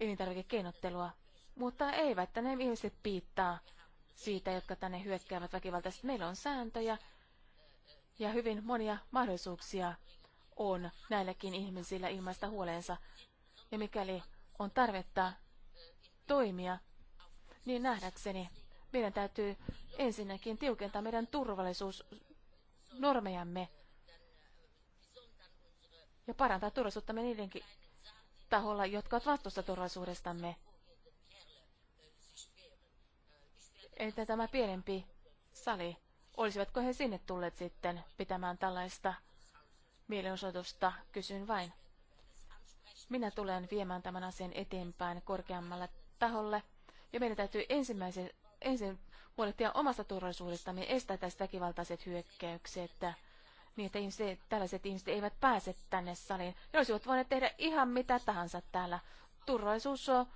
elintarvikekeinottelua mutta eivät ne ihmiset piittaa siitä, jotka tänne hyökkäävät väkivaltaisesti. Meillä on sääntöjä ja hyvin monia mahdollisuuksia on näilläkin ihmisillä ilmaista huolensa. Ja mikäli on tarvetta toimia, niin nähdäkseni meidän täytyy ensinnäkin tiukentaa meidän turvallisuusnormejamme ja parantaa turvallisuuttamme niidenkin taholla, jotka ovat vastuussa turvallisuudestamme. että tämä pienempi sali, olisivatko he sinne tulleet sitten pitämään tällaista mielenosoitusta, kysyn vain. Minä tulen viemään tämän asian eteenpäin korkeammalle taholle, ja meidän täytyy ensimmäisen, ensin huolehtia omasta turvallisuudestamme, estää tästä väkivaltaiset hyökkäykset, niin että ihmiset, tällaiset ihmiset eivät pääse tänne saliin. Ne olisivat voineet tehdä ihan mitä tahansa täällä. Turvallisuus on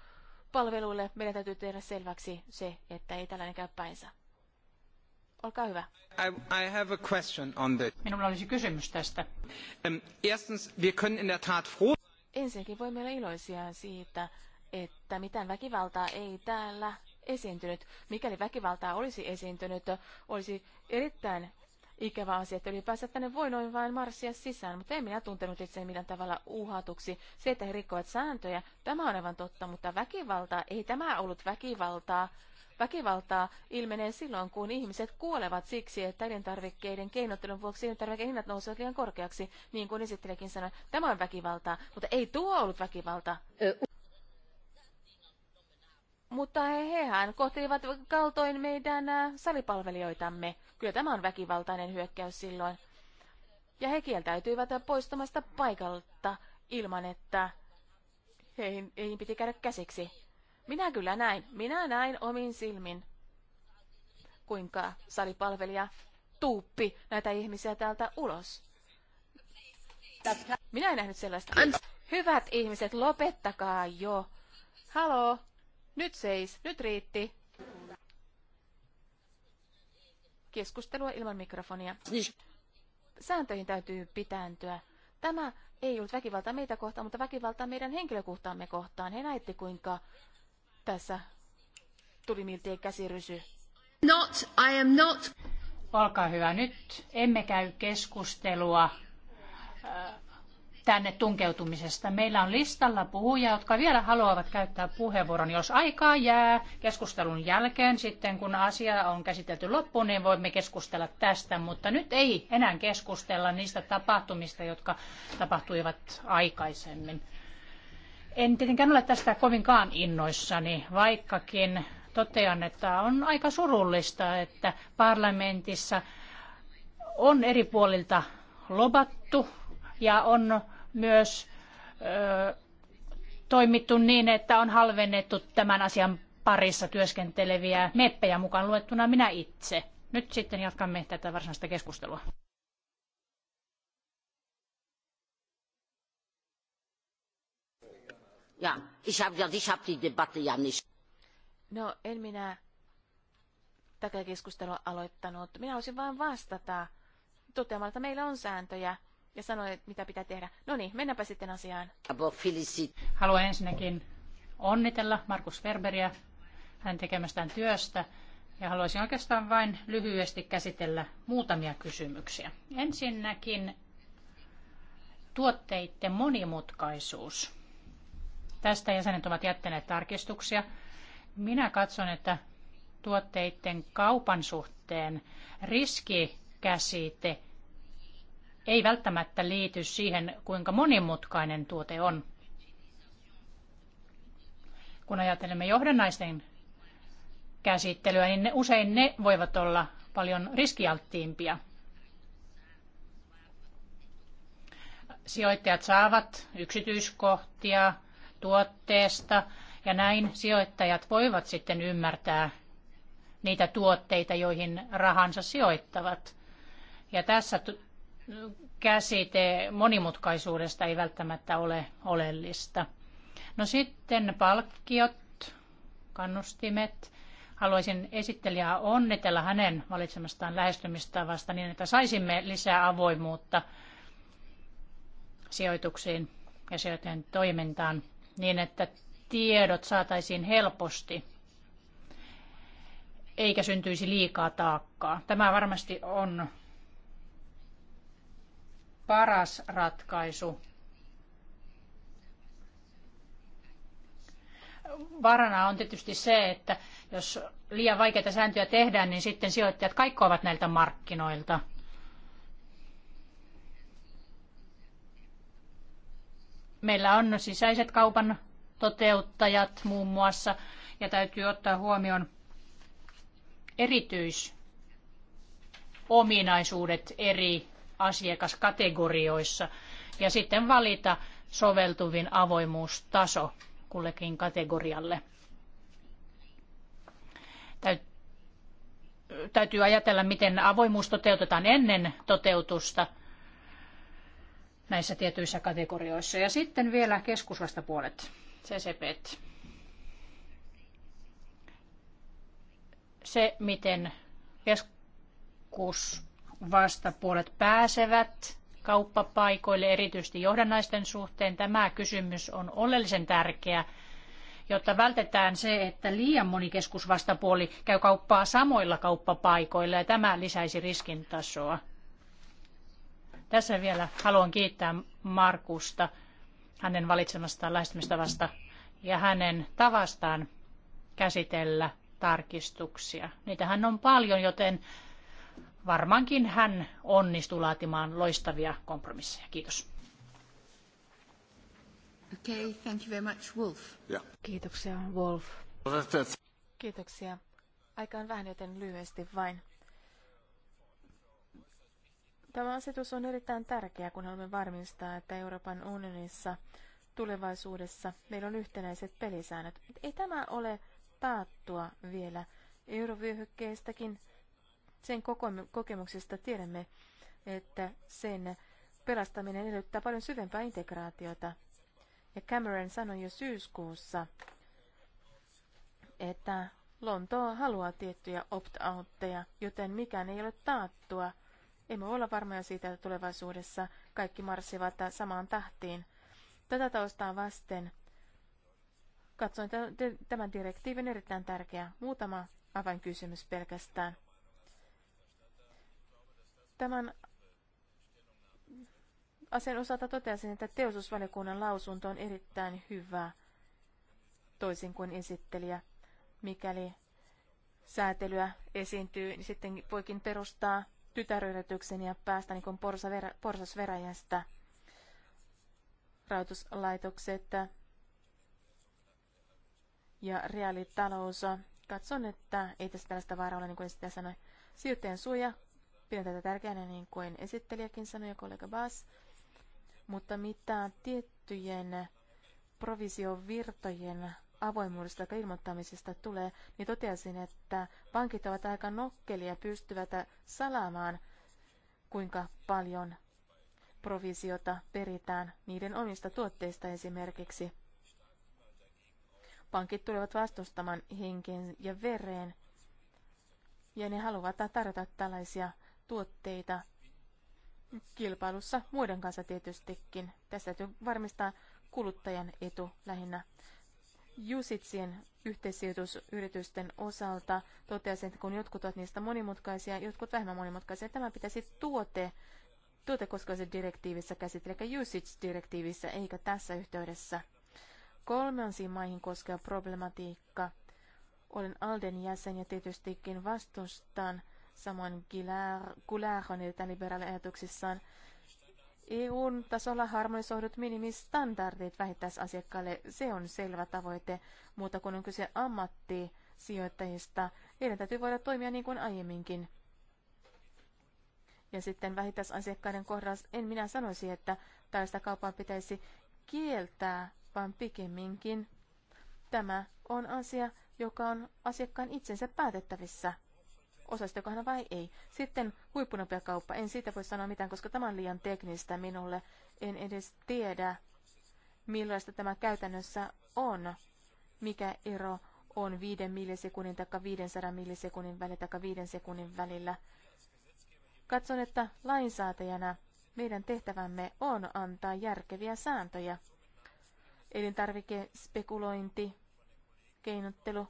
palveluille meidän täytyy tehdä selväksi se, että ei tällainen käy päinsä. Olkaa hyvä. I, I have a question on the... Minulla olisi kysymys tästä. Um, erstens, wir können in der Tat froh... Ensinnäkin voimme olla iloisia siitä, että mitään väkivaltaa ei täällä esiintynyt. Mikäli väkivaltaa olisi esiintynyt, olisi erittäin ikävä asia, että ylipäänsä tänne voi noin vain marssia sisään, mutta en minä tuntenut itse millään tavalla uhatuksi. Se, että he rikkovat sääntöjä, tämä on aivan totta, mutta väkivaltaa, ei tämä ollut väkivaltaa. Väkivaltaa ilmenee silloin, kun ihmiset kuolevat siksi, että elintarvikkeiden keinottelun vuoksi hinnat nousevat liian korkeaksi, niin kuin esittelikin sanoi. Tämä on väkivaltaa, mutta ei tuo ollut väkivaltaa. Mutta he hehän kohtelivat kaltoin meidän äh, salipalvelijoitamme. Kyllä tämä on väkivaltainen hyökkäys silloin. Ja he kieltäytyivät poistamasta paikalta ilman, että heihin, heihin piti käydä käsiksi. Minä kyllä näin, minä näin omin silmin, kuinka salipalvelija tuuppi näitä ihmisiä täältä ulos. Minä en nähnyt sellaista. Hyvät ihmiset, lopettakaa jo. Haloo, nyt seis, nyt riitti. Keskustelua ilman mikrofonia. Niin. Sääntöihin täytyy pitääntyä. Tämä ei ollut väkivaltaa meitä kohtaan, mutta väkivaltaa meidän henkilökohtaamme kohtaan. He näitte, kuinka tässä tuli miltei käsirysy. Not, I am not. Olkaa hyvä. Nyt emme käy keskustelua tänne tunkeutumisesta. Meillä on listalla puhujia, jotka vielä haluavat käyttää puheenvuoron. Jos aikaa jää keskustelun jälkeen, sitten kun asia on käsitelty loppuun, niin voimme keskustella tästä. Mutta nyt ei enää keskustella niistä tapahtumista, jotka tapahtuivat aikaisemmin. En tietenkään ole tästä kovinkaan innoissani, vaikkakin totean, että on aika surullista, että parlamentissa on eri puolilta lobattu ja on myös ö, toimittu niin, että on halvennettu tämän asian parissa työskenteleviä meppejä mukaan luettuna minä itse. Nyt sitten jatkamme tätä varsinaista keskustelua. Ja, ich habe ja, ich habe die Debatte ja nicht. No, en minä tätä keskustelua aloittanut. Minä olisin vain vastata toteamalla, että meillä on sääntöjä ja sanoi, että mitä pitää tehdä. No niin, mennäänpä sitten asiaan. Haluan ensinnäkin onnitella Markus Werberiä hänen tekemästään työstä ja haluaisin oikeastaan vain lyhyesti käsitellä muutamia kysymyksiä. Ensinnäkin tuotteiden monimutkaisuus. Tästä jäsenet ovat jättäneet tarkistuksia. Minä katson, että tuotteiden kaupan suhteen riskikäsite – ei välttämättä liity siihen, kuinka monimutkainen tuote on. Kun ajattelemme johdannaisten käsittelyä, niin ne, usein ne voivat olla paljon riskialttiimpia. Sijoittajat saavat yksityiskohtia tuotteesta ja näin sijoittajat voivat sitten ymmärtää niitä tuotteita, joihin rahansa sijoittavat. Ja tässä käsite monimutkaisuudesta ei välttämättä ole oleellista. No sitten palkkiot, kannustimet. Haluaisin esittelijää onnitella hänen valitsemastaan lähestymistavasta niin, että saisimme lisää avoimuutta sijoituksiin ja sijoitujen toimintaan niin, että tiedot saataisiin helposti eikä syntyisi liikaa taakkaa. Tämä varmasti on paras ratkaisu. Varana on tietysti se, että jos liian vaikeita sääntöjä tehdään, niin sitten sijoittajat kaikkoavat näiltä markkinoilta. Meillä on sisäiset kaupan toteuttajat muun muassa, ja täytyy ottaa huomioon erityisominaisuudet eri asiakaskategorioissa ja sitten valita soveltuvin avoimuustaso kullekin kategorialle. Täytyy ajatella, miten avoimuus toteutetaan ennen toteutusta näissä tietyissä kategorioissa. Ja sitten vielä keskusvastapuolet, CCP. Se, miten keskus vastapuolet pääsevät kauppapaikoille, erityisesti johdannaisten suhteen. Tämä kysymys on oleellisen tärkeä, jotta vältetään se, että liian moni keskusvastapuoli käy kauppaa samoilla kauppapaikoilla ja tämä lisäisi riskin tasoa. Tässä vielä haluan kiittää Markusta hänen valitsemastaan lähestymistavasta ja hänen tavastaan käsitellä tarkistuksia. Niitähän on paljon, joten varmaankin hän onnistuu laatimaan loistavia kompromisseja. Kiitos. Okay, thank you very much, Wolf. Yeah. Kiitoksia, Wolf. Kiitoksia. Aika on vähän, joten lyhyesti vain. Tämä asetus on erittäin tärkeä, kun haluamme varmistaa, että Euroopan unionissa tulevaisuudessa meillä on yhtenäiset pelisäännöt. Ei tämä ole taattua vielä. Eurovyöhykkeestäkin sen kokemuksesta tiedämme, että sen pelastaminen edellyttää paljon syvempää integraatiota. Ja Cameron sanoi jo syyskuussa, että Lontoa haluaa tiettyjä opt-outteja, joten mikään ei ole taattua. Emme voi olla varmoja siitä, että tulevaisuudessa kaikki marssivat samaan tahtiin. Tätä taustaa vasten katsoin tämän direktiivin erittäin tärkeä. Muutama avainkysymys pelkästään. Tämän asian osalta totesin, että teollisuusvaliokunnan lausunto on erittäin hyvä, toisin kuin esittelijä. Mikäli säätelyä esiintyy, niin sitten voikin perustaa tytäryrityksen ja päästä niin porsasveräjästä. Rahoituslaitokset ja reaalitalous. Katson, että ei tässä tällaista vaaraa ole, niin kuin sitä sanoi. Sijoittajan suoja Pidän tätä tärkeänä, niin kuin esittelijäkin sanoi ja kollega Bass, mutta mitään tiettyjen provisiovirtojen avoimuudesta tai ilmoittamisesta tulee, niin toteasin, että pankit ovat aika nokkelia pystyvät salaamaan, kuinka paljon provisiota peritään niiden omista tuotteista esimerkiksi. Pankit tulevat vastustamaan henkeen ja vereen, ja ne haluavat tarjota tällaisia tuotteita kilpailussa muiden kanssa tietystikin. Tässä täytyy varmistaa kuluttajan etu lähinnä. Jusitsien yhteissijoitusyritysten osalta toteaisin, että kun jotkut ovat niistä monimutkaisia, jotkut vähemmän monimutkaisia, tämä pitäisi tuote, tuotekoskaisen direktiivissä käsitellä, eli usage-direktiivissä, eikä tässä yhteydessä. Kolmansiin maihin koskeva problematiikka. Olen Alden jäsen ja tietystikin vastustan – Samoin Goulart on erittäin liberaali ajatuksissaan. EUn tasolla harmonisoidut minimistandardit vähittäisasiakkaille, se on selvä tavoite, mutta kun on kyse ammattisijoittajista, heidän täytyy voida toimia niin kuin aiemminkin. Ja sitten vähittäisasiakkaiden kohdalla en minä sanoisi, että tällaista kauppaa pitäisi kieltää, vaan pikemminkin tämä on asia, joka on asiakkaan itsensä päätettävissä osastiko hän vai ei. Sitten huippunopea kauppa. En siitä voi sanoa mitään, koska tämä on liian teknistä minulle. En edes tiedä, millaista tämä käytännössä on. Mikä ero on 5 millisekunnin tai 500 millisekunnin välillä tai 5 sekunnin välillä. Katson, että lainsaatajana meidän tehtävämme on antaa järkeviä sääntöjä. Elintarvikespekulointi, keinottelu,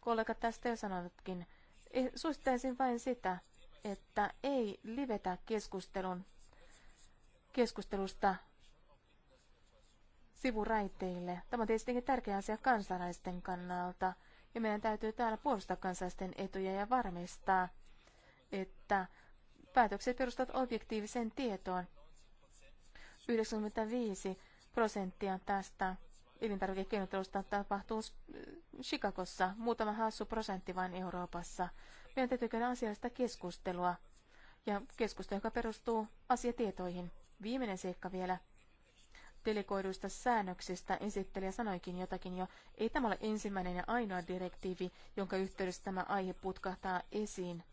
kollegat tästä jo sanonutkin. Eh, Suosittaisin vain sitä, että ei livetä keskustelun, keskustelusta sivuraiteille. Tämä on tietenkin tärkeä asia kansalaisten kannalta, ja meidän täytyy täällä puolustaa kansalaisten etuja ja varmistaa, että päätökset perustuvat objektiiviseen tietoon. 95 prosenttia tästä elintarvikekeinottelusta tapahtuu Chicagossa, muutama hassu prosentti vain Euroopassa. Meidän täytyy käydä asiallista keskustelua ja keskustelu, joka perustuu asiatietoihin. Viimeinen seikka vielä delegoiduista säännöksistä esittelijä sanoikin jotakin jo. Ei tämä ole ensimmäinen ja ainoa direktiivi, jonka yhteydessä tämä aihe putkahtaa esiin.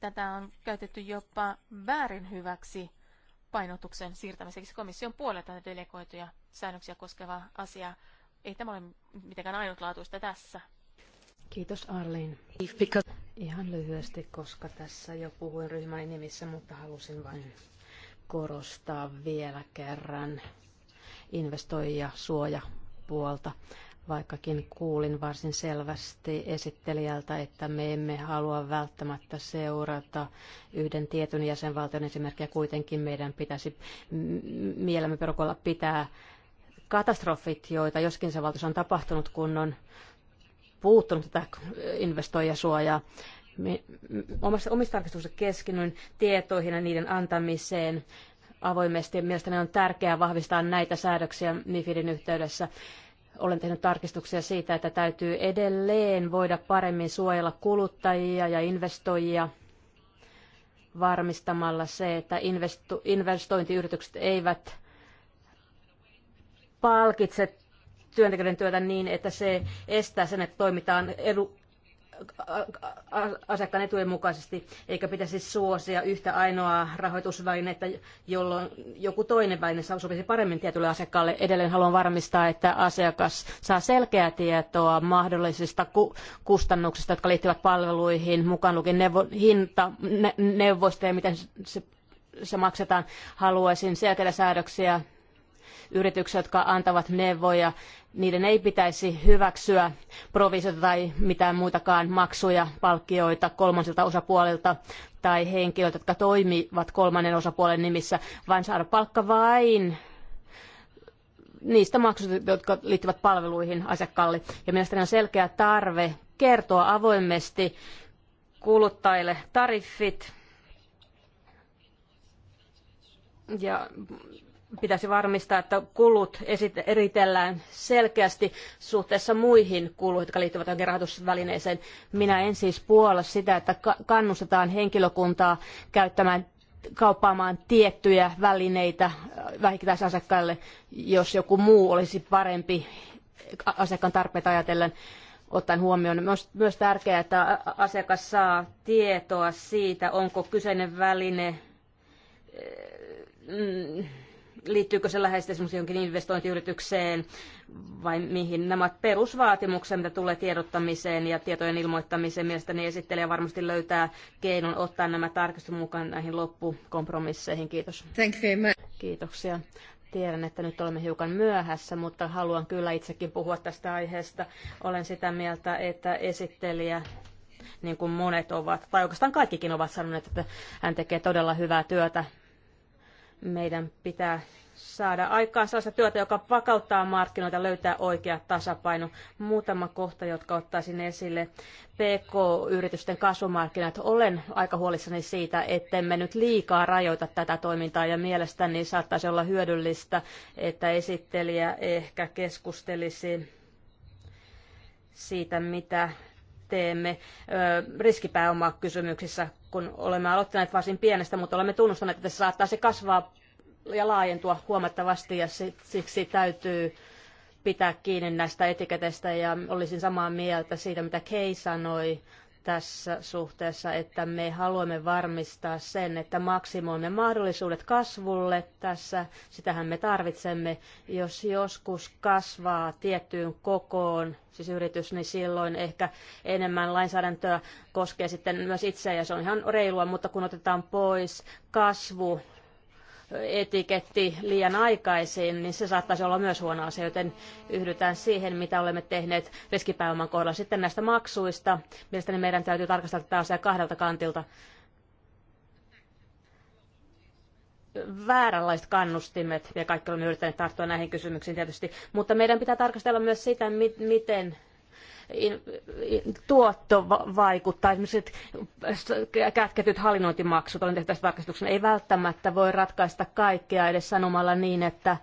Tätä on käytetty jopa väärin hyväksi painotuksen siirtämiseksi komission puolelta delegoituja säännöksiä koskeva asia. Ei tämä ole mitenkään ainutlaatuista tässä. Kiitos Arlin. Ihan lyhyesti, koska tässä jo puhuin ryhmäni nimissä, mutta halusin vain korostaa vielä kerran investoijia suoja puolta vaikkakin kuulin varsin selvästi esittelijältä, että me emme halua välttämättä seurata yhden tietyn jäsenvaltion esimerkkiä. Kuitenkin meidän pitäisi mielemme perukolla pitää katastrofit, joita joskin se valtuus on tapahtunut, kun on puuttunut tätä investoijasuojaa. omissa, omissa tarkistuksissa keskennyin tietoihin ja niiden antamiseen avoimesti. Mielestäni on tärkeää vahvistaa näitä säädöksiä MIFIDin yhteydessä olen tehnyt tarkistuksia siitä, että täytyy edelleen voida paremmin suojella kuluttajia ja investoijia varmistamalla se, että investo- investointiyritykset eivät palkitse työntekijöiden työtä niin, että se estää sen, että toimitaan asiakkaan etujen mukaisesti, eikä pitäisi suosia yhtä ainoaa rahoitusvälinettä, jolloin joku toinen väline sopisi paremmin tietylle asiakkaalle. Edelleen haluan varmistaa, että asiakas saa selkeää tietoa mahdollisista kustannuksista, jotka liittyvät palveluihin, mukaan lukien neuvo, hinta, ne, neuvosta ja miten se, se maksetaan. Haluaisin selkeitä säädöksiä yrityksiä, jotka antavat neuvoja niiden ei pitäisi hyväksyä provisioita tai mitään muitakaan maksuja, palkkioita kolmansilta osapuolilta tai henkilöiltä, jotka toimivat kolmannen osapuolen nimissä, vaan saada palkka vain niistä maksuista, jotka liittyvät palveluihin asiakkaalle. Ja mielestäni on selkeä tarve kertoa avoimesti kuluttajille tariffit ja pitäisi varmistaa, että kulut eritellään selkeästi suhteessa muihin kuluihin, jotka liittyvät johonkin rahoitusvälineeseen. Minä en siis puolla sitä, että kannustetaan henkilökuntaa käyttämään kauppaamaan tiettyjä välineitä äh, vähittäisasiakkaille, jos joku muu olisi parempi asiakkaan tarpeita ajatellen ottaen huomioon. Myös, myös tärkeää, että asiakas saa tietoa siitä, onko kyseinen väline äh, mm, liittyykö se läheisesti esimerkiksi jonkin investointiyritykseen vai mihin. Nämä perusvaatimukset mitä tulee tiedottamiseen ja tietojen ilmoittamiseen. Mielestäni esittelijä varmasti löytää keinon ottaa nämä tarkistus mukaan näihin loppukompromisseihin. Kiitos. Thank you very much. Kiitoksia. Tiedän, että nyt olemme hiukan myöhässä, mutta haluan kyllä itsekin puhua tästä aiheesta. Olen sitä mieltä, että esittelijä niin kuin monet ovat, tai oikeastaan kaikkikin ovat sanoneet, että hän tekee todella hyvää työtä meidän pitää saada aikaan sellaista työtä, joka vakauttaa markkinoita, löytää oikea tasapaino. Muutama kohta, jotka ottaisin esille. PK-yritysten kasvumarkkinat. Olen aika huolissani siitä, me nyt liikaa rajoita tätä toimintaa ja mielestäni saattaisi olla hyödyllistä, että esittelijä ehkä keskustelisi siitä, mitä teemme riskipääomakysymyksissä, kun olemme aloittaneet varsin pienestä, mutta olemme tunnustaneet, että se saattaa se kasvaa ja laajentua huomattavasti ja siksi täytyy pitää kiinni näistä etiketeistä ja olisin samaa mieltä siitä, mitä Kei sanoi tässä suhteessa, että me haluamme varmistaa sen, että maksimoimme mahdollisuudet kasvulle tässä. Sitähän me tarvitsemme. Jos joskus kasvaa tiettyyn kokoon, siis yritys, niin silloin ehkä enemmän lainsäädäntöä koskee sitten myös itseä ja se on ihan reilua, mutta kun otetaan pois kasvu etiketti liian aikaisin, niin se saattaisi olla myös huono asia, joten yhdytään siihen, mitä olemme tehneet riskipääoman kohdalla. Sitten näistä maksuista, mielestäni meidän täytyy tarkastella tätä asiaa kahdelta kantilta. vääränlaiset kannustimet, ja kaikki olemme yrittäneet tarttua näihin kysymyksiin tietysti, mutta meidän pitää tarkastella myös sitä, miten tuotto vaikuttaa. Esimerkiksi kätketyt hallinnointimaksut, olen tehnyt tästä tarkastuksen, ei välttämättä voi ratkaista kaikkea edes sanomalla niin, että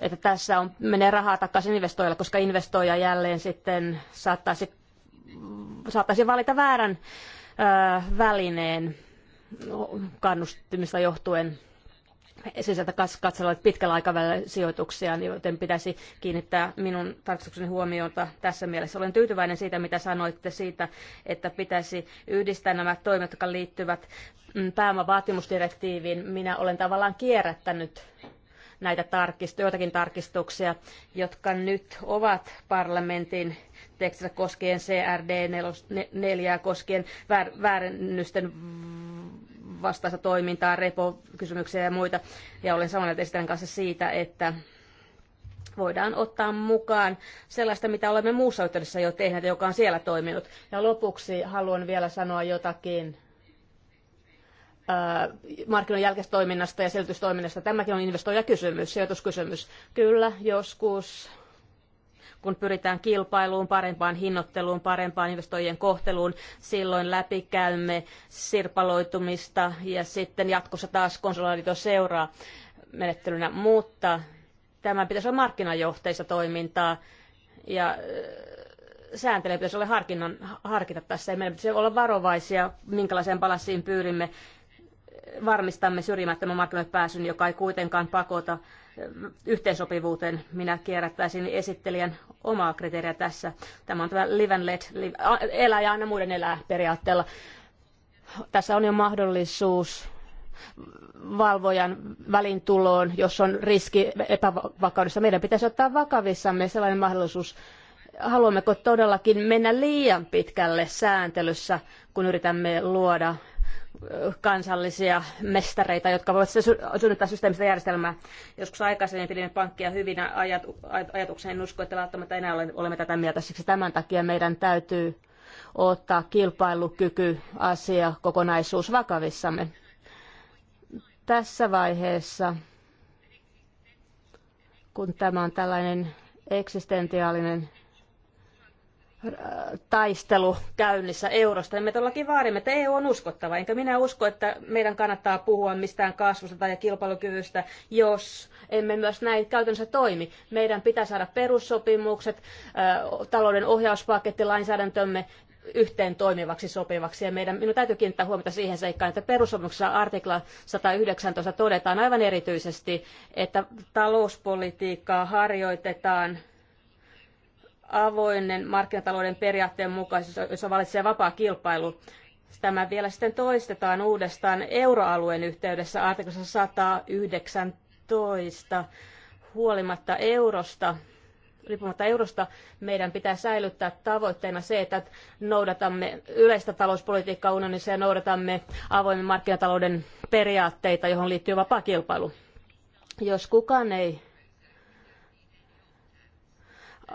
että tässä on, menee rahaa takaisin investoijalle, koska investoija jälleen sitten saattaisi, saattaisi valita väärän ö, välineen kannustimista johtuen sisältä katsella pitkällä aikavälillä sijoituksia, niin joten pitäisi kiinnittää minun tarkoitukseni huomiota tässä mielessä. Olen tyytyväinen siitä, mitä sanoitte siitä, että pitäisi yhdistää nämä toimet, jotka liittyvät mm, pääomavaatimusdirektiiviin. Minä olen tavallaan kierrättänyt näitä tarkist- joitakin tarkistuksia, jotka nyt ovat parlamentin tekstissä koskien CRD4 koskien väärennysten vastaista toimintaa, repo-kysymyksiä ja muita. Ja olen samalla mieltä kanssa siitä, että voidaan ottaa mukaan sellaista, mitä olemme muussa yhteydessä jo tehneet, joka on siellä toiminut. Ja lopuksi haluan vielä sanoa jotakin markkinoiden jälkeistä toiminnasta ja selitystoiminnasta. Tämäkin on investoijakysymys, sijoituskysymys. Kyllä, joskus kun pyritään kilpailuun, parempaan hinnoitteluun, parempaan investoijien kohteluun, silloin läpikäymme sirpaloitumista ja sitten jatkossa taas konsolidaatio seuraa menettelynä, mutta tämä pitäisi olla markkinajohteista toimintaa ja äh, sääntelyä pitäisi olla harkinnan, harkita tässä. meidän pitäisi olla varovaisia, minkälaiseen palassiin pyyrimme varmistamme syrjimättömän markkinoille pääsyn, joka ei kuitenkaan pakota yhteensopivuuteen. Minä kierrättäisin esittelijän omaa kriteeriä tässä. Tämä on tämä live and let, live, elää ja aina muiden elää periaatteella. Tässä on jo mahdollisuus valvojan välintuloon, jos on riski epävakaudessa. Meidän pitäisi ottaa vakavissamme sellainen mahdollisuus, haluammeko todellakin mennä liian pitkälle sääntelyssä, kun yritämme luoda kansallisia mestareita, jotka voivat synnyttää systeemistä järjestelmää. Joskus aikaisemmin pidimme pankkia hyvinä ajatuksena, en usko, että välttämättä enää olemme tätä mieltä. Siksi tämän takia meidän täytyy ottaa kilpailukyky asia kokonaisuus vakavissamme. Tässä vaiheessa, kun tämä on tällainen eksistentiaalinen taistelu käynnissä eurosta. Ja me todellakin vaadimme, että EU on uskottava. Enkä minä usko, että meidän kannattaa puhua mistään kasvusta tai kilpailukyvystä, jos emme myös näin käytännössä toimi. Meidän pitää saada perussopimukset, talouden ohjauspaketti, lainsäädäntömme yhteen toimivaksi sopivaksi. Ja meidän, minun täytyy kiinnittää huomiota siihen seikkaan, että perussopimuksessa artikla 119 todetaan aivan erityisesti, että talouspolitiikkaa harjoitetaan – avoinen markkinatalouden periaatteen mukaisesti, jossa valitsee vapaa kilpailu. Tämä vielä sitten toistetaan uudestaan euroalueen yhteydessä artiklassa 119. Huolimatta eurosta, riippumatta eurosta, meidän pitää säilyttää tavoitteena se, että noudatamme yleistä talouspolitiikkaa unionissa ja noudatamme avoimen markkinatalouden periaatteita, johon liittyy vapaa kilpailu. Jos kukaan ei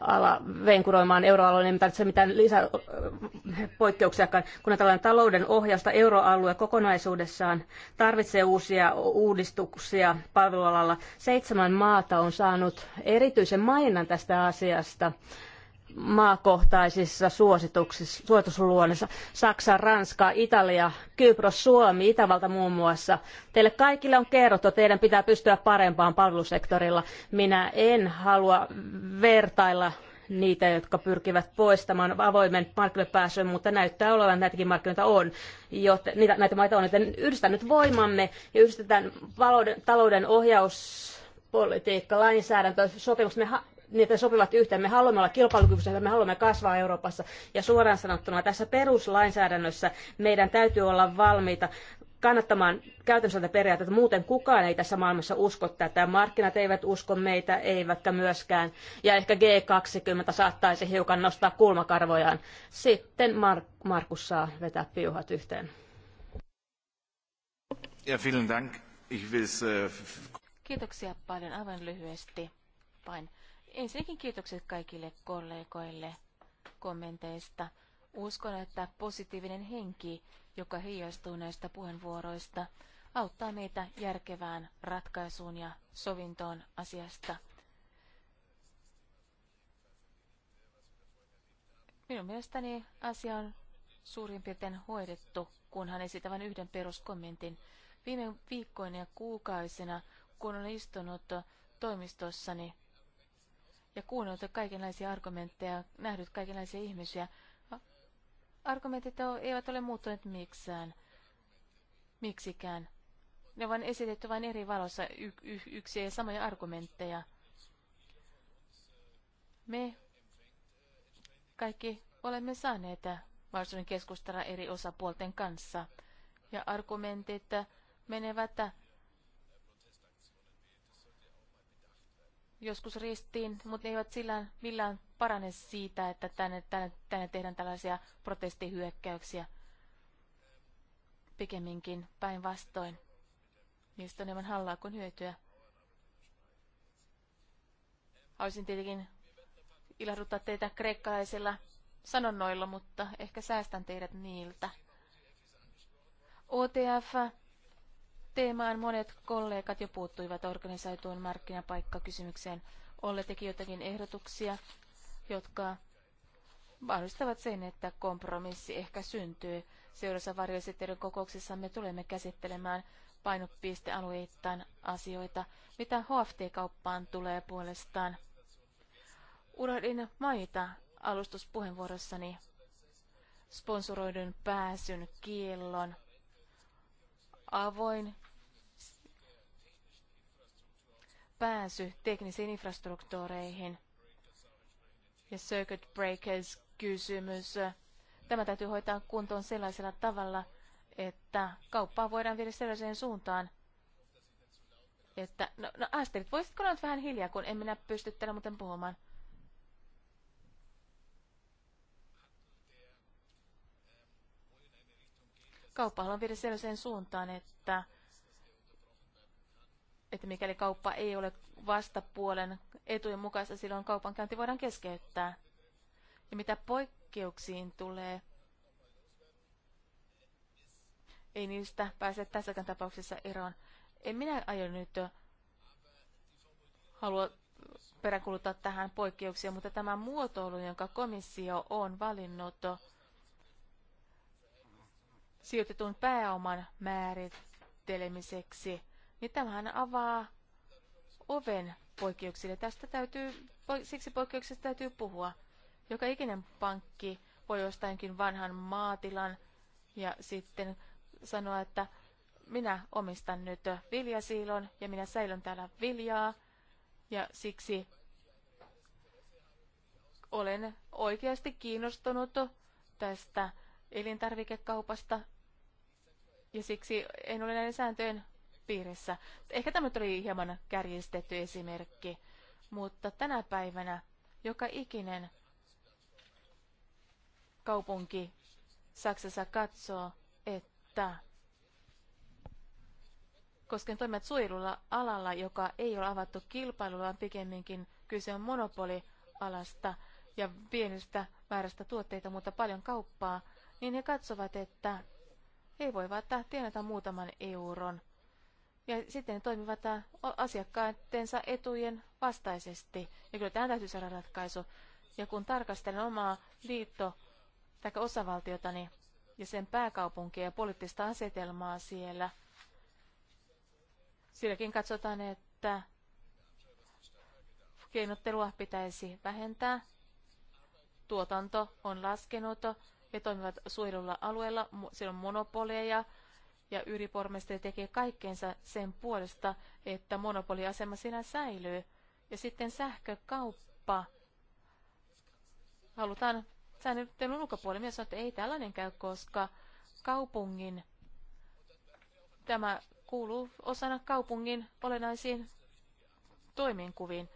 ala venkuroimaan euroalueen, niin ei tarvitse mitään lisäpoikkeuksiakaan, kun tällainen talouden ohjausta euroalue kokonaisuudessaan tarvitsee uusia uudistuksia palvelualalla. Seitsemän maata on saanut erityisen maininnan tästä asiasta maakohtaisissa suosituksissa, Saksa, Ranska, Italia, Kypros, Suomi, Itävalta muun muassa. Teille kaikille on kerrottu, että teidän pitää pystyä parempaan palvelusektorilla. Minä en halua vertailla niitä, jotka pyrkivät poistamaan avoimen markkinoille pääsyn, mutta näyttää olevan, että näitäkin markkinoita on, joten, niitä, näitä maita on, joten yhdistetään nyt voimamme ja yhdistetään talouden ohjauspolitiikka, lainsäädäntö, sopimukset niitä sopivat yhteen. Me haluamme olla kilpailukykyisiä, me haluamme kasvaa Euroopassa. Ja suoraan sanottuna tässä peruslainsäädännössä meidän täytyy olla valmiita kannattamaan käytännössä tätä periaatetta. Muuten kukaan ei tässä maailmassa usko tätä. Markkinat eivät usko meitä, eivätkä myöskään. Ja ehkä G20 saattaisi hiukan nostaa kulmakarvojaan. Sitten Mar- Markus saa vetää piuhat yhteen. Ja, vielen dank. Ich will's, äh, Kiitoksia paljon. Aivan lyhyesti vain. Ensinnäkin kiitokset kaikille kollegoille kommenteista. Uskon, että positiivinen henki, joka heijastuu näistä puheenvuoroista, auttaa meitä järkevään ratkaisuun ja sovintoon asiasta. Minun mielestäni asia on suurin piirtein hoidettu, kunhan esitän vain yhden peruskommentin. Viime viikkoina ja kuukausina, kun olen istunut toimistossani ja kuunneltu kaikenlaisia argumentteja, nähnyt kaikenlaisia ihmisiä. Argumentit eivät ole muuttuneet miksään, miksikään. Ne on esitetty vain eri valossa y- y- yksiä ja samoja argumentteja. Me kaikki olemme saaneet mahdollisuuden keskustella eri osapuolten kanssa. Ja argumentit menevät joskus ristiin, mutta ne eivät sillä millään parane siitä, että tänne, tänne, tänne tehdään tällaisia protestihyökkäyksiä. Pikemminkin päinvastoin. Niistä on enemmän hallaa kuin hyötyä. Haluaisin tietenkin ilahduttaa teitä kreikkalaisilla sanonnoilla, mutta ehkä säästän teidät niiltä. OTF teemaan monet kollegat jo puuttuivat organisoituun markkinapaikkakysymykseen. Olle teki jotakin ehdotuksia, jotka mahdollistavat sen, että kompromissi ehkä syntyy. Seuraavassa varjoesittelyn kokouksessa me tulemme käsittelemään painopistealueittain asioita, mitä HFT-kauppaan tulee puolestaan. Unohdin mainita alustuspuheenvuorossani sponsoroidun pääsyn kiellon, avoin pääsy teknisiin infrastruktuureihin. Ja circuit breakers kysymys. Tämä täytyy hoitaa kuntoon sellaisella tavalla, että kauppaa voidaan viedä sellaiseen suuntaan, että, no, no Asterit, voisitko olla vähän hiljaa, kun en minä pysty täällä muuten puhumaan. Kauppa haluan viedä sellaiseen suuntaan, että että mikäli kauppa ei ole vastapuolen etujen mukaista, silloin kaupankäynti voidaan keskeyttää. Ja mitä poikkeuksiin tulee, ei niistä pääse tässäkään tapauksessa eroon. En minä aio nyt halua peräkuluttaa tähän poikkeuksia, mutta tämä muotoilu, jonka komissio on valinnut sijoitetun pääoman määrittelemiseksi – niin tämähän avaa oven poikkeuksille. Tästä täytyy, siksi poikkeuksesta täytyy puhua. Joka ikinen pankki voi jostainkin vanhan maatilan ja sitten sanoa, että minä omistan nyt viljasiilon ja minä säilön täällä viljaa ja siksi olen oikeasti kiinnostunut tästä elintarvikekaupasta ja siksi en ole näiden sääntöjen piirissä. Ehkä tämä oli hieman kärjistetty esimerkki, mutta tänä päivänä joka ikinen kaupunki Saksassa katsoo, että koskien toimet suojelulla alalla, joka ei ole avattu kilpailulla, vaan pikemminkin kyse on monopolialasta ja pienestä määrästä tuotteita, mutta paljon kauppaa, niin he katsovat, että he voivat tienata muutaman euron ja sitten ne toimivat äh, asiakkaidensa etujen vastaisesti. Ja kyllä tämä täytyy saada ratkaisu. Ja kun tarkastelen omaa liitto- tai osavaltiotani ja sen pääkaupunkia ja poliittista asetelmaa siellä, silläkin katsotaan, että keinottelua pitäisi vähentää. Tuotanto on laskenut ja toimivat suojelulla alueella. Siellä on monopoleja, ja yripormestari tekee kaikkeensa sen puolesta, että monopoliasema sinä säilyy. Ja sitten sähkökauppa halutaan säännöllinen ulkopuolelle. Minä sanoin, että ei tällainen käy, koska kaupungin, tämä kuuluu osana kaupungin olennaisiin toiminkuviin.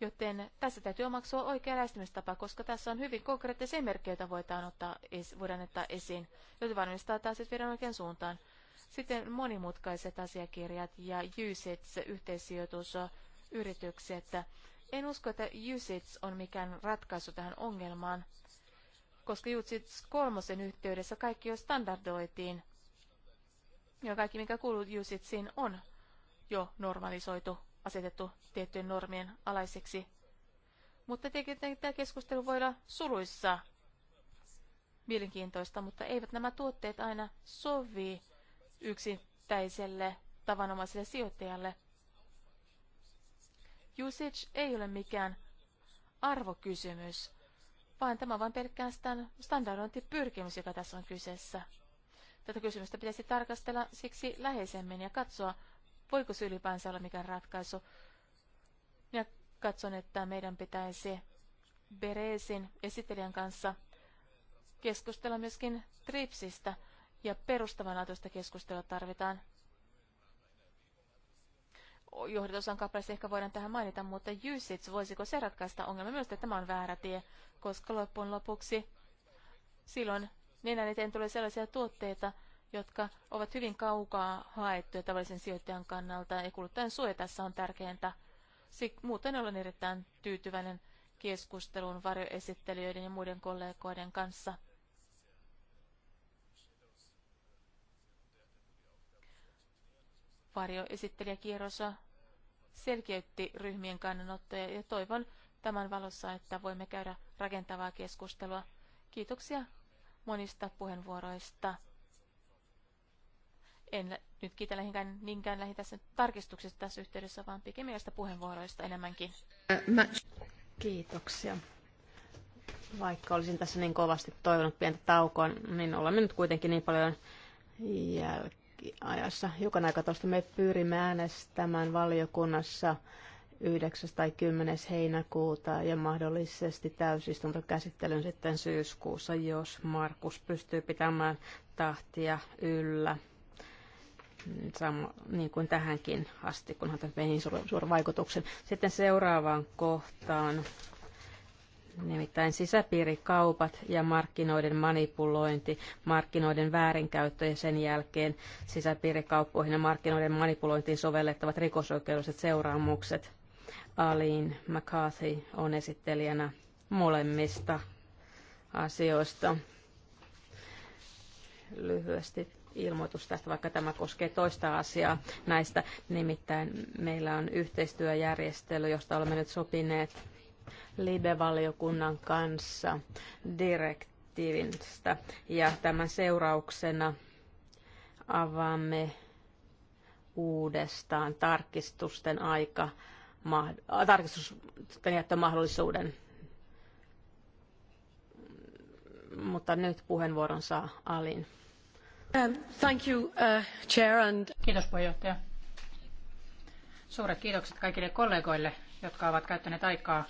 Joten tässä täytyy omaksua oikea lähestymistapa, koska tässä on hyvin konkreettisia merkkejä, joita voidaan ottaa, voidaan ottaa esiin, joten varmistaa taas, että viedään oikean suuntaan. Sitten monimutkaiset asiakirjat ja usits, yhteissijoitusyritykset. En usko, että usits on mikään ratkaisu tähän ongelmaan, koska usits kolmosen yhteydessä kaikki jo standardoitiin. Ja kaikki, mikä kuuluu usitsiin, on jo normalisoitu, asetettu tiettyjen normien alaiseksi. Mutta tietenkin tämä keskustelu voi olla suluissa mielenkiintoista, mutta eivät nämä tuotteet aina sovi yksittäiselle tavanomaiselle sijoittajalle. Usage ei ole mikään arvokysymys, vaan tämä on vain pelkästään standardointipyrkimys, joka tässä on kyseessä. Tätä kysymystä pitäisi tarkastella siksi läheisemmin ja katsoa, voiko se ylipäänsä olla mikään ratkaisu. Ja katson, että meidän pitäisi Beresin esittelijän kanssa keskustella myöskin TRIPSistä, ja perustavanlaatuista keskustelua tarvitaan. Johdatosan kappaleessa ehkä voidaan tähän mainita, mutta jysits voisiko se ratkaista ongelma? Myös tämä on väärä tie, koska loppujen lopuksi silloin nenän eteen tulee sellaisia tuotteita, jotka ovat hyvin kaukaa haettuja tavallisen sijoittajan kannalta, ja kuluttajan suoja tässä on tärkeintä. Muuten olen erittäin tyytyväinen keskusteluun varjoesittelijöiden ja muiden kollegoiden kanssa. varjoesittelijäkierros selkeytti ryhmien kannanottoja ja toivon tämän valossa, että voimme käydä rakentavaa keskustelua. Kiitoksia monista puheenvuoroista. En nyt kiitä lähinkään, niinkään lähi tässä tarkistuksesta tässä yhteydessä, vaan pikemmin näistä puheenvuoroista enemmänkin. Kiitoksia. Vaikka olisin tässä niin kovasti toivonut pientä taukoa, niin olemme nyt kuitenkin niin paljon jälkeen ajassa. Hiukan aikataulusta me pyrimme äänestämään valiokunnassa 9. tai 10. heinäkuuta ja mahdollisesti täysistuntokäsittelyn sitten syyskuussa, jos Markus pystyy pitämään tahtia yllä. Sama, niin kuin tähänkin asti, kunhan tämä meni suuren vaikutuksen. Sitten seuraavaan kohtaan nimittäin sisäpiirikaupat ja markkinoiden manipulointi, markkinoiden väärinkäyttö ja sen jälkeen sisäpiirikauppoihin ja markkinoiden manipulointiin sovellettavat rikosoikeudelliset seuraamukset. Aline McCarthy on esittelijänä molemmista asioista. Lyhyesti ilmoitus tästä, vaikka tämä koskee toista asiaa näistä. Nimittäin meillä on yhteistyöjärjestely, josta olemme nyt sopineet live-valiokunnan kanssa direktiivistä. Ja tämän seurauksena avaamme uudestaan tarkistusten aika, äh, tarkistusten jättömahdollisuuden. Mutta nyt puheenvuoron saa Alin. Um, thank you, uh, chair and... Kiitos puheenjohtaja. Suuret kiitokset kaikille kollegoille, jotka ovat käyttäneet aikaa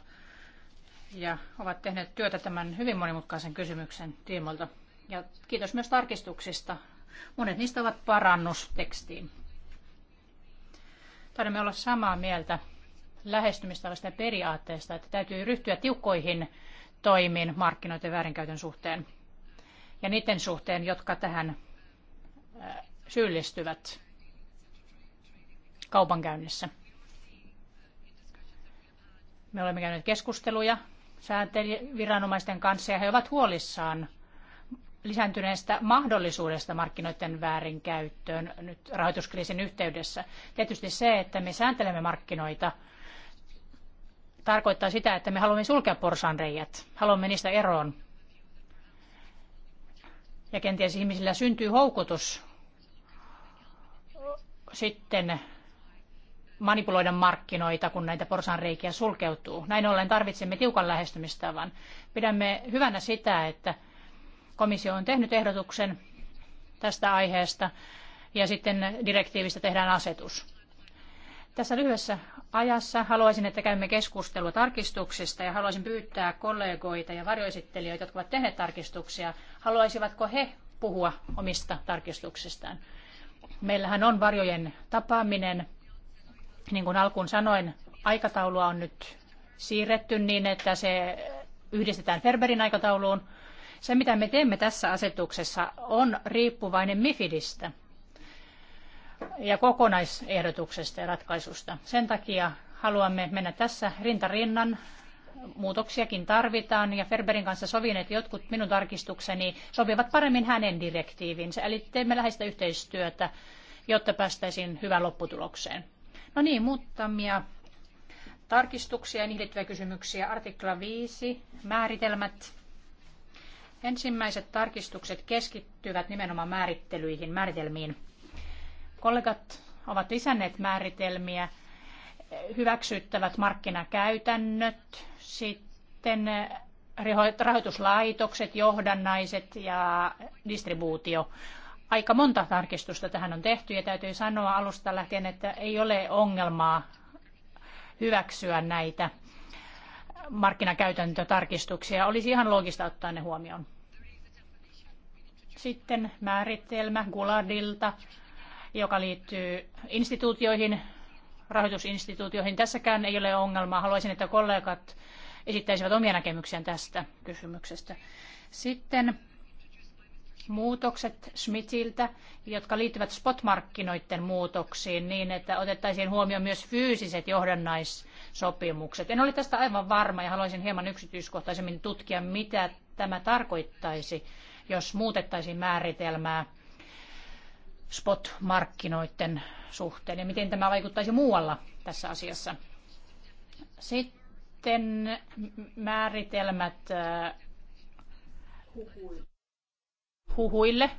ja ovat tehneet työtä tämän hyvin monimutkaisen kysymyksen tiimoilta. Ja kiitos myös tarkistuksista. Monet niistä ovat parannus tekstiin. Taidamme olla samaa mieltä lähestymistavasta ja periaatteesta, että täytyy ryhtyä tiukkoihin toimiin markkinoiden väärinkäytön suhteen ja niiden suhteen, jotka tähän syyllistyvät kaupankäynnissä. Me olemme käyneet keskusteluja sääntelyviranomaisten kanssa ja he ovat huolissaan lisääntyneestä mahdollisuudesta markkinoiden väärinkäyttöön nyt rahoituskriisin yhteydessä. Tietysti se, että me sääntelemme markkinoita, tarkoittaa sitä, että me haluamme sulkea porsanreijät, haluamme niistä eroon. Ja kenties ihmisillä syntyy houkutus sitten manipuloida markkinoita, kun näitä porsaanreikiä sulkeutuu. Näin ollen tarvitsemme tiukan lähestymistavan. Pidämme hyvänä sitä, että komissio on tehnyt ehdotuksen tästä aiheesta ja sitten direktiivistä tehdään asetus. Tässä lyhyessä ajassa haluaisin, että käymme keskustelua tarkistuksista ja haluaisin pyytää kollegoita ja varjoesittelijöitä, jotka ovat tehneet tarkistuksia, haluaisivatko he puhua omista tarkistuksistaan. Meillähän on varjojen tapaaminen niin kuin alkuun sanoin, aikataulua on nyt siirretty niin, että se yhdistetään Ferberin aikatauluun. Se, mitä me teemme tässä asetuksessa, on riippuvainen MIFIDistä ja kokonaisehdotuksesta ja ratkaisusta. Sen takia haluamme mennä tässä rintarinnan. Muutoksiakin tarvitaan ja Ferberin kanssa sovin, että jotkut minun tarkistukseni sopivat paremmin hänen direktiivinsä. Eli teemme läheistä yhteistyötä, jotta päästäisiin hyvään lopputulokseen. No niin, muutamia tarkistuksia ja niihin liittyviä kysymyksiä. Artikla 5, määritelmät. Ensimmäiset tarkistukset keskittyvät nimenomaan määrittelyihin, määritelmiin. Kollegat ovat lisänneet määritelmiä, hyväksyttävät markkinakäytännöt, sitten rahoituslaitokset, johdannaiset ja distribuutio. Aika monta tarkistusta tähän on tehty ja täytyy sanoa alusta lähtien, että ei ole ongelmaa hyväksyä näitä markkinakäytäntötarkistuksia. Olisi ihan loogista ottaa ne huomioon. Sitten määritelmä Gulardilta, joka liittyy instituutioihin, rahoitusinstituutioihin. Tässäkään ei ole ongelmaa. Haluaisin, että kollegat esittäisivät omia näkemyksiään tästä kysymyksestä. Sitten muutokset Schmidtiltä, jotka liittyvät spotmarkkinoiden muutoksiin niin, että otettaisiin huomioon myös fyysiset johdannaissopimukset. En ole tästä aivan varma ja haluaisin hieman yksityiskohtaisemmin tutkia, mitä tämä tarkoittaisi, jos muutettaisiin määritelmää spotmarkkinoiden suhteen ja miten tämä vaikuttaisi muualla tässä asiassa. Sitten määritelmät äh, huhuille.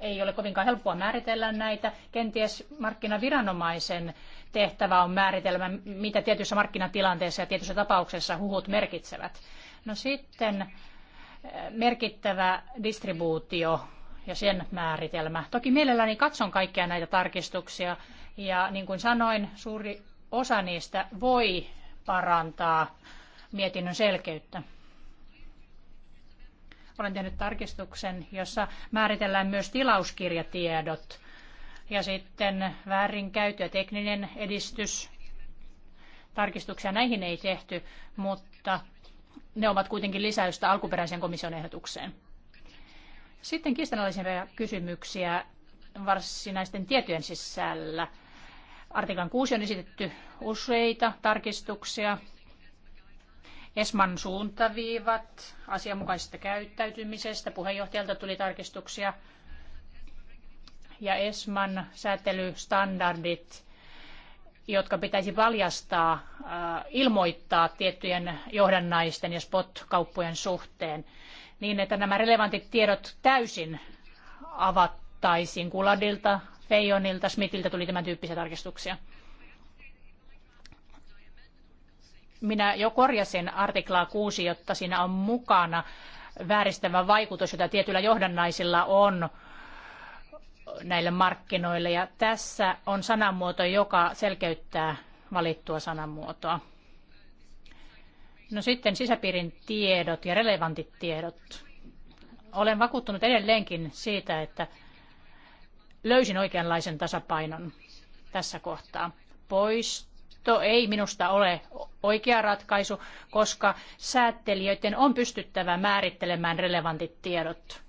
Ei ole kovinkaan helppoa määritellä näitä. Kenties markkinaviranomaisen tehtävä on määritelmä, mitä tietyissä markkinatilanteissa ja tietyissä tapauksessa huhut merkitsevät. No sitten eh, merkittävä distribuutio ja sen määritelmä. Toki mielelläni katson kaikkia näitä tarkistuksia ja niin kuin sanoin, suuri osa niistä voi parantaa mietinnön selkeyttä. Olen tehnyt tarkistuksen, jossa määritellään myös tilauskirjatiedot ja sitten väärinkäyttö ja tekninen edistys. Tarkistuksia näihin ei tehty, mutta ne ovat kuitenkin lisäystä alkuperäiseen komission ehdotukseen. Sitten kiistanalaisia kysymyksiä varsinaisten tietojen sisällä. Artiklan 6 on esitetty useita tarkistuksia. ESMAN suuntaviivat asianmukaisesta käyttäytymisestä. Puheenjohtajalta tuli tarkistuksia. Ja ESMAN säätelystandardit, jotka pitäisi valjastaa, äh, ilmoittaa tiettyjen johdannaisten ja spot-kauppojen suhteen, niin että nämä relevantit tiedot täysin avattaisiin Kuladilta, Feijonilta, Smithiltä tuli tämän tyyppisiä tarkistuksia. Minä jo korjasin artiklaa 6, jotta siinä on mukana vääristävä vaikutus, jota tietyillä johdannaisilla on näille markkinoille. Ja tässä on sanamuoto, joka selkeyttää valittua sanamuotoa. No sitten sisäpiirin tiedot ja relevantit tiedot. Olen vakuuttunut edelleenkin siitä, että löysin oikeanlaisen tasapainon tässä kohtaa. Poisto ei minusta ole oikea ratkaisu, koska säättelijöiden on pystyttävä määrittelemään relevantit tiedot.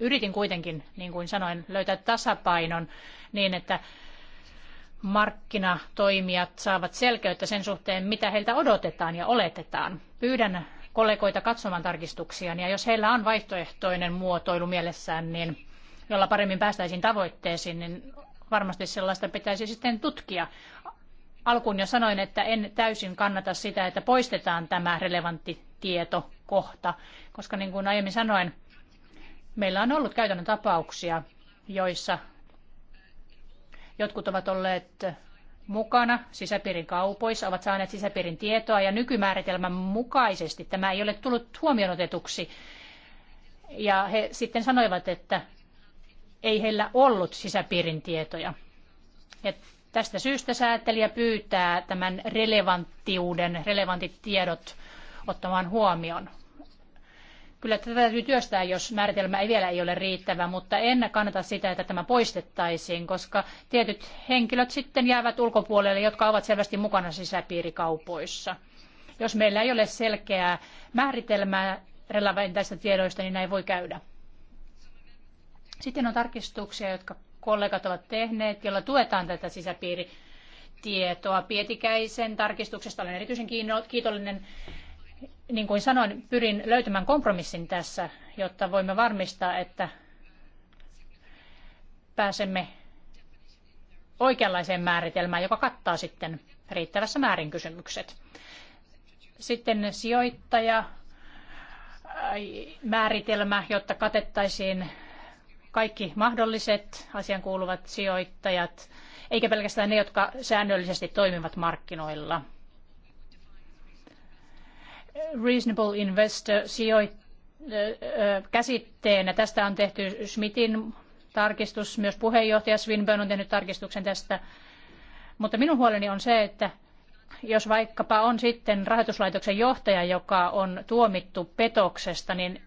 Yritin kuitenkin, niin kuin sanoin, löytää tasapainon niin, että markkinatoimijat saavat selkeyttä sen suhteen, mitä heiltä odotetaan ja oletetaan. Pyydän kollegoita katsomaan tarkistuksia, ja jos heillä on vaihtoehtoinen muotoilu mielessään, niin jolla paremmin päästäisiin tavoitteisiin, niin varmasti sellaista pitäisi sitten tutkia alkuun jo sanoin, että en täysin kannata sitä, että poistetaan tämä relevantti kohta, koska niin kuin aiemmin sanoin, meillä on ollut käytännön tapauksia, joissa jotkut ovat olleet mukana sisäpiirin kaupoissa, ovat saaneet sisäpiirin tietoa ja nykymääritelmän mukaisesti tämä ei ole tullut huomioon otetuksi. Ja he sitten sanoivat, että ei heillä ollut sisäpiirin tietoja. Ja Tästä syystä säätelijä pyytää tämän relevanttiuden, relevantit tiedot ottamaan huomioon. Kyllä tätä täytyy työstää, jos määritelmä ei vielä ei ole riittävä, mutta en kannata sitä, että tämä poistettaisiin, koska tietyt henkilöt sitten jäävät ulkopuolelle, jotka ovat selvästi mukana sisäpiirikaupoissa. Jos meillä ei ole selkeää määritelmää relevantista tiedoista, niin näin voi käydä. Sitten on tarkistuksia, jotka kollegat ovat tehneet, jolla tuetaan tätä sisäpiiritietoa. Pietikäisen tarkistuksesta olen erityisen kiitollinen. Niin kuin sanoin, pyrin löytämään kompromissin tässä, jotta voimme varmistaa, että pääsemme oikeanlaiseen määritelmään, joka kattaa sitten riittävässä määrin kysymykset. Sitten sijoittaja määritelmä, jotta katettaisiin kaikki mahdolliset asian sijoittajat, eikä pelkästään ne, jotka säännöllisesti toimivat markkinoilla. Reasonable investor sijoittaa käsitteenä. Tästä on tehty Schmidtin tarkistus, myös puheenjohtaja Swinburne on tehnyt tarkistuksen tästä. Mutta minun huoleni on se, että jos vaikkapa on sitten rahoituslaitoksen johtaja, joka on tuomittu petoksesta, niin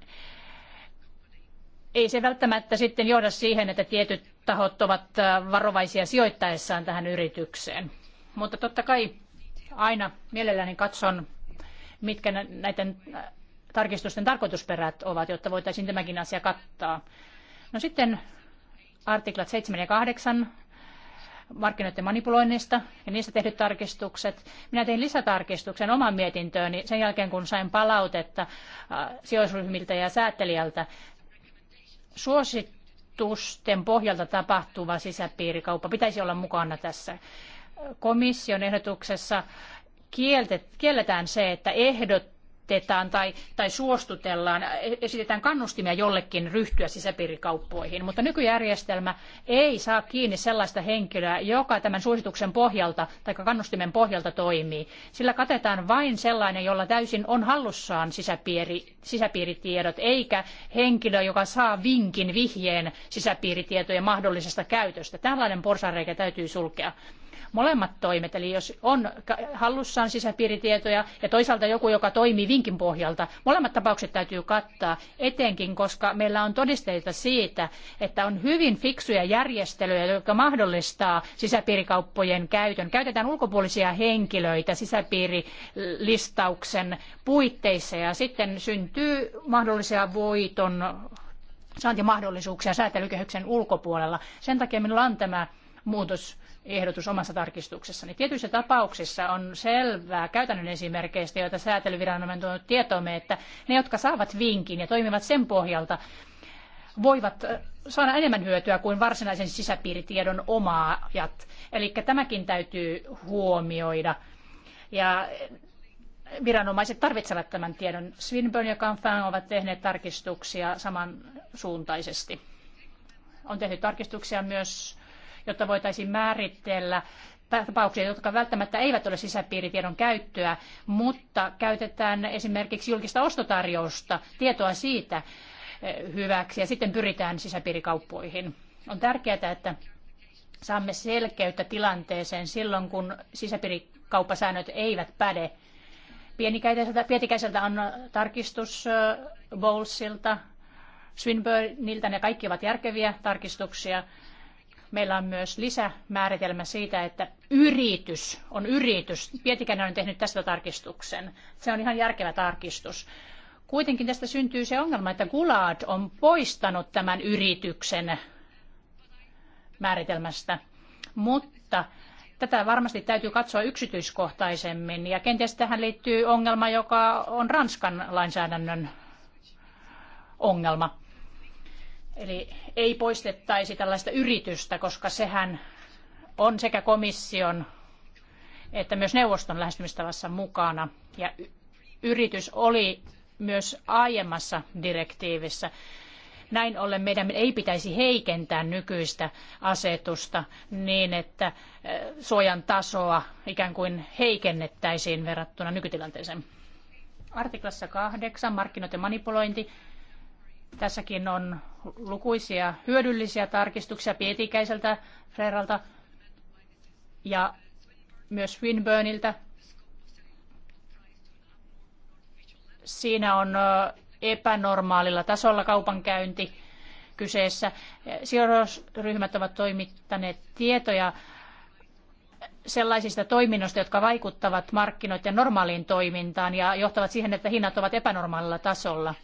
ei se välttämättä sitten johda siihen, että tietyt tahot ovat äh, varovaisia sijoittaessaan tähän yritykseen. Mutta totta kai aina mielelläni katson, mitkä näiden äh, tarkistusten tarkoitusperät ovat, jotta voitaisiin tämäkin asia kattaa. No sitten artiklat 7 ja 8 markkinoiden manipuloinnista ja niistä tehdyt tarkistukset. Minä tein lisätarkistuksen oman mietintööni sen jälkeen, kun sain palautetta äh, sijoitusryhmiltä ja säätelijältä suositusten pohjalta tapahtuva sisäpiirikauppa pitäisi olla mukana tässä. Komission ehdotuksessa kielletään se, että ehdot pakotetaan tai, tai suostutellaan, esitetään kannustimia jollekin ryhtyä sisäpiirikauppoihin. Mutta nykyjärjestelmä ei saa kiinni sellaista henkilöä, joka tämän suosituksen pohjalta tai kannustimen pohjalta toimii. Sillä katetaan vain sellainen, jolla täysin on hallussaan sisäpiiri, sisäpiiritiedot, eikä henkilö, joka saa vinkin vihjeen sisäpiiritietojen mahdollisesta käytöstä. Tällainen porsareikä täytyy sulkea. Molemmat toimet, eli jos on hallussaan sisäpiiritietoja ja toisaalta joku, joka toimii vinkin pohjalta, molemmat tapaukset täytyy kattaa etenkin, koska meillä on todisteita siitä, että on hyvin fiksuja järjestelyjä, jotka mahdollistaa sisäpiirikauppojen käytön. Käytetään ulkopuolisia henkilöitä sisäpiirilistauksen puitteissa ja sitten syntyy mahdollisia voiton saantimahdollisuuksia säätelykehyksen ulkopuolella. Sen takia minulla on tämä muutos ehdotus omassa tarkistuksessani. Tietyissä tapauksissa on selvää käytännön esimerkkeistä, joita säätelyviranomainen tuonut tietoomme, että ne, jotka saavat vinkin ja toimivat sen pohjalta, voivat äh, saada enemmän hyötyä kuin varsinaisen sisäpiiritiedon omaajat. Eli tämäkin täytyy huomioida. Ja eh, viranomaiset tarvitsevat tämän tiedon. Swinburne ja Canfin ovat tehneet tarkistuksia samansuuntaisesti. On tehty tarkistuksia myös jotta voitaisiin määritellä tapauksia, jotka välttämättä eivät ole sisäpiiritiedon käyttöä, mutta käytetään esimerkiksi julkista ostotarjousta, tietoa siitä eh, hyväksi ja sitten pyritään sisäpiirikauppoihin. On tärkeää, että saamme selkeyttä tilanteeseen silloin, kun sisäpiirikauppasäännöt eivät päde. Pienikäiseltä, pietikäiseltä on tarkistus eh, Bowlesilta, Swinburneilta, ne kaikki ovat järkeviä tarkistuksia meillä on myös lisämääritelmä siitä, että yritys on yritys. Pietikäinen on tehnyt tästä tarkistuksen. Se on ihan järkevä tarkistus. Kuitenkin tästä syntyy se ongelma, että Gulaad on poistanut tämän yrityksen määritelmästä. Mutta tätä varmasti täytyy katsoa yksityiskohtaisemmin ja kenties tähän liittyy ongelma, joka on Ranskan lainsäädännön ongelma. Eli ei poistettaisi tällaista yritystä, koska sehän on sekä komission että myös neuvoston lähestymistavassa mukana. Ja yritys oli myös aiemmassa direktiivissä. Näin ollen meidän ei pitäisi heikentää nykyistä asetusta niin, että suojan tasoa ikään kuin heikennettäisiin verrattuna nykytilanteeseen. Artiklassa 8, markkinat manipulointi. Tässäkin on lukuisia hyödyllisiä tarkistuksia pietikäiseltä Freralta ja myös Winburniltä. Siinä on epänormaalilla tasolla kaupankäynti kyseessä. Sijoitusryhmät ovat toimittaneet tietoja sellaisista toiminnoista, jotka vaikuttavat markkinoiden normaaliin toimintaan ja johtavat siihen, että hinnat ovat epänormaalilla tasolla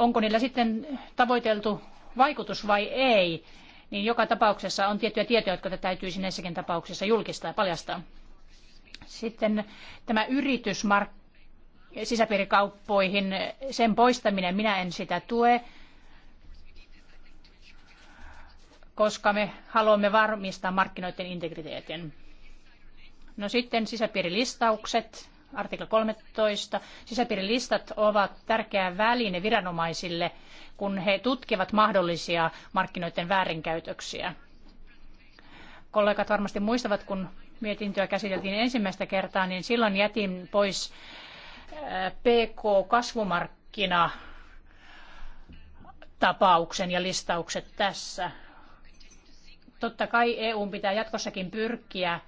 onko niillä sitten tavoiteltu vaikutus vai ei, niin joka tapauksessa on tiettyjä tietoja, jotka täytyisi näissäkin tapauksissa julkistaa ja paljastaa. Sitten tämä yritysmark- sisäpiirikauppoihin, sen poistaminen, minä en sitä tue, koska me haluamme varmistaa markkinoiden integriteetin. No sitten sisäpiirilistaukset, artikla 13. Sisäpiirilistat ovat tärkeä väline viranomaisille, kun he tutkivat mahdollisia markkinoiden väärinkäytöksiä. Kollegat varmasti muistavat, kun mietintöä käsiteltiin ensimmäistä kertaa, niin silloin jätin pois PK-kasvumarkkina tapauksen ja listaukset tässä. Totta kai EU pitää jatkossakin pyrkiä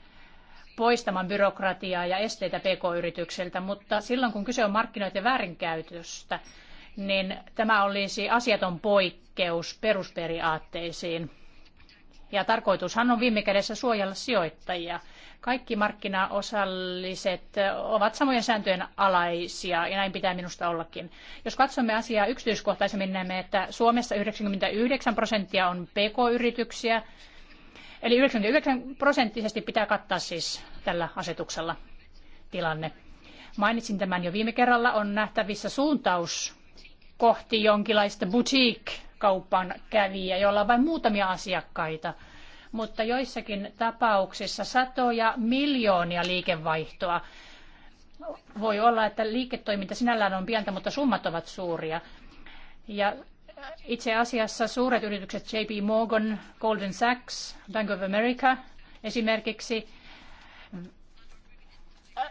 poistamaan byrokratiaa ja esteitä pk-yritykseltä, mutta silloin kun kyse on markkinoiden väärinkäytöstä, niin tämä olisi asiaton poikkeus perusperiaatteisiin. Ja tarkoitushan on viime kädessä suojella sijoittajia. Kaikki markkinaosalliset ovat samojen sääntöjen alaisia, ja näin pitää minusta ollakin. Jos katsomme asiaa yksityiskohtaisemmin, näemme, että Suomessa 99 prosenttia on pk-yrityksiä, Eli 99 prosenttisesti pitää kattaa siis tällä asetuksella tilanne. Mainitsin tämän jo viime kerralla, on nähtävissä suuntaus kohti jonkinlaista boutique-kaupan kävijä, jolla on vain muutamia asiakkaita, mutta joissakin tapauksissa satoja miljoonia liikevaihtoa. Voi olla, että liiketoiminta sinällään on pientä, mutta summat ovat suuria. Ja itse asiassa suuret yritykset JP Morgan, Golden Sachs, Bank of America esimerkiksi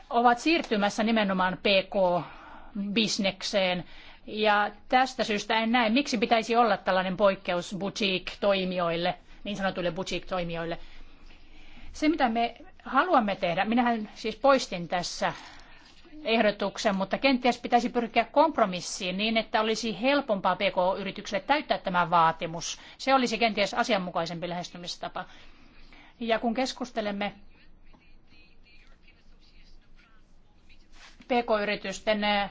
ovat siirtymässä nimenomaan PK-bisnekseen. Ja tästä syystä en näe, miksi pitäisi olla tällainen poikkeus boutique-toimijoille, niin sanotuille boutique-toimijoille. Se, mitä me haluamme tehdä, minähän siis poistin tässä ehdotuksen, mutta kenties pitäisi pyrkiä kompromissiin niin, että olisi helpompaa PK-yrityksille täyttää tämä vaatimus. Se olisi kenties asianmukaisempi lähestymistapa. Ja kun keskustelemme PK-yritysten eh,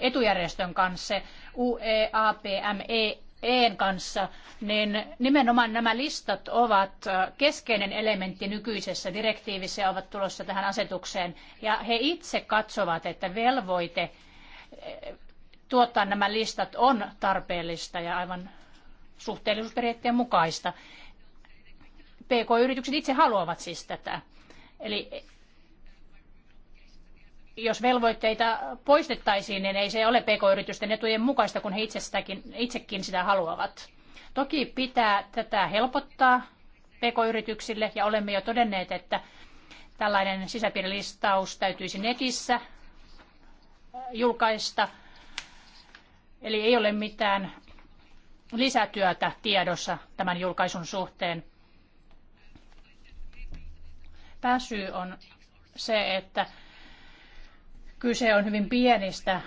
etujärjestön kanssa, UEAPME EEN kanssa, niin nimenomaan nämä listat ovat keskeinen elementti nykyisessä direktiivissä ja ovat tulossa tähän asetukseen. Ja he itse katsovat, että velvoite tuottaa nämä listat on tarpeellista ja aivan suhteellisuusperiaatteen mukaista. PK-yritykset itse haluavat siis tätä. Eli jos velvoitteita poistettaisiin, niin ei se ole pk-yritysten etujen mukaista, kun he itsekin sitä haluavat. Toki pitää tätä helpottaa pk-yrityksille ja olemme jo todenneet, että tällainen sisäpiirilistaus täytyisi netissä julkaista. Eli ei ole mitään lisätyötä tiedossa tämän julkaisun suhteen. Pääsyy on se, että Kyse on hyvin pienistä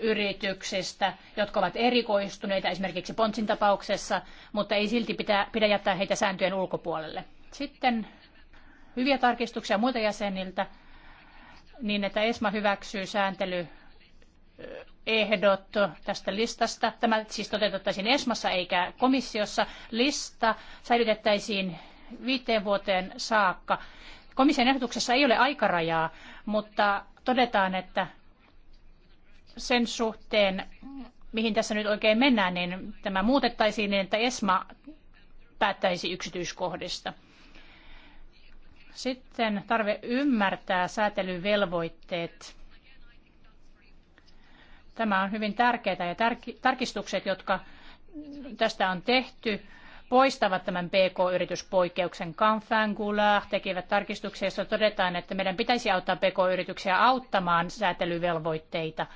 yrityksistä, jotka ovat erikoistuneita esimerkiksi Pontsin tapauksessa, mutta ei silti pitää, pidä jättää heitä sääntöjen ulkopuolelle. Sitten hyviä tarkistuksia muilta jäseniltä, niin että ESMA hyväksyy sääntelyehdot tästä listasta. Tämä siis toteutettaisiin ESMassa eikä komissiossa. Lista säilytettäisiin viiteen vuoteen saakka Komission ehdotuksessa ei ole aikarajaa, mutta todetaan, että sen suhteen, mihin tässä nyt oikein mennään, niin tämä muutettaisiin niin, että ESMA päättäisi yksityiskohdista. Sitten tarve ymmärtää säätelyvelvoitteet. Tämä on hyvin tärkeää ja tarkistukset, jotka tästä on tehty, poistavat tämän PK-yrityspoikkeuksen. Canfin Goulart tekivät tarkistuksia, jossa todetaan, että meidän pitäisi auttaa PK-yrityksiä auttamaan säätelyvelvoitteita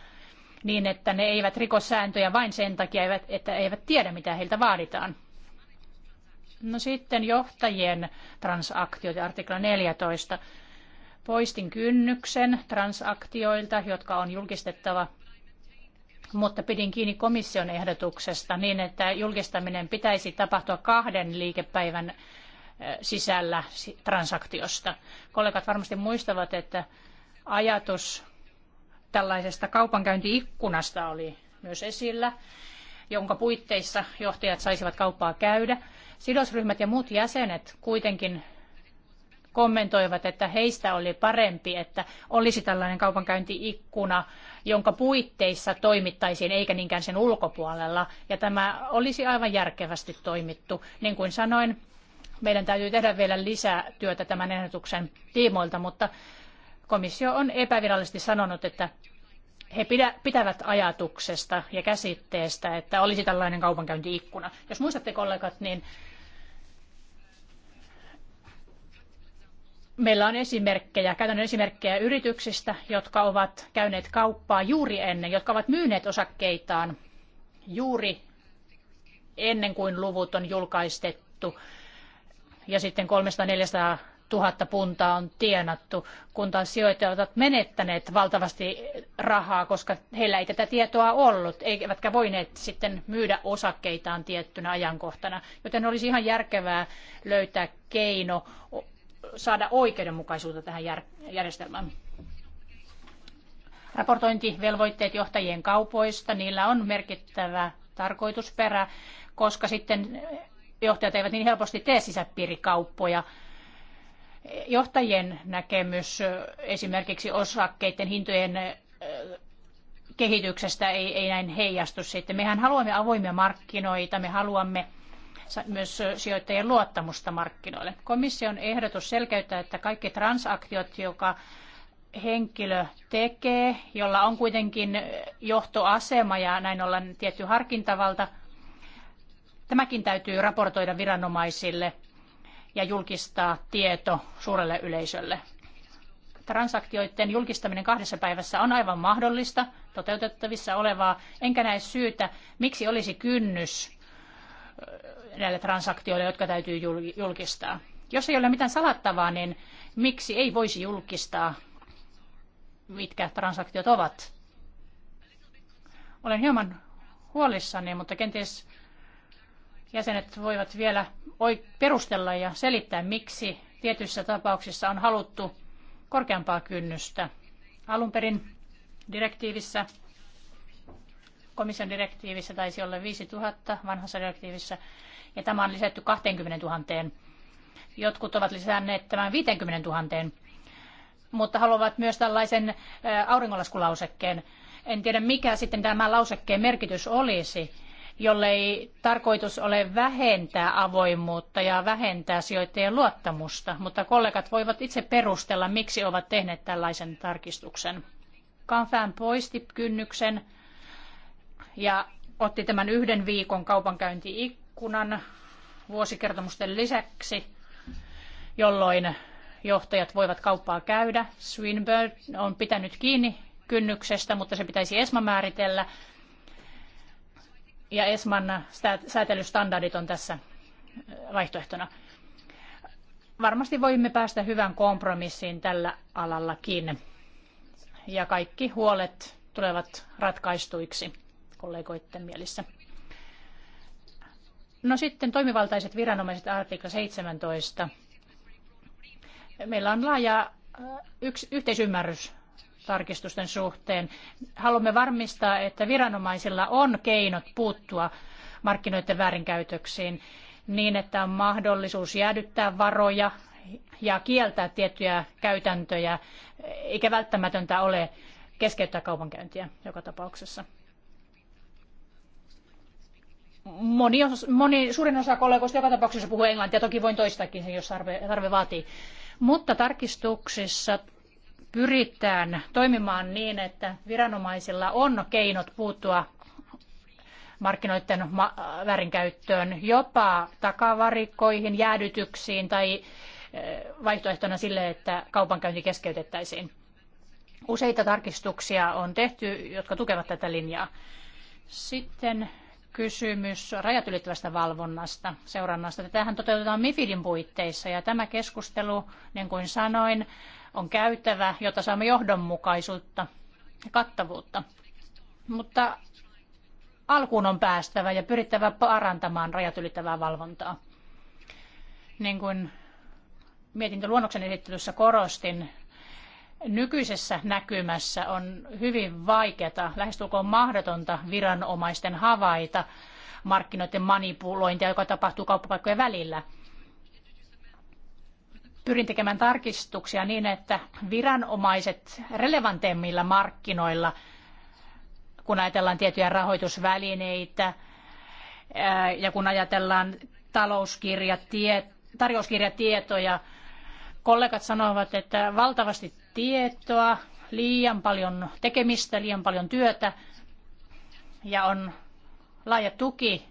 niin, että ne eivät riko sääntöjä vain sen takia, että eivät tiedä, mitä heiltä vaaditaan. No sitten johtajien transaktiot, artikla 14. Poistin kynnyksen transaktioilta, jotka on julkistettava mutta pidin kiinni komission ehdotuksesta niin, että julkistaminen pitäisi tapahtua kahden liikepäivän sisällä transaktiosta. Kollegat varmasti muistavat, että ajatus tällaisesta kaupankäyntiikkunasta oli myös esillä, jonka puitteissa johtajat saisivat kauppaa käydä. Sidosryhmät ja muut jäsenet kuitenkin kommentoivat, että heistä oli parempi, että olisi tällainen kaupankäyntiikkuna, jonka puitteissa toimittaisiin, eikä niinkään sen ulkopuolella. Ja tämä olisi aivan järkevästi toimittu. Niin kuin sanoin, meidän täytyy tehdä vielä lisää työtä tämän ehdotuksen tiimoilta, mutta komissio on epävirallisesti sanonut, että he pitävät ajatuksesta ja käsitteestä, että olisi tällainen kaupankäyntiikkuna. Jos muistatte kollegat, niin Meillä on esimerkkejä, käytännön esimerkkejä yrityksistä, jotka ovat käyneet kauppaa juuri ennen, jotka ovat myyneet osakkeitaan juuri ennen kuin luvut on julkaistettu. Ja sitten 300-400 tuhatta puntaa on tienattu, kun taas sijoittajat ovat menettäneet valtavasti rahaa, koska heillä ei tätä tietoa ollut, eivätkä voineet sitten myydä osakkeitaan tiettynä ajankohtana. Joten olisi ihan järkevää löytää keino saada oikeudenmukaisuutta tähän järjestelmään. Raportointivelvoitteet johtajien kaupoista, niillä on merkittävä tarkoitusperä, koska sitten johtajat eivät niin helposti tee sisäpiirikauppoja. Johtajien näkemys esimerkiksi osakkeiden hintojen kehityksestä ei, ei näin heijastu sitten. Mehän haluamme avoimia markkinoita, me haluamme myös sijoittajien luottamusta markkinoille. Komission ehdotus selkeyttää, että kaikki transaktiot, joka henkilö tekee, jolla on kuitenkin johtoasema ja näin ollen tietty harkintavalta, tämäkin täytyy raportoida viranomaisille ja julkistaa tieto suurelle yleisölle. Transaktioiden julkistaminen kahdessa päivässä on aivan mahdollista, toteutettavissa olevaa, enkä näe syytä, miksi olisi kynnys näille transaktioille, jotka täytyy julkistaa. Jos ei ole mitään salattavaa, niin miksi ei voisi julkistaa, mitkä transaktiot ovat? Olen hieman huolissani, mutta kenties jäsenet voivat vielä perustella ja selittää, miksi tietyissä tapauksissa on haluttu korkeampaa kynnystä. Alun perin direktiivissä komission direktiivissä taisi olla 5000 vanhassa direktiivissä, ja tämä on lisätty 20 000. Jotkut ovat lisänneet tämän 50 000, mutta haluavat myös tällaisen auringonlaskulausekkeen. En tiedä, mikä sitten tämä lausekkeen merkitys olisi, jollei tarkoitus ole vähentää avoimuutta ja vähentää sijoittajien luottamusta, mutta kollegat voivat itse perustella, miksi ovat tehneet tällaisen tarkistuksen. Kanfään poisti kynnyksen ja otti tämän yhden viikon kaupankäyntiikkunan vuosikertomusten lisäksi, jolloin johtajat voivat kauppaa käydä. Swinburne on pitänyt kiinni kynnyksestä, mutta se pitäisi ESMA määritellä. Ja ESMAn säätelystandardit on tässä äh, vaihtoehtona. Varmasti voimme päästä hyvään kompromissiin tällä alallakin. Ja kaikki huolet tulevat ratkaistuiksi kollegoiden mielissä. No sitten toimivaltaiset viranomaiset artikla 17. Meillä on laaja yks, yhteisymmärrys tarkistusten suhteen. Haluamme varmistaa, että viranomaisilla on keinot puuttua markkinoiden väärinkäytöksiin niin, että on mahdollisuus jäädyttää varoja ja kieltää tiettyjä käytäntöjä, eikä välttämätöntä ole keskeyttää kaupankäyntiä joka tapauksessa moni, moni, suurin osa kollegoista joka tapauksessa puhuu englantia, toki voin toistakin sen, jos tarve, tarve vaatii. Mutta tarkistuksissa pyritään toimimaan niin, että viranomaisilla on keinot puuttua markkinoiden väärinkäyttöön, jopa takavarikkoihin, jäädytyksiin tai eh, vaihtoehtona sille, että kaupankäynti keskeytettäisiin. Useita tarkistuksia on tehty, jotka tukevat tätä linjaa. Sitten kysymys rajat ylittävästä valvonnasta, seurannasta. Tätähän toteutetaan MIFIDin puitteissa ja tämä keskustelu, niin kuin sanoin, on käytävä, jotta saamme johdonmukaisuutta ja kattavuutta. Mutta alkuun on päästävä ja pyrittävä parantamaan rajat ylittävää valvontaa. Niin kuin mietintöluonnoksen esittelyssä korostin, nykyisessä näkymässä on hyvin vaikeata, lähestulkoon mahdotonta viranomaisten havaita markkinoiden manipulointia, joka tapahtuu kauppapaikkojen välillä. Pyrin tekemään tarkistuksia niin, että viranomaiset relevanteimmilla markkinoilla, kun ajatellaan tiettyjä rahoitusvälineitä ja kun ajatellaan talouskirjatietoja, tarjouskirjatietoja, kollegat sanovat, että valtavasti tietoa, liian paljon tekemistä, liian paljon työtä ja on laaja tuki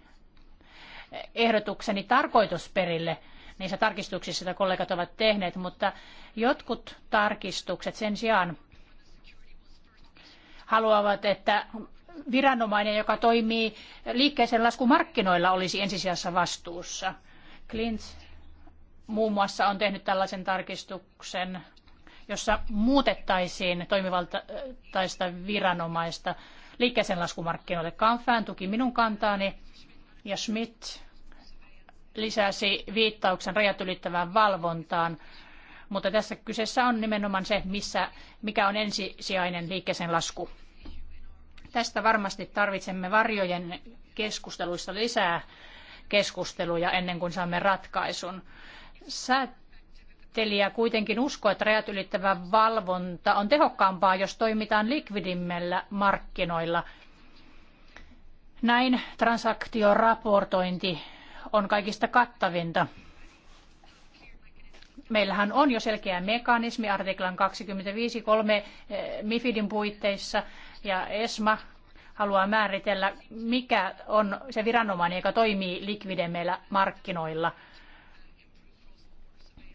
ehdotukseni tarkoitusperille niissä tarkistuksissa, joita kollegat ovat tehneet, mutta jotkut tarkistukset sen sijaan haluavat, että viranomainen, joka toimii liikkeeseen laskumarkkinoilla, olisi ensisijassa vastuussa. Clint muun muassa on tehnyt tällaisen tarkistuksen jossa muutettaisiin toimivaltaista viranomaista liikkeeseen laskumarkkinoille. Kanfään tuki minun kantaani ja Schmidt lisäsi viittauksen rajat ylittävään valvontaan, mutta tässä kyseessä on nimenomaan se, missä, mikä on ensisijainen liikkeeseen lasku. Tästä varmasti tarvitsemme varjojen keskusteluissa lisää keskusteluja ennen kuin saamme ratkaisun. Sä esittelijä kuitenkin uskoo, että rajat ylittävä valvonta on tehokkaampaa, jos toimitaan likvidimmällä markkinoilla. Näin transaktioraportointi on kaikista kattavinta. Meillähän on jo selkeä mekanismi artiklan 25.3 eh, MIFIDin puitteissa ja ESMA haluaa määritellä, mikä on se viranomainen, joka toimii likvidemmeillä markkinoilla –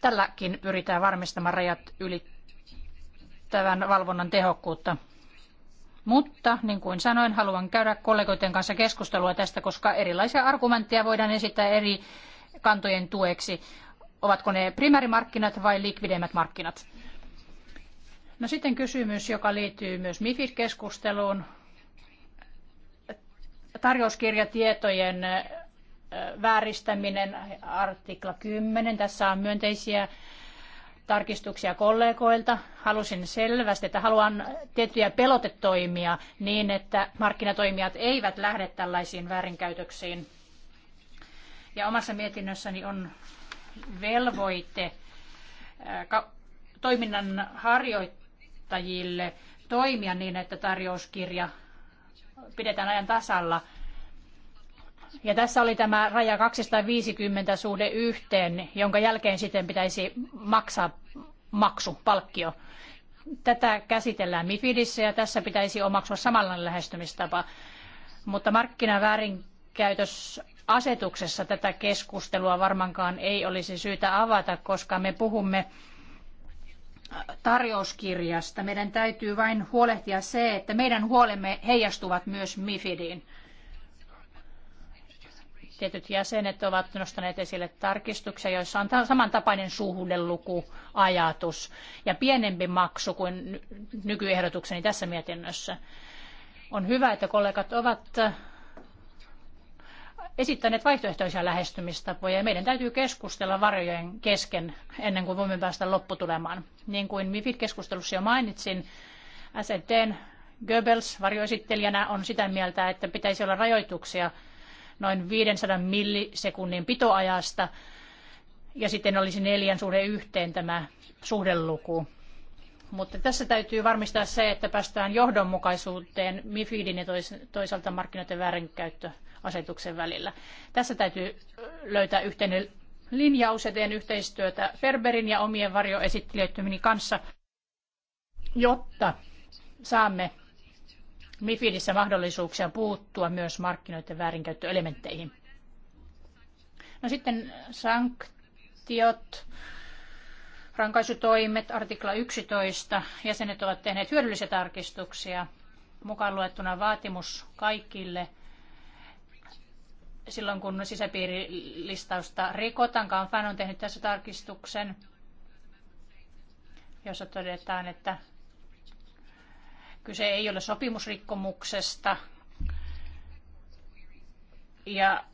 Tälläkin pyritään varmistamaan rajat ylittävän valvonnan tehokkuutta. Mutta niin kuin sanoin, haluan käydä kollegoiden kanssa keskustelua tästä, koska erilaisia argumentteja voidaan esittää eri kantojen tueksi. Ovatko ne primärimarkkinat vai likvideimmät markkinat? No sitten kysymys, joka liittyy myös MIFID-keskusteluun. Tarjouskirjatietojen vääristäminen, artikla 10. Tässä on myönteisiä tarkistuksia kollegoilta. Halusin selvästi, että haluan tiettyjä pelotetoimia niin, että markkinatoimijat eivät lähde tällaisiin väärinkäytöksiin. Ja omassa mietinnössäni on velvoite toiminnan harjoittajille toimia niin, että tarjouskirja pidetään ajan tasalla – ja tässä oli tämä raja 250 suhde yhteen, jonka jälkeen sitten pitäisi maksaa maksu, palkkio. Tätä käsitellään MIFIDissä ja tässä pitäisi omaksua samanlainen lähestymistapa. Mutta markkinaväärinkäytös asetuksessa tätä keskustelua varmaankaan ei olisi syytä avata, koska me puhumme tarjouskirjasta. Meidän täytyy vain huolehtia se, että meidän huolemme heijastuvat myös MIFIDiin. Tietyt jäsenet ovat nostaneet esille tarkistuksia, joissa on samantapainen suhdelukuajatus ja pienempi maksu kuin nykyehdotukseni tässä mietinnössä. On hyvä, että kollegat ovat äh, esittäneet vaihtoehtoisia lähestymistapoja meidän täytyy keskustella varjojen kesken ennen kuin voimme päästä lopputulemaan. Niin kuin MIFID-keskustelussa jo mainitsin, S&T Goebbels varjoesittelijänä on sitä mieltä, että pitäisi olla rajoituksia noin 500 millisekunnin pitoajasta. Ja sitten olisi neljän suhde yhteen tämä suhdeluku. Mutta tässä täytyy varmistaa se, että päästään johdonmukaisuuteen MIFIDin ja toisaalta markkinoiden väärinkäyttöasetuksen välillä. Tässä täytyy löytää yhteinen linjaus ja teen yhteistyötä Ferberin ja omien varjoesittelijöittymini kanssa, jotta saamme MIFIDissä mahdollisuuksia puuttua myös markkinoiden väärinkäyttöelementteihin. No sitten sanktiot, rankaisutoimet, artikla 11. Jäsenet ovat tehneet hyödyllisiä tarkistuksia, mukaan luettuna vaatimus kaikille silloin kun sisäpiirilistausta rikotaan. Kanfan on tehnyt tässä tarkistuksen, jossa todetaan, että Kyse ei ole sopimusrikkomuksesta. Ja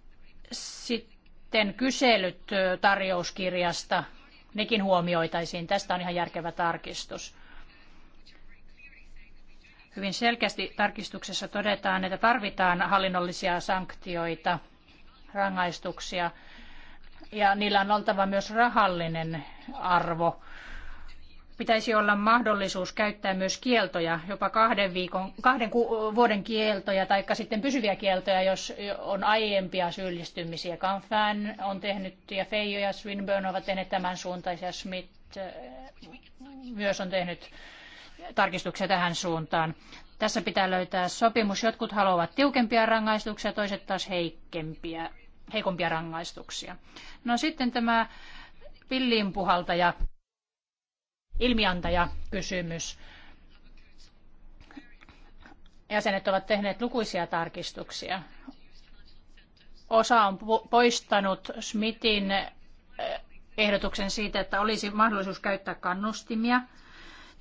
sitten kyselyt tarjouskirjasta, nekin huomioitaisiin. Tästä on ihan järkevä tarkistus. Hyvin selkeästi tarkistuksessa todetaan, että tarvitaan hallinnollisia sanktioita, rangaistuksia, ja niillä on oltava myös rahallinen arvo pitäisi olla mahdollisuus käyttää myös kieltoja, jopa kahden, viikon, kahden vuoden kieltoja tai sitten pysyviä kieltoja, jos on aiempia syyllistymisiä. Kanfan on tehnyt ja Feijo ja Swinburne ovat tehneet tämän suuntaisia, Smith eh, myös on tehnyt tarkistuksia tähän suuntaan. Tässä pitää löytää sopimus. Jotkut haluavat tiukempia rangaistuksia, toiset taas heikempiä, heikompia rangaistuksia. No sitten tämä pilliinpuhaltaja. puhaltaja ilmiantajakysymys. Jäsenet ovat tehneet lukuisia tarkistuksia. Osa on poistanut Smithin eh, ehdotuksen siitä, että olisi mahdollisuus käyttää kannustimia.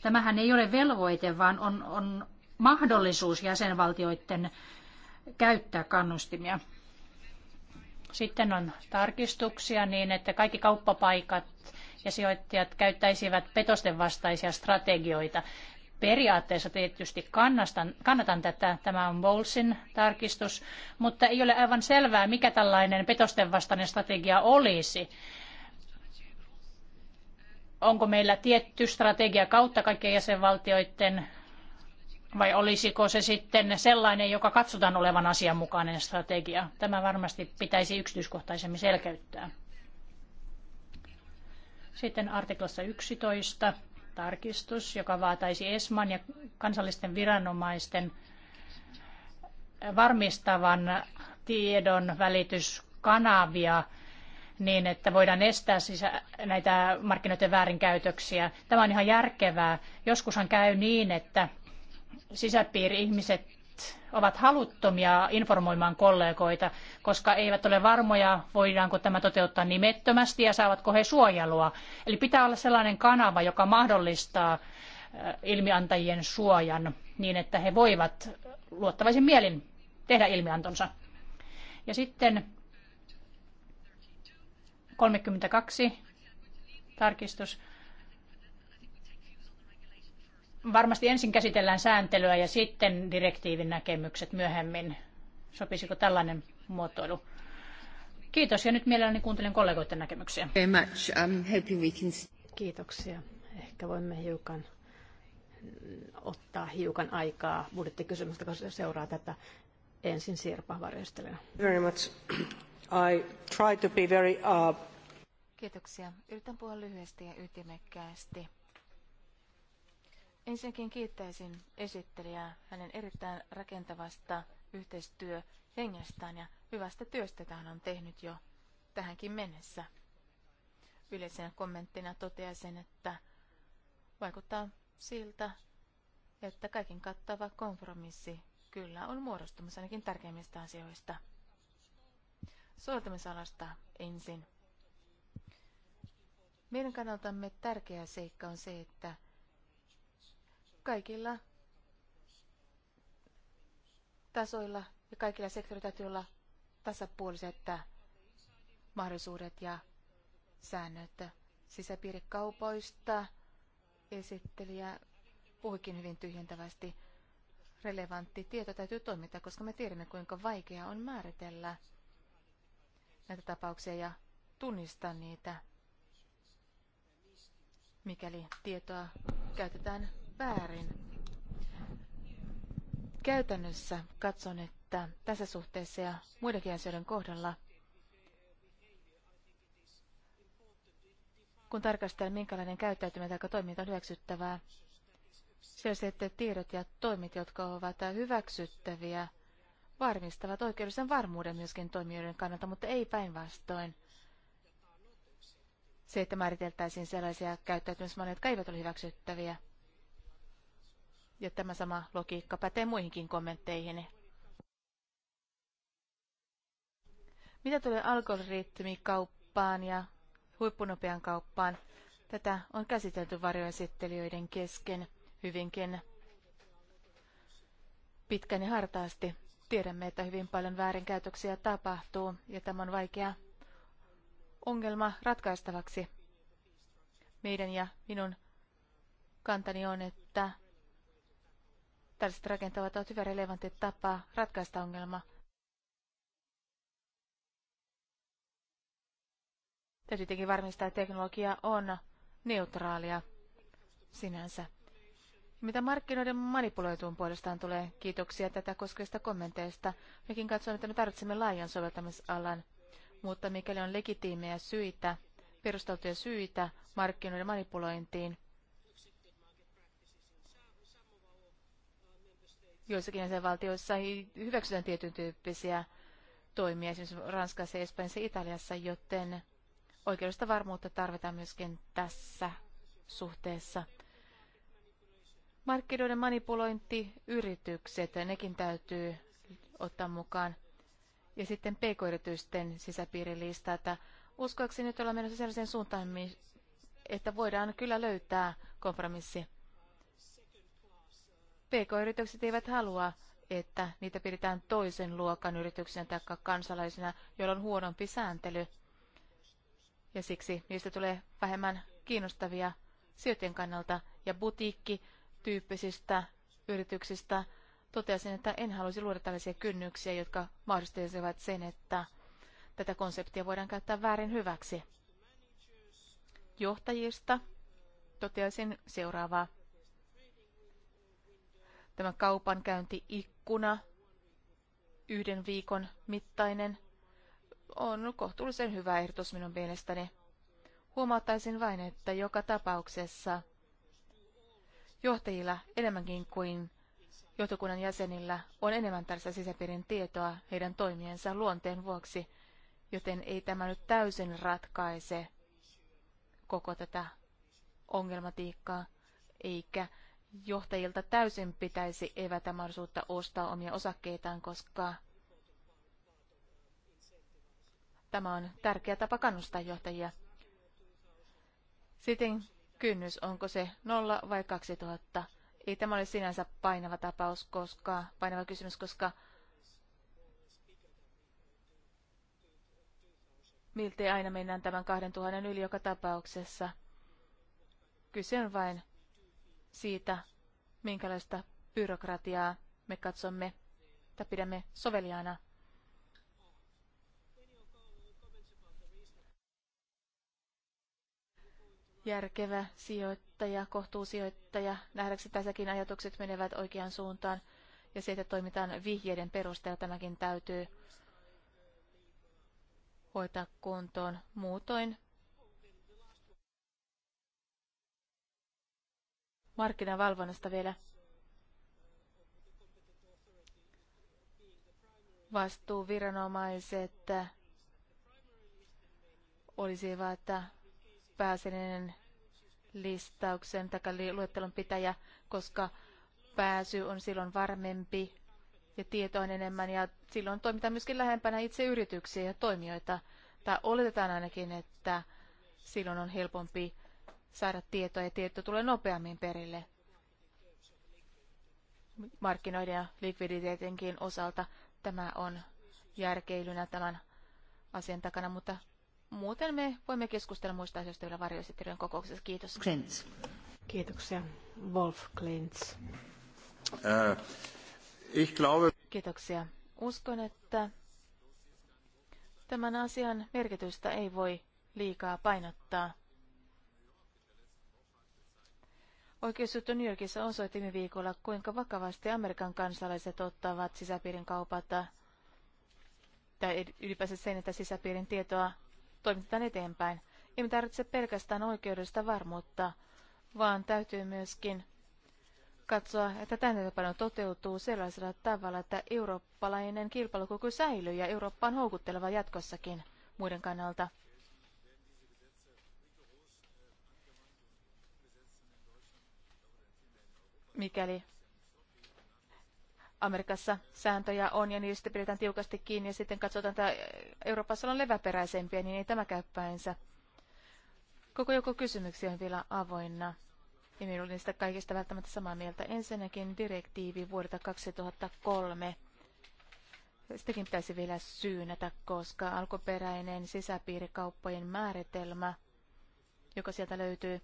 Tämähän ei ole velvoite, vaan on, on mahdollisuus jäsenvaltioiden käyttää kannustimia. Sitten on tarkistuksia niin, että kaikki kauppapaikat ja sijoittajat käyttäisivät petosten vastaisia strategioita. Periaatteessa tietysti kannatan, kannatan tätä, tämä on Bowlesin tarkistus, mutta ei ole aivan selvää, mikä tällainen petosten vastainen strategia olisi onko meillä tietty strategia kautta kaikkien jäsenvaltioiden vai olisiko se sitten sellainen, joka katsotaan olevan asianmukainen strategia? Tämä varmasti pitäisi yksityiskohtaisemmin selkeyttää. Sitten artiklassa 11 tarkistus, joka vaataisi ESMAN ja kansallisten viranomaisten varmistavan tiedon välityskanavia niin, että voidaan estää sisä, näitä markkinoiden väärinkäytöksiä. Tämä on ihan järkevää. Joskushan käy niin, että sisäpiiri-ihmiset ovat haluttomia informoimaan kollegoita, koska eivät ole varmoja, voidaanko tämä toteuttaa nimettömästi ja saavatko he suojelua. Eli pitää olla sellainen kanava, joka mahdollistaa eh, ilmiantajien suojan niin, että he voivat luottavaisin mielin tehdä ilmiantonsa. Ja sitten 32 tarkistus. Varmasti ensin käsitellään sääntelyä ja sitten direktiivin näkemykset myöhemmin. Sopisiko tällainen muotoilu? Kiitos ja nyt mielelläni kuuntelen kollegoiden näkemyksiä. Kiitoksia. Ehkä voimme hiukan ottaa hiukan aikaa budjettikysymystä, koska seuraa tätä ensin Sirpa varjostelijana. Very much. I try to be very, uh, Kiitoksia. Yritän puhua lyhyesti ja ytimekkäästi. Ensinnäkin kiittäisin esittelijää hänen erittäin rakentavasta yhteistyöhengestään ja hyvästä työstä, jota hän on tehnyt jo tähänkin mennessä. Yleisenä kommenttina toteaisin, että vaikuttaa siltä, että kaiken kattava kompromissi kyllä on muodostumassa ainakin tärkeimmistä asioista. Soveltamisalasta ensin. Meidän kannaltamme tärkeä seikka on se, että Kaikilla tasoilla ja kaikilla sektoreilla täytyy olla tasapuoliset mahdollisuudet ja säännöt sisäpiirikaupoista. Esittelijä puhuikin hyvin tyhjentävästi. Relevantti tieto täytyy toimittaa, koska me tiedämme, kuinka vaikea on määritellä näitä tapauksia ja tunnistaa niitä, mikäli tietoa käytetään väärin. Käytännössä katson, että tässä suhteessa ja muidenkin asioiden kohdalla, kun tarkastellaan minkälainen käyttäytyminen tai toiminta on hyväksyttävää, sellaiset tiedot ja toimit, jotka ovat hyväksyttäviä, varmistavat oikeudellisen varmuuden myöskin toimijoiden kannalta, mutta ei päinvastoin. Se, että määriteltäisiin sellaisia käyttäytymismalleja, jotka eivät ole hyväksyttäviä – ja tämä sama logiikka pätee muihinkin kommentteihin. Mitä tulee algoritmikauppaan ja huippunopean kauppaan, tätä on käsitelty varjoesittelijöiden kesken hyvinkin pitkän ja hartaasti. Tiedämme, että hyvin paljon väärinkäytöksiä tapahtuu ja tämä on vaikea ongelma ratkaistavaksi. Meidän ja minun kantani on, että Tällaiset rakentavat ovat hyvä relevantti tapa ratkaista ongelma. Täytyy tietenkin varmistaa, että teknologia on neutraalia sinänsä. Mitä markkinoiden manipuloituun puolestaan tulee, kiitoksia tätä koskevista kommenteista. Mekin katsomme, että me tarvitsemme laajan soveltamisalan, mutta mikäli on legitiimejä syitä, perusteltuja syitä markkinoiden manipulointiin, joissakin jäsenvaltioissa hyväksytään tietyn tyyppisiä toimia, esimerkiksi Ranskassa, Espanjassa ja Italiassa, joten oikeudesta varmuutta tarvitaan myöskin tässä suhteessa. Markkinoiden manipulointiyritykset, nekin täytyy ottaa mukaan. Ja sitten pk-yritysten että Uskoakseni nyt ollaan menossa sellaiseen suuntaan, että voidaan kyllä löytää kompromissi. PK-yritykset eivät halua, että niitä pidetään toisen luokan yrityksen tai kansalaisena, joilla on huonompi sääntely. Ja siksi niistä tulee vähemmän kiinnostavia sijoittajien kannalta. Ja butiikki-tyyppisistä yrityksistä totesin, että en halusi luoda tällaisia kynnyksiä, jotka mahdollistaisivat sen, että tätä konseptia voidaan käyttää väärin hyväksi. Johtajista toteaisin seuraavaa tämä kaupankäyntiikkuna, yhden viikon mittainen, on kohtuullisen hyvä ehdotus minun mielestäni. Huomauttaisin vain, että joka tapauksessa johtajilla enemmänkin kuin johtokunnan jäsenillä on enemmän tässä sisäpiirin tietoa heidän toimiensa luonteen vuoksi, joten ei tämä nyt täysin ratkaise koko tätä ongelmatiikkaa, eikä johtajilta täysin pitäisi evätä mahdollisuutta ostaa omia osakkeitaan, koska tämä on tärkeä tapa kannustaa johtajia. Sitten kynnys, onko se nolla vai 2000. Ei tämä ole sinänsä painava tapaus, koska, painava kysymys, koska miltei aina mennään tämän 2000 yli joka tapauksessa. Kyse on vain siitä, minkälaista byrokratiaa me katsomme tai pidämme soveliaana. Järkevä sijoittaja, kohtuusijoittaja, nähdäkseni tässäkin ajatukset menevät oikeaan suuntaan ja siitä toimitaan vihjeiden perusteella, tämäkin täytyy hoitaa kuntoon. Muutoin markkinavalvonnasta vielä. Vastuuviranomaiset olisivat pääsinen listauksen tai luettelon pitäjä, koska pääsy on silloin varmempi ja tieto on enemmän ja silloin toimitaan myöskin lähempänä itse yrityksiä ja toimijoita. Tai oletetaan ainakin, että silloin on helpompi saada tietoa ja tieto tulee nopeammin perille markkinoiden ja likviditeetinkin osalta. Tämä on järkeilynä tämän asian takana, mutta muuten me voimme keskustella muista asioista vielä varjoesittelyjen kokouksessa. Kiitos. Klintz. Kiitoksia. Wolf Klintz. Äh, ich glaube... Kiitoksia. Uskon, että tämän asian merkitystä ei voi liikaa painottaa. Oikeusjuttu New Yorkissa osoitti viime viikolla, kuinka vakavasti Amerikan kansalaiset ottavat sisäpiirin kaupat tai ylipäänsä sen, että sisäpiirin tietoa toimitetaan eteenpäin. Emme tarvitse pelkästään oikeudesta varmuutta, vaan täytyy myöskin katsoa, että täytäntöpano toteutuu sellaisella tavalla, että eurooppalainen kilpailukyky säilyy ja Eurooppa on houkutteleva jatkossakin muiden kannalta. mikäli Amerikassa sääntöjä on ja niistä pidetään tiukasti kiinni ja sitten katsotaan, että Euroopassa on leväperäisempiä, niin ei tämä käy päinsä. Koko joku kysymyksiä on vielä avoinna. Ja minulla oli niistä kaikista välttämättä samaa mieltä. Ensinnäkin direktiivi vuodelta 2003. Sitäkin pitäisi vielä syynätä, koska alkuperäinen sisäpiirikauppojen määritelmä, joka sieltä löytyy,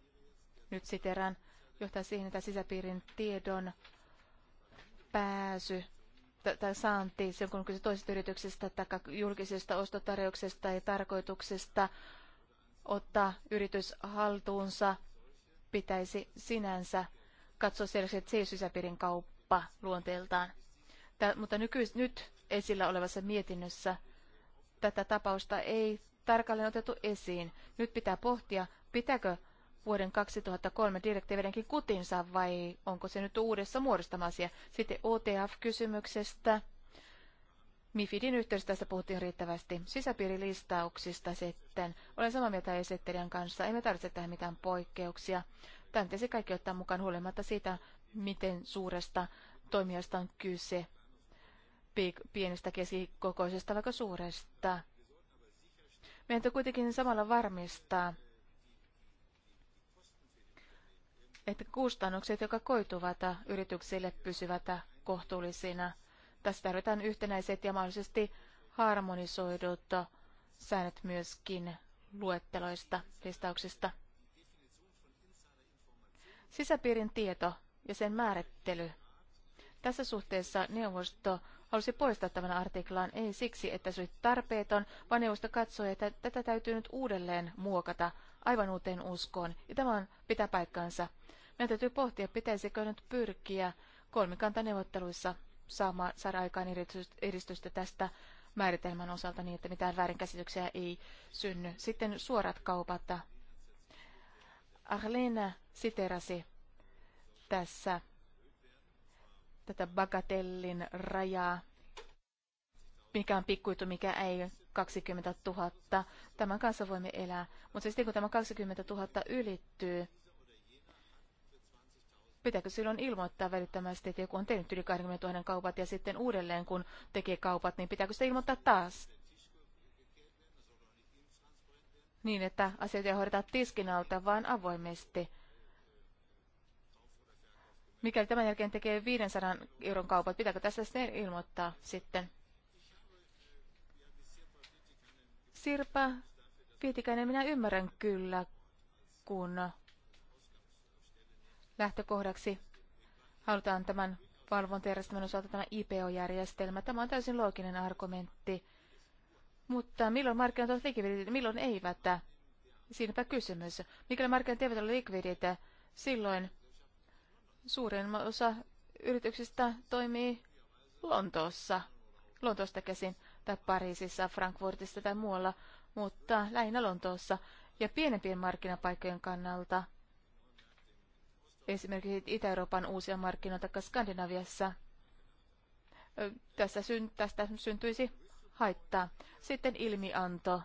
nyt siteran, johtaa siihen, että sisäpiirin tiedon pääsy tai saanti, se on kyse toisesta yrityksestä tai julkisesta ostotarjouksesta tai tarkoituksesta ottaa yritys haltuunsa, pitäisi sinänsä katsoa selväksi, että se ei sisäpiirin kauppa luonteeltaan. Tää, mutta nykyis, nyt esillä olevassa mietinnössä tätä tapausta ei tarkalleen otettu esiin. Nyt pitää pohtia, pitääkö vuoden 2003 direktiividenkin kutinsa vai onko se nyt uudessa muodostama asia? Sitten OTF-kysymyksestä. Mifidin yhteydessä tästä puhuttiin riittävästi sisäpiirilistauksista sitten. Olen samaa mieltä esittelijän kanssa. Emme tarvitse tähän mitään poikkeuksia. Tämä pitäisi kaikki ottaa mukaan huolimatta siitä, miten suuresta toimijasta on kyse. Pienestä, keskikokoisesta vaikka suuresta. Meidän kuitenkin samalla varmistaa, että kustannukset, jotka koituvat yrityksille, pysyvät kohtuullisina. Tässä tarvitaan yhtenäiset ja mahdollisesti harmonisoidut säännöt myöskin luetteloista, listauksista. Sisäpiirin tieto ja sen määrittely. Tässä suhteessa neuvosto halusi poistaa tämän artiklan ei siksi, että se oli tarpeeton, vaan neuvosto katsoi, että tätä täytyy nyt uudelleen muokata – aivan uuteen uskoon, ja tämä on, pitää paikkansa. Meidän täytyy pohtia, pitäisikö nyt pyrkiä kolmikantaneuvotteluissa saamaan, saada aikaan edistystä tästä määritelmän osalta niin, että mitään väärinkäsityksiä ei synny. Sitten suorat kaupat. Arlene siterasi tässä tätä bagatellin rajaa mikä on pikkuitu, mikä ei, 20 000. Tämän kanssa voimme elää. Mutta siis sitten kun tämä 20 000 ylittyy, pitääkö silloin ilmoittaa välittömästi, että joku on tehnyt yli 20 000 kaupat ja sitten uudelleen kun tekee kaupat, niin pitääkö sitä ilmoittaa taas? Niin, että asioita ei hoideta tiskin alta, vaan avoimesti. Mikäli tämän jälkeen tekee 500 euron kaupat, pitääkö tässä sitten ilmoittaa sitten? Sirpa Pietikäinen, minä ymmärrän kyllä, kun lähtökohdaksi halutaan tämän valvontajärjestelmän osalta tämä IPO-järjestelmä. Tämä on täysin looginen argumentti. Mutta milloin markkinat ovat likvidit? milloin eivät? Siinäpä kysymys. Mikäli markkinat eivät ole likvidit, silloin suurin osa yrityksistä toimii Lontoossa, Lontoosta käsin tai Pariisissa, Frankfurtissa tai muualla, mutta lähinnä Lontoossa ja pienempien markkinapaikkojen kannalta. Esimerkiksi Itä-Euroopan uusia markkinoita tai Skandinaviassa. tästä, syn, tästä syntyisi haittaa. Sitten ilmianto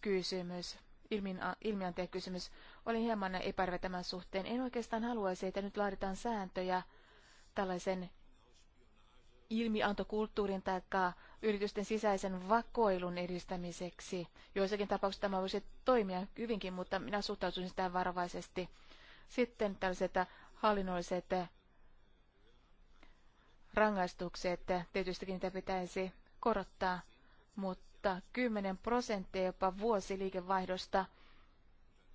kysymys ilmianteen kysymys. Olin hieman epäröivä tämän suhteen. En oikeastaan haluaisi, että nyt laaditaan sääntöjä tällaisen ilmiantokulttuurin tai yritysten sisäisen vakoilun edistämiseksi. Joissakin tapauksissa tämä voisi toimia hyvinkin, mutta minä suhtautuisin sitä varovaisesti. Sitten tällaiset hallinnolliset rangaistukset, tietystikin niitä pitäisi korottaa, mutta 10 prosenttia jopa vuosi liikevaihdosta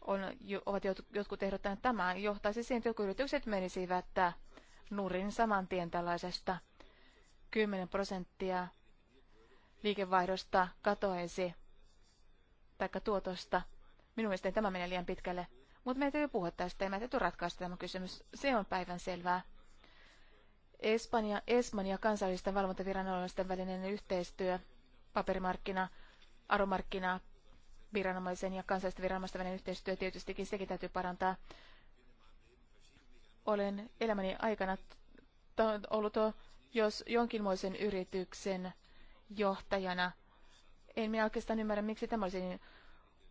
on, ovat jotkut ehdottaneet, että tämä johtaisi siihen, että jotkut yritykset menisivät nurin saman tien tällaisesta 10 prosenttia liikevaihdosta katoaisi, tai tuotosta. Minun mielestäni tämä menee liian pitkälle. Mutta meidän täytyy puhua tästä ja meidän täytyy ratkaista tämä kysymys. Se on päivän selvää. Espanja, Espanja ja kansallisten valvontaviranomaisten välinen yhteistyö, paperimarkkina, aromarkkina, viranomaisen ja kansallisten viranomaisten välinen yhteistyö, tietystikin sekin täytyy parantaa. Olen elämäni aikana ollut jos jonkinmoisen yrityksen johtajana. En minä oikeastaan ymmärrä, miksi tämä olisi niin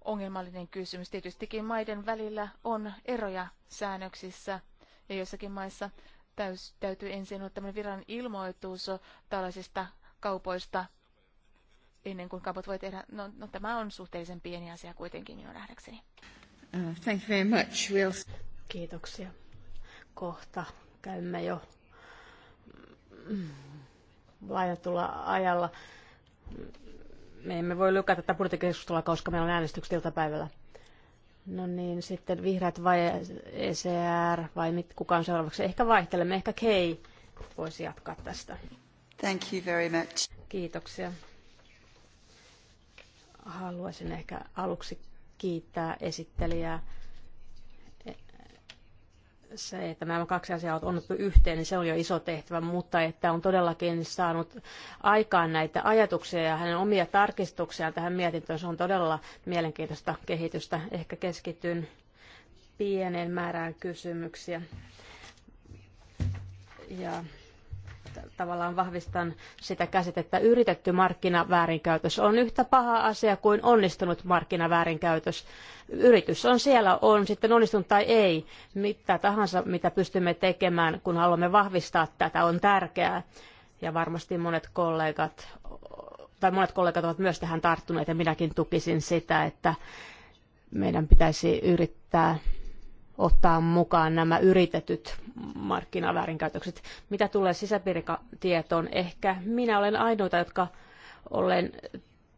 ongelmallinen kysymys. Tietystikin maiden välillä on eroja säännöksissä ja joissakin maissa täys, täytyy ensin olla tämmöinen viran ilmoitus tällaisista kaupoista ennen kuin kaupat voi tehdä. No, no tämä on suhteellisen pieni asia kuitenkin minun nähdäkseni. Uh, thank you very much, Will. Kiitoksia. Kohta käymme jo laajatulla ajalla. Me emme voi lykätä tätä budjettikeskustelua, koska meillä on äänestykset iltapäivällä. No niin, sitten vihreät vai ECR vai mit, kuka on seuraavaksi? Ehkä vaihtelemme, ehkä Kei voisi jatkaa tästä. Thank you very much. Kiitoksia. Haluaisin ehkä aluksi kiittää esittelijää se, että nämä kaksi asiaa on onnettu yhteen, niin se on jo iso tehtävä, mutta että on todellakin saanut aikaan näitä ajatuksia ja hänen omia tarkistuksiaan tähän mietintöön, se on todella mielenkiintoista kehitystä. Ehkä keskityn pienen määrään kysymyksiä. Ja tavallaan vahvistan sitä käsitettä, yritetty markkinaväärinkäytös on yhtä paha asia kuin onnistunut markkinaväärinkäytös. Yritys on siellä, on sitten onnistunut tai ei. Mitä tahansa, mitä pystymme tekemään, kun haluamme vahvistaa tätä, on tärkeää. Ja varmasti monet kollegat, tai monet kollegat ovat myös tähän tarttuneet, ja minäkin tukisin sitä, että meidän pitäisi yrittää ottaa mukaan nämä yritetyt markkinaväärinkäytökset. Mitä tulee sisäpiiritietoon, ehkä minä olen ainoita, jotka olen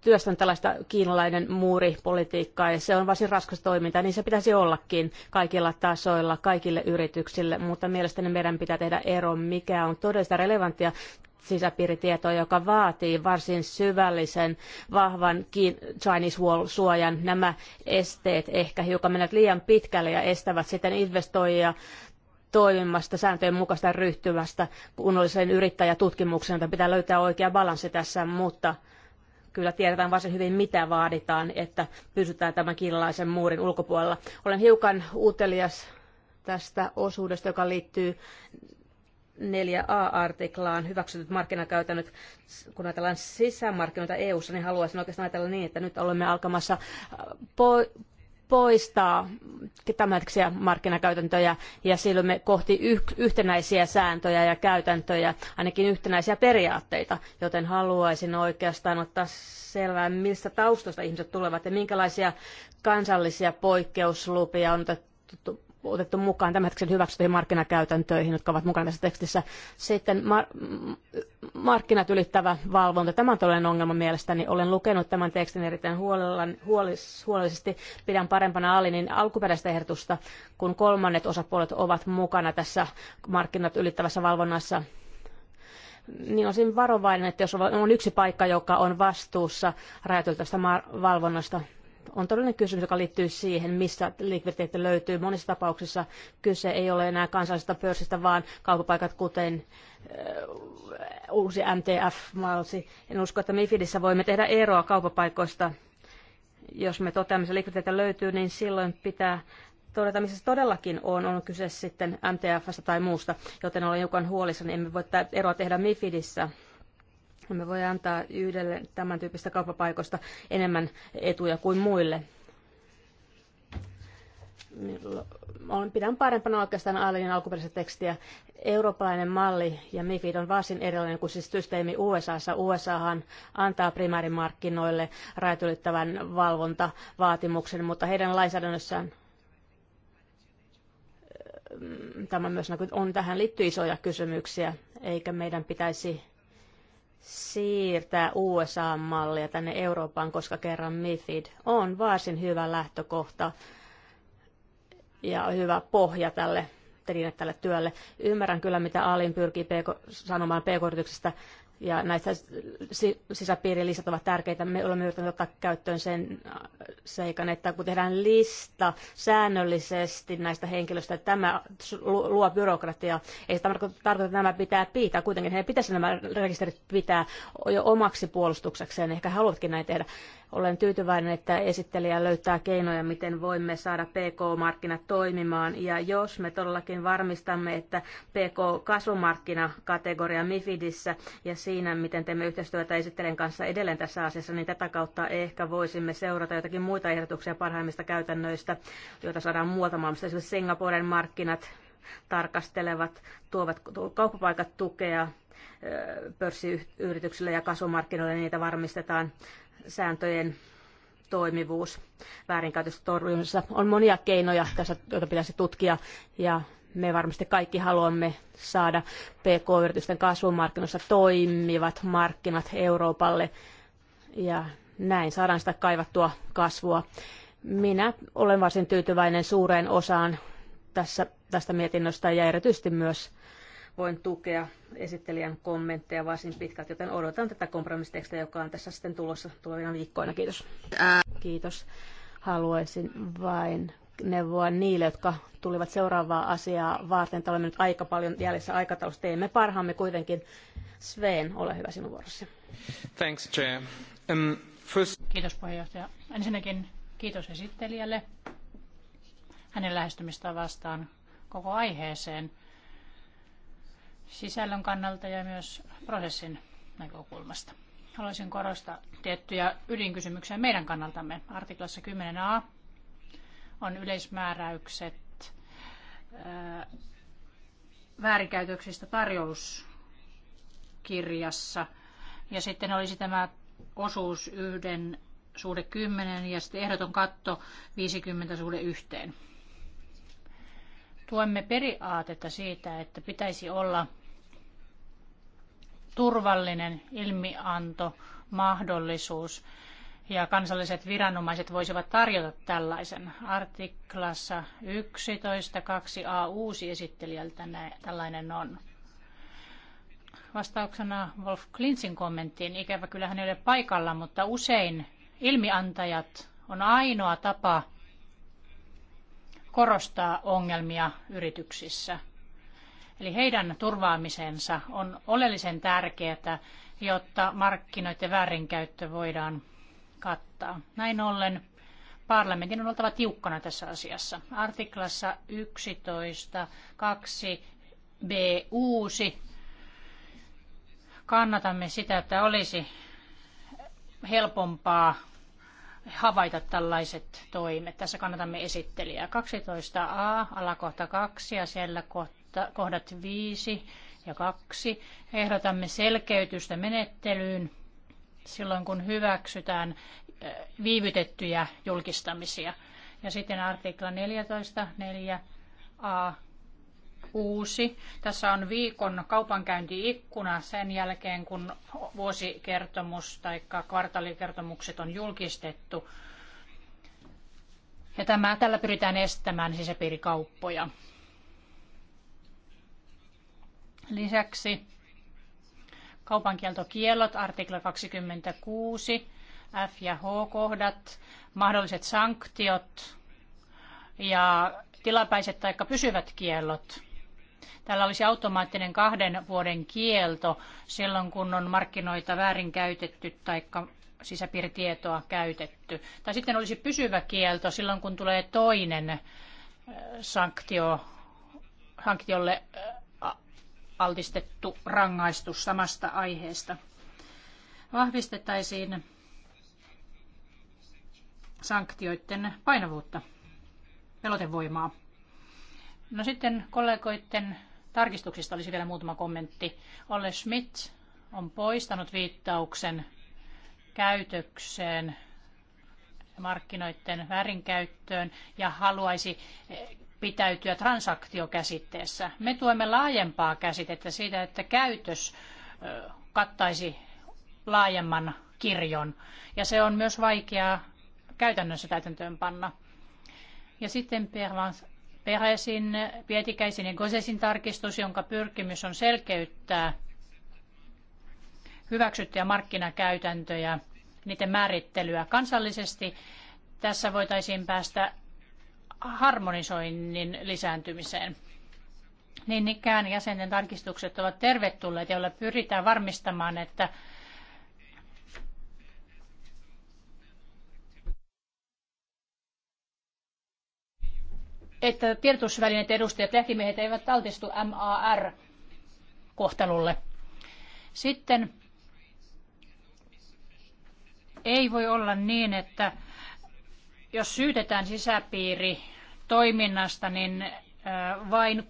työstän tällaista kiinalainen muuripolitiikkaa ja se on varsin raskas toiminta, niin se pitäisi ollakin kaikilla tasoilla, kaikille yrityksille, mutta mielestäni meidän pitää tehdä ero, mikä on todellista relevanttia sisäpiiritietoa, joka vaatii varsin syvällisen, vahvan Chinese Wall-suojan. Nämä esteet ehkä hiukan menevät liian pitkälle ja estävät sitten investoijia toimimasta sääntöjen mukaista ryhtymästä kunnolliseen yrittäjätutkimukseen, jota pitää löytää oikea balanssi tässä, mutta kyllä tiedetään varsin hyvin, mitä vaaditaan, että pysytään tämän kiinalaisen muurin ulkopuolella. Olen hiukan utelias tästä osuudesta, joka liittyy 4a-artiklaan hyväksytyt markkinakäytännöt, kun ajatellaan sisämarkkinoita EU-ssa, niin haluaisin oikeastaan ajatella niin, että nyt olemme alkamassa äh, po- poistaa tämänhetkisiä markkinakäytäntöjä ja silloin kohti yhtenäisiä sääntöjä ja käytäntöjä, ainakin yhtenäisiä periaatteita, joten haluaisin oikeastaan ottaa selvää, mistä taustoista ihmiset tulevat ja minkälaisia kansallisia poikkeuslupia on otettu otettu mukaan hetkisen hyväksyttyihin markkinakäytäntöihin, jotka ovat mukana tässä tekstissä. Sitten mar- markkinat ylittävä valvonta. Tämä on todellinen ongelma mielestäni. Olen lukenut tämän tekstin erittäin huolella, huolis, huolellisesti. Pidän parempana Alinin alkuperäistä ehdotusta, kun kolmannet osapuolet ovat mukana tässä markkinat ylittävässä valvonnassa niin olisin varovainen, että jos on yksi paikka, joka on vastuussa rajoiteltavasta valvonnasta, on todellinen kysymys, joka liittyy siihen, missä likviditeetti löytyy. Monissa tapauksissa kyse ei ole enää kansallisesta pörssistä, vaan kaupapaikat, kuten uusi MTF-malsi. En usko, että MIFIDissä voimme tehdä eroa kaupapaikoista. Jos me toteamme, että likviditeetti löytyy, niin silloin pitää todeta, missä se todellakin on, on kyse sitten MTFstä tai muusta, joten olen hiukan huolissani, niin emme voi eroa tehdä MIFIDissä me voi antaa yhdelle tämän tyyppistä kauppapaikoista enemmän etuja kuin muille. Olen pidän parempana oikeastaan Aalinin alkuperäistä tekstiä. Eurooppalainen malli ja MIFID on varsin erilainen kuin siis systeemi USAssa. USAhan antaa primäärimarkkinoille rajat ylittävän valvontavaatimuksen, mutta heidän lainsäädännössään tämä myös on, tähän liittyy isoja kysymyksiä, eikä meidän pitäisi siirtää USA-mallia tänne Eurooppaan, koska kerran MIFID on varsin hyvä lähtökohta ja hyvä pohja tälle tälle työlle. Ymmärrän kyllä, mitä Alin pyrkii PK, sanomaan pk ja näitä sisäpiirilistat ovat tärkeitä. Me olemme yrittäneet ottaa käyttöön sen äh, seikan, että kun tehdään lista säännöllisesti näistä henkilöistä, että tämä luo byrokratiaa. Ei se tarkoita, että nämä pitää pitää. Kuitenkin he pitäisi nämä rekisterit pitää jo omaksi puolustuksekseen. Ehkä haluatkin näin tehdä. Olen tyytyväinen, että esittelijä löytää keinoja, miten voimme saada PK-markkinat toimimaan. Ja jos me todellakin varmistamme, että PK-kasvumarkkinakategoria MIFIDissä ja siinä, miten teemme yhteistyötä esittelijän kanssa edelleen tässä asiassa, niin tätä kautta ehkä voisimme seurata jotakin muita ehdotuksia parhaimmista käytännöistä, joita saadaan muualta maailmasta. Esimerkiksi Singaporen markkinat tarkastelevat, tuovat kauppapaikat tukea pörssiyrityksille ja kasvumarkkinoille, niin niitä varmistetaan sääntöjen toimivuus väärinkäytöstä torjunnassa. On monia keinoja, tässä, joita pitäisi tutkia ja me varmasti kaikki haluamme saada PK-yritysten kasvumarkkinoissa toimivat markkinat Euroopalle ja näin saadaan sitä kaivattua kasvua. Minä olen varsin tyytyväinen suureen osaan tässä, tästä mietinnöstä ja erityisesti myös voin tukea esittelijän kommentteja varsin pitkälti, joten odotan tätä kompromissitekstiä, joka on tässä sitten tulossa tulevina viikkoina. Kiitos. Kiitos. Haluaisin vain neuvoa niille, jotka tulivat seuraavaa asiaa varten, olemme nyt aika paljon jäljessä aikataulussa. Teemme parhaamme kuitenkin. Sven, ole hyvä sinun vuorosi. Thanks, Chair. Um, first... Kiitos puheenjohtaja. Ensinnäkin kiitos esittelijälle hänen lähestymistavastaan koko aiheeseen sisällön kannalta ja myös prosessin näkökulmasta. Haluaisin korostaa tiettyjä ydinkysymyksiä meidän kannaltamme. Artiklassa 10a on yleismääräykset äh, väärinkäytöksistä tarjouskirjassa. Ja sitten olisi tämä osuus yhden suhde 10 ja sitten ehdoton katto 50 suhde yhteen. Tuemme periaatetta siitä, että pitäisi olla turvallinen ilmianto, mahdollisuus ja kansalliset viranomaiset voisivat tarjota tällaisen. Artiklassa 11.2a uusi esittelijältä tällainen on. Vastauksena Wolf Klinsin kommenttiin, ikävä kyllä hän ei ole paikalla, mutta usein ilmiantajat on ainoa tapa korostaa ongelmia yrityksissä – Eli heidän turvaamisensa on oleellisen tärkeää, jotta markkinoiden väärinkäyttö voidaan kattaa. Näin ollen parlamentin on oltava tiukkana tässä asiassa. Artiklassa 11, 2, B, uusi. Kannatamme sitä, että olisi helpompaa havaita tällaiset toimet. Tässä kannatamme esittelijää. 12a, alakohta 2 ja siellä kohta kohdat 5 ja 2 ehdotamme selkeytystä menettelyyn silloin, kun hyväksytään eh, viivytettyjä julkistamisia. Ja sitten artikla 144 a uusi. Tässä on viikon kaupankäyntiikkuna sen jälkeen, kun vuosikertomus tai kvartaalikertomukset on julkistettu. Ja tämä, tällä pyritään estämään sisäpiirikauppoja. Lisäksi kaupankieltokiellot, artikla 26, F ja H-kohdat, mahdolliset sanktiot ja tilapäiset tai pysyvät kiellot. Täällä olisi automaattinen kahden vuoden kielto silloin, kun on markkinoita väärinkäytetty tai sisäpiiritietoa käytetty. Tai sitten olisi pysyvä kielto silloin, kun tulee toinen eh, sanktio, sanktiolle eh, altistettu rangaistus samasta aiheesta. Vahvistettaisiin sanktioiden painavuutta, pelotevoimaa. No sitten kollegoiden tarkistuksista olisi vielä muutama kommentti. Olle Schmidt on poistanut viittauksen käytökseen, markkinoiden väärinkäyttöön ja haluaisi pitäytyä transaktiokäsitteessä. Me tuemme laajempaa käsitettä siitä, että käytös kattaisi laajemman kirjon. Ja se on myös vaikeaa käytännössä täytäntöönpanna. Ja sitten Peresin, Pietikäisin ja Gosesin tarkistus, jonka pyrkimys on selkeyttää hyväksyttyjä markkinakäytäntöjä, niiden määrittelyä kansallisesti. Tässä voitaisiin päästä harmonisoinnin lisääntymiseen. Niin ikään jäsenten tarkistukset ovat tervetulleet, joilla pyritään varmistamaan, että että tiedotusvälineet edustajat, lehtimiehet eivät altistu MAR-kohtelulle. Sitten ei voi olla niin, että jos syytetään sisäpiiri toiminnasta, niin vain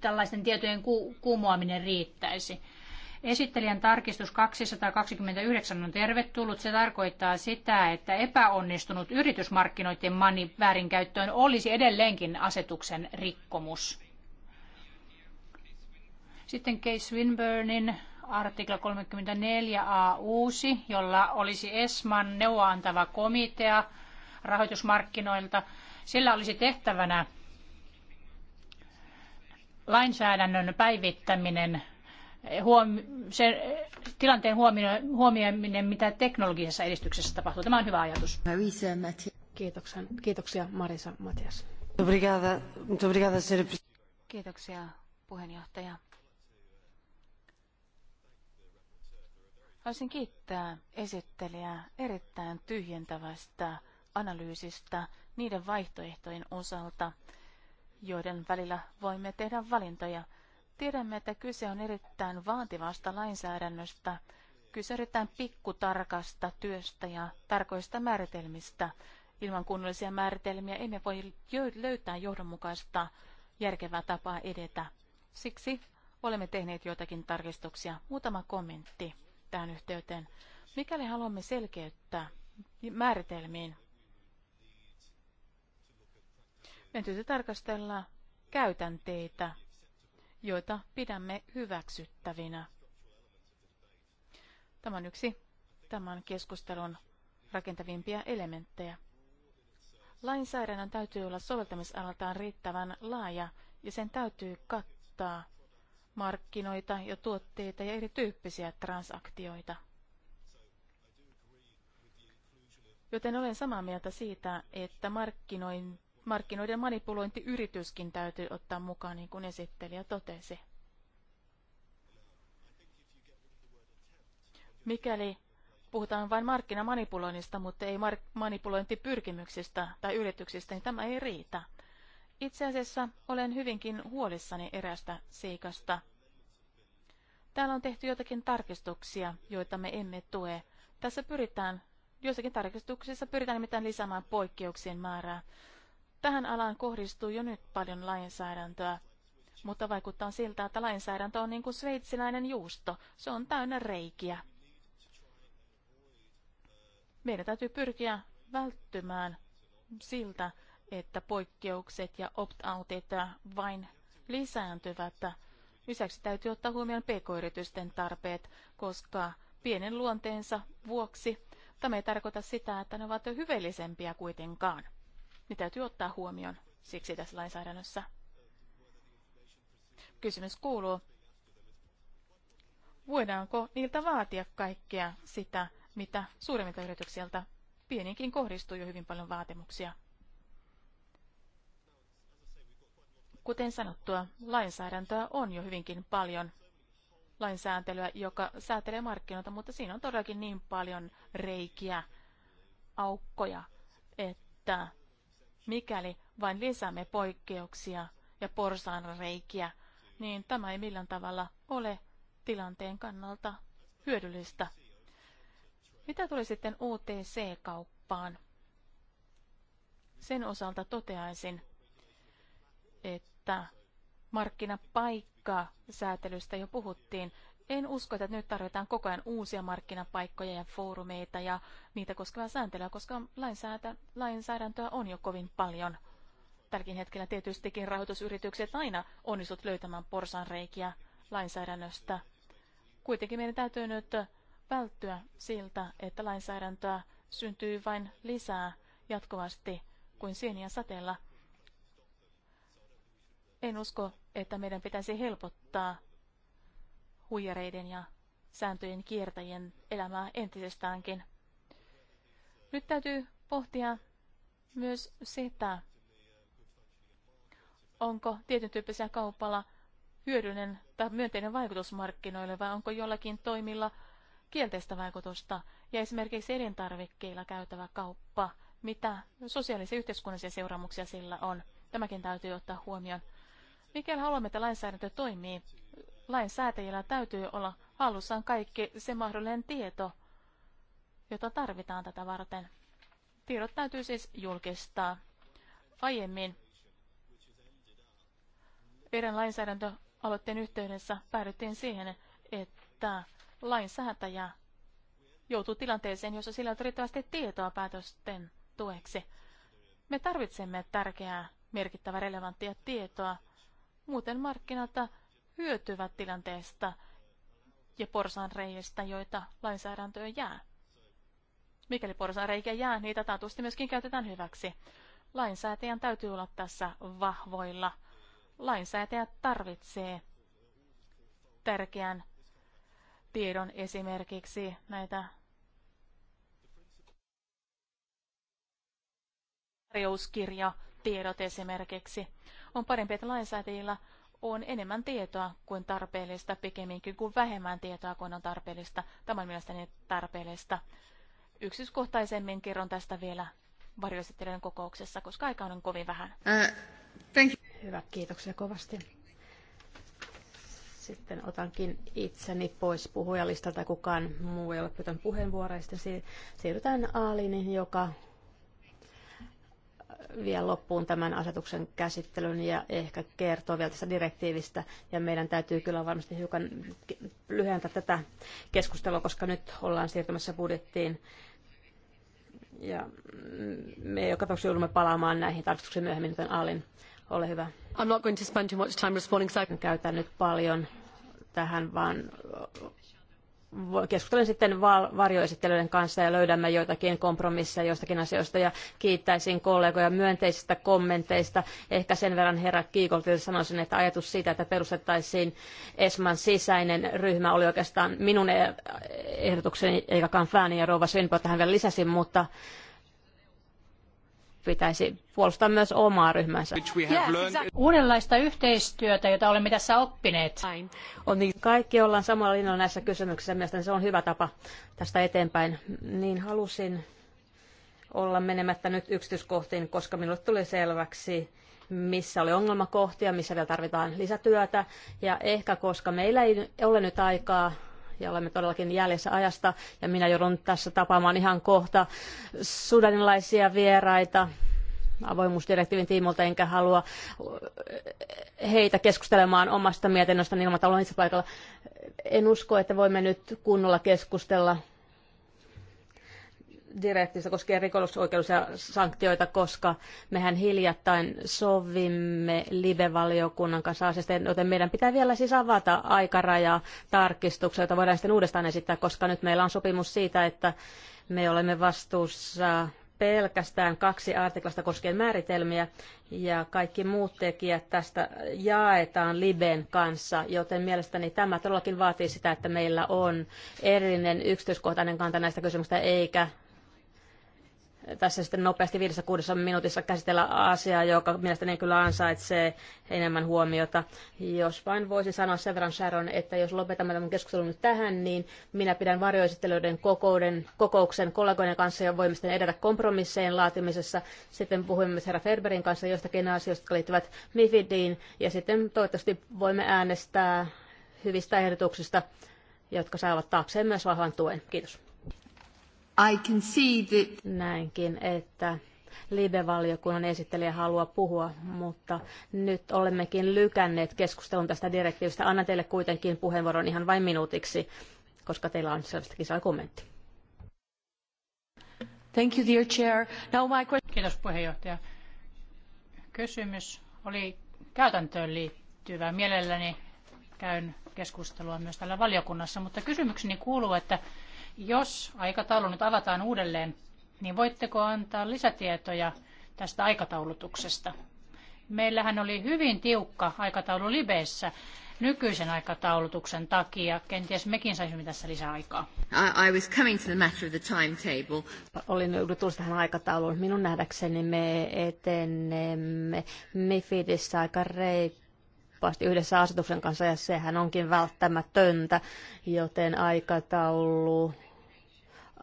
tällaisten tietojen kumoaminen riittäisi. Esittelijän tarkistus 229 on tervetullut. Se tarkoittaa sitä, että epäonnistunut yritysmarkkinoiden mani väärinkäyttöön olisi edelleenkin asetuksen rikkomus. Sitten Case Swinburnin artikla 34a uusi, jolla olisi ESMAN neuvoantava komitea rahoitusmarkkinoilta – sillä olisi tehtävänä lainsäädännön päivittäminen, huom- se tilanteen huomioiminen, mitä teknologisessa edistyksessä tapahtuu. Tämä on hyvä ajatus. Kiitoksia, kiitoksia Marisa Matias. Kiitoksia puheenjohtaja. Haluaisin kiittää esittelijää erittäin tyhjentävästä analyysistä niiden vaihtoehtojen osalta, joiden välillä voimme tehdä valintoja. Tiedämme, että kyse on erittäin vaativasta lainsäädännöstä, kyse on erittäin pikkutarkasta työstä ja tarkoista määritelmistä. Ilman kunnollisia määritelmiä emme voi löytää johdonmukaista järkevää tapaa edetä. Siksi olemme tehneet joitakin tarkistuksia. Muutama kommentti tähän yhteyteen. Mikäli haluamme selkeyttää määritelmiin, Meidän täytyy tarkastella käytänteitä, joita pidämme hyväksyttävinä. Tämä on yksi tämän keskustelun rakentavimpia elementtejä. Lainsäädännön täytyy olla soveltamisalaltaan riittävän laaja ja sen täytyy kattaa markkinoita ja tuotteita ja erityyppisiä transaktioita. Joten olen samaa mieltä siitä, että markkinoin markkinoiden manipulointiyrityskin täytyy ottaa mukaan, niin kuin esittelijä totesi. Mikäli puhutaan vain markkinamanipuloinnista, mutta ei mark- manipulointipyrkimyksistä tai yrityksistä, niin tämä ei riitä. Itse asiassa olen hyvinkin huolissani erästä seikasta. Täällä on tehty jotakin tarkistuksia, joita me emme tue. Tässä pyritään, joissakin tarkistuksissa pyritään nimittäin lisäämään poikkeuksien määrää. Tähän alaan kohdistuu jo nyt paljon lainsäädäntöä, mutta vaikuttaa siltä, että lainsäädäntö on niin kuin sveitsiläinen juusto. Se on täynnä reikiä. Meidän täytyy pyrkiä välttymään siltä, että poikkeukset ja opt-outit vain lisääntyvät. Lisäksi täytyy ottaa huomioon pk-yritysten tarpeet, koska pienen luonteensa vuoksi tämä ei tarkoita sitä, että ne ovat hyvällisempiä kuitenkaan. Ne täytyy ottaa huomioon siksi tässä lainsäädännössä. Kysymys kuuluu, voidaanko niiltä vaatia kaikkea sitä, mitä suuremmilta yrityksiltä pieniinkin kohdistuu jo hyvin paljon vaatimuksia. Kuten sanottua, lainsäädäntöä on jo hyvinkin paljon lainsääntelyä, joka säätelee markkinoita, mutta siinä on todellakin niin paljon reikiä, aukkoja, että Mikäli vain lisäämme poikkeuksia ja porsaanreikiä, niin tämä ei millään tavalla ole tilanteen kannalta hyödyllistä. Mitä tuli sitten OTC-kauppaan? Sen osalta toteaisin, että markkinapaikka säätelystä jo puhuttiin en usko, että nyt tarvitaan koko ajan uusia markkinapaikkoja ja foorumeita ja niitä koskevaa sääntelyä, koska lainsäädäntöä on jo kovin paljon. Tälläkin hetkellä tietystikin rahoitusyritykset aina onnistut löytämään porsanreikiä lainsäädännöstä. Kuitenkin meidän täytyy nyt välttyä siltä, että lainsäädäntöä syntyy vain lisää jatkuvasti kuin sieniä sateella. En usko, että meidän pitäisi helpottaa huijareiden ja sääntöjen kiertäjien elämää entisestäänkin. Nyt täytyy pohtia myös sitä, onko tietyn tyyppisellä kaupalla hyödyllinen tai myönteinen vaikutus markkinoille vai onko jollakin toimilla kielteistä vaikutusta ja esimerkiksi elintarvikkeilla käytävä kauppa, mitä sosiaalisia ja yhteiskunnallisia seuraamuksia sillä on. Tämäkin täytyy ottaa huomioon. Mikäli haluamme, että lainsäädäntö toimii, lainsäätäjillä täytyy olla hallussaan kaikki se mahdollinen tieto, jota tarvitaan tätä varten. Tiedot täytyy siis julkistaa. Aiemmin erään lainsäädäntöaloitteen yhteydessä päädyttiin siihen, että lainsäätäjä joutuu tilanteeseen, jossa sillä on riittävästi tietoa päätösten tueksi. Me tarvitsemme tärkeää, merkittävää, relevanttia tietoa. Muuten markkinalta hyötyvät tilanteesta ja porsaanreijistä, joita lainsäädäntöön jää. Mikäli porsaanreikiä jää, niitä taatusti myöskin käytetään hyväksi. Lainsäätäjän täytyy olla tässä vahvoilla. Lainsäätäjä tarvitsee tärkeän tiedon esimerkiksi näitä tarjouskirjatiedot esimerkiksi. On parempi, että lainsäätäjillä on enemmän tietoa kuin tarpeellista, pikemminkin kuin vähemmän tietoa kuin on tarpeellista. Tämä on mielestäni tarpeellista. Yksityiskohtaisemmin kerron tästä vielä varjoesittelijän kokouksessa, koska aika on kovin vähän. Uh, Hyvä, kiitoksia kovasti. Sitten otankin itseni pois puhujalistalta, kukaan muu ei ole pyytänyt puheenvuoroa. Sitten siirrytään Aalinin, joka vielä loppuun tämän asetuksen käsittelyn ja ehkä kertoo vielä tästä direktiivistä. Ja meidän täytyy kyllä varmasti hiukan lyhentää tätä keskustelua, koska nyt ollaan siirtymässä budjettiin. Ja mm, me joka tapauksessa joudumme palaamaan näihin tarkistuksiin myöhemmin, joten Alin, ole hyvä. I'm not going to spend too much time responding. Käytän nyt paljon tähän, vaan keskustelen sitten varjoesittelyiden kanssa ja löydämme joitakin kompromisseja joistakin asioista ja kiittäisin kollegoja myönteisistä kommenteista. Ehkä sen verran herra Kiikoltilta sanoisin, että ajatus siitä, että perustettaisiin ESMAn sisäinen ryhmä oli oikeastaan minun e- ehdotukseni, eikä Kanfääni ja Rova Svinpo tähän vielä lisäsin, mutta pitäisi puolustaa myös omaa ryhmänsä. Uudenlaista yhteistyötä, jota olemme tässä oppineet. On niin, kaikki ollaan samalla linjalla näissä kysymyksissä. Mielestäni se on hyvä tapa tästä eteenpäin. Niin halusin olla menemättä nyt yksityiskohtiin, koska minulle tuli selväksi, missä oli ongelmakohtia, missä vielä tarvitaan lisätyötä. Ja ehkä koska meillä ei ole nyt aikaa ja olemme todellakin jäljessä ajasta. Ja minä joudun tässä tapaamaan ihan kohta sudanilaisia vieraita avoimuusdirektiivin tiimolta, enkä halua heitä keskustelemaan omasta mietinnöstäni niin ilman, että olen itse paikalla. En usko, että voimme nyt kunnolla keskustella direktiivistä koskien rikollisoikeudellisia sanktioita, koska mehän hiljattain sovimme live-valiokunnan kanssa asiasta, joten meidän pitää vielä siis avata aikarajaa tarkistuksia, jota voidaan sitten uudestaan esittää, koska nyt meillä on sopimus siitä, että me olemme vastuussa pelkästään kaksi artiklasta koskien määritelmiä ja kaikki muut tekijät tästä jaetaan Liben kanssa, joten mielestäni tämä todellakin vaatii sitä, että meillä on erillinen yksityiskohtainen kanta näistä kysymyksistä eikä tässä sitten nopeasti viidessä kuudessa minuutissa käsitellä asiaa, joka mielestäni kyllä ansaitsee enemmän huomiota. Jos vain voisi sanoa sen verran Sharon, että jos lopetamme tämän keskustelun nyt tähän, niin minä pidän varjoesittelyiden kokouden, kokouksen kollegoiden kanssa ja voimme sitten edetä kompromisseen laatimisessa. Sitten puhumme herra Ferberin kanssa jostakin asioista, jotka liittyvät MIFIDiin ja sitten toivottavasti voimme äänestää hyvistä ehdotuksista, jotka saavat taakseen myös vahvan tuen. Kiitos. I can see that... Näinkin, että Libe-valiokunnan esittelijä haluaa puhua, mutta nyt olemmekin lykänneet keskustelun tästä direktiivistä. Annan teille kuitenkin puheenvuoron ihan vain minuutiksi, koska teillä on selvästikin saa kommentti. Thank you, dear chair. Now my question... Kiitos puheenjohtaja. Kysymys oli käytäntöön liittyvä. Mielelläni käyn keskustelua myös täällä valiokunnassa, mutta kysymykseni kuuluu, että jos aikataulu nyt avataan uudelleen, niin voitteko antaa lisätietoja tästä aikataulutuksesta? Meillähän oli hyvin tiukka aikataulu libeessä nykyisen aikataulutuksen takia. Kenties mekin saisimme tässä lisäaikaa. I, I was coming to the matter of the timetable. Olin juuri tulossa tähän aikatauluun. Minun nähdäkseni me etenemme MIFIDissä aika reippaasti yhdessä asetuksen kanssa ja sehän onkin välttämätöntä, joten aikataulu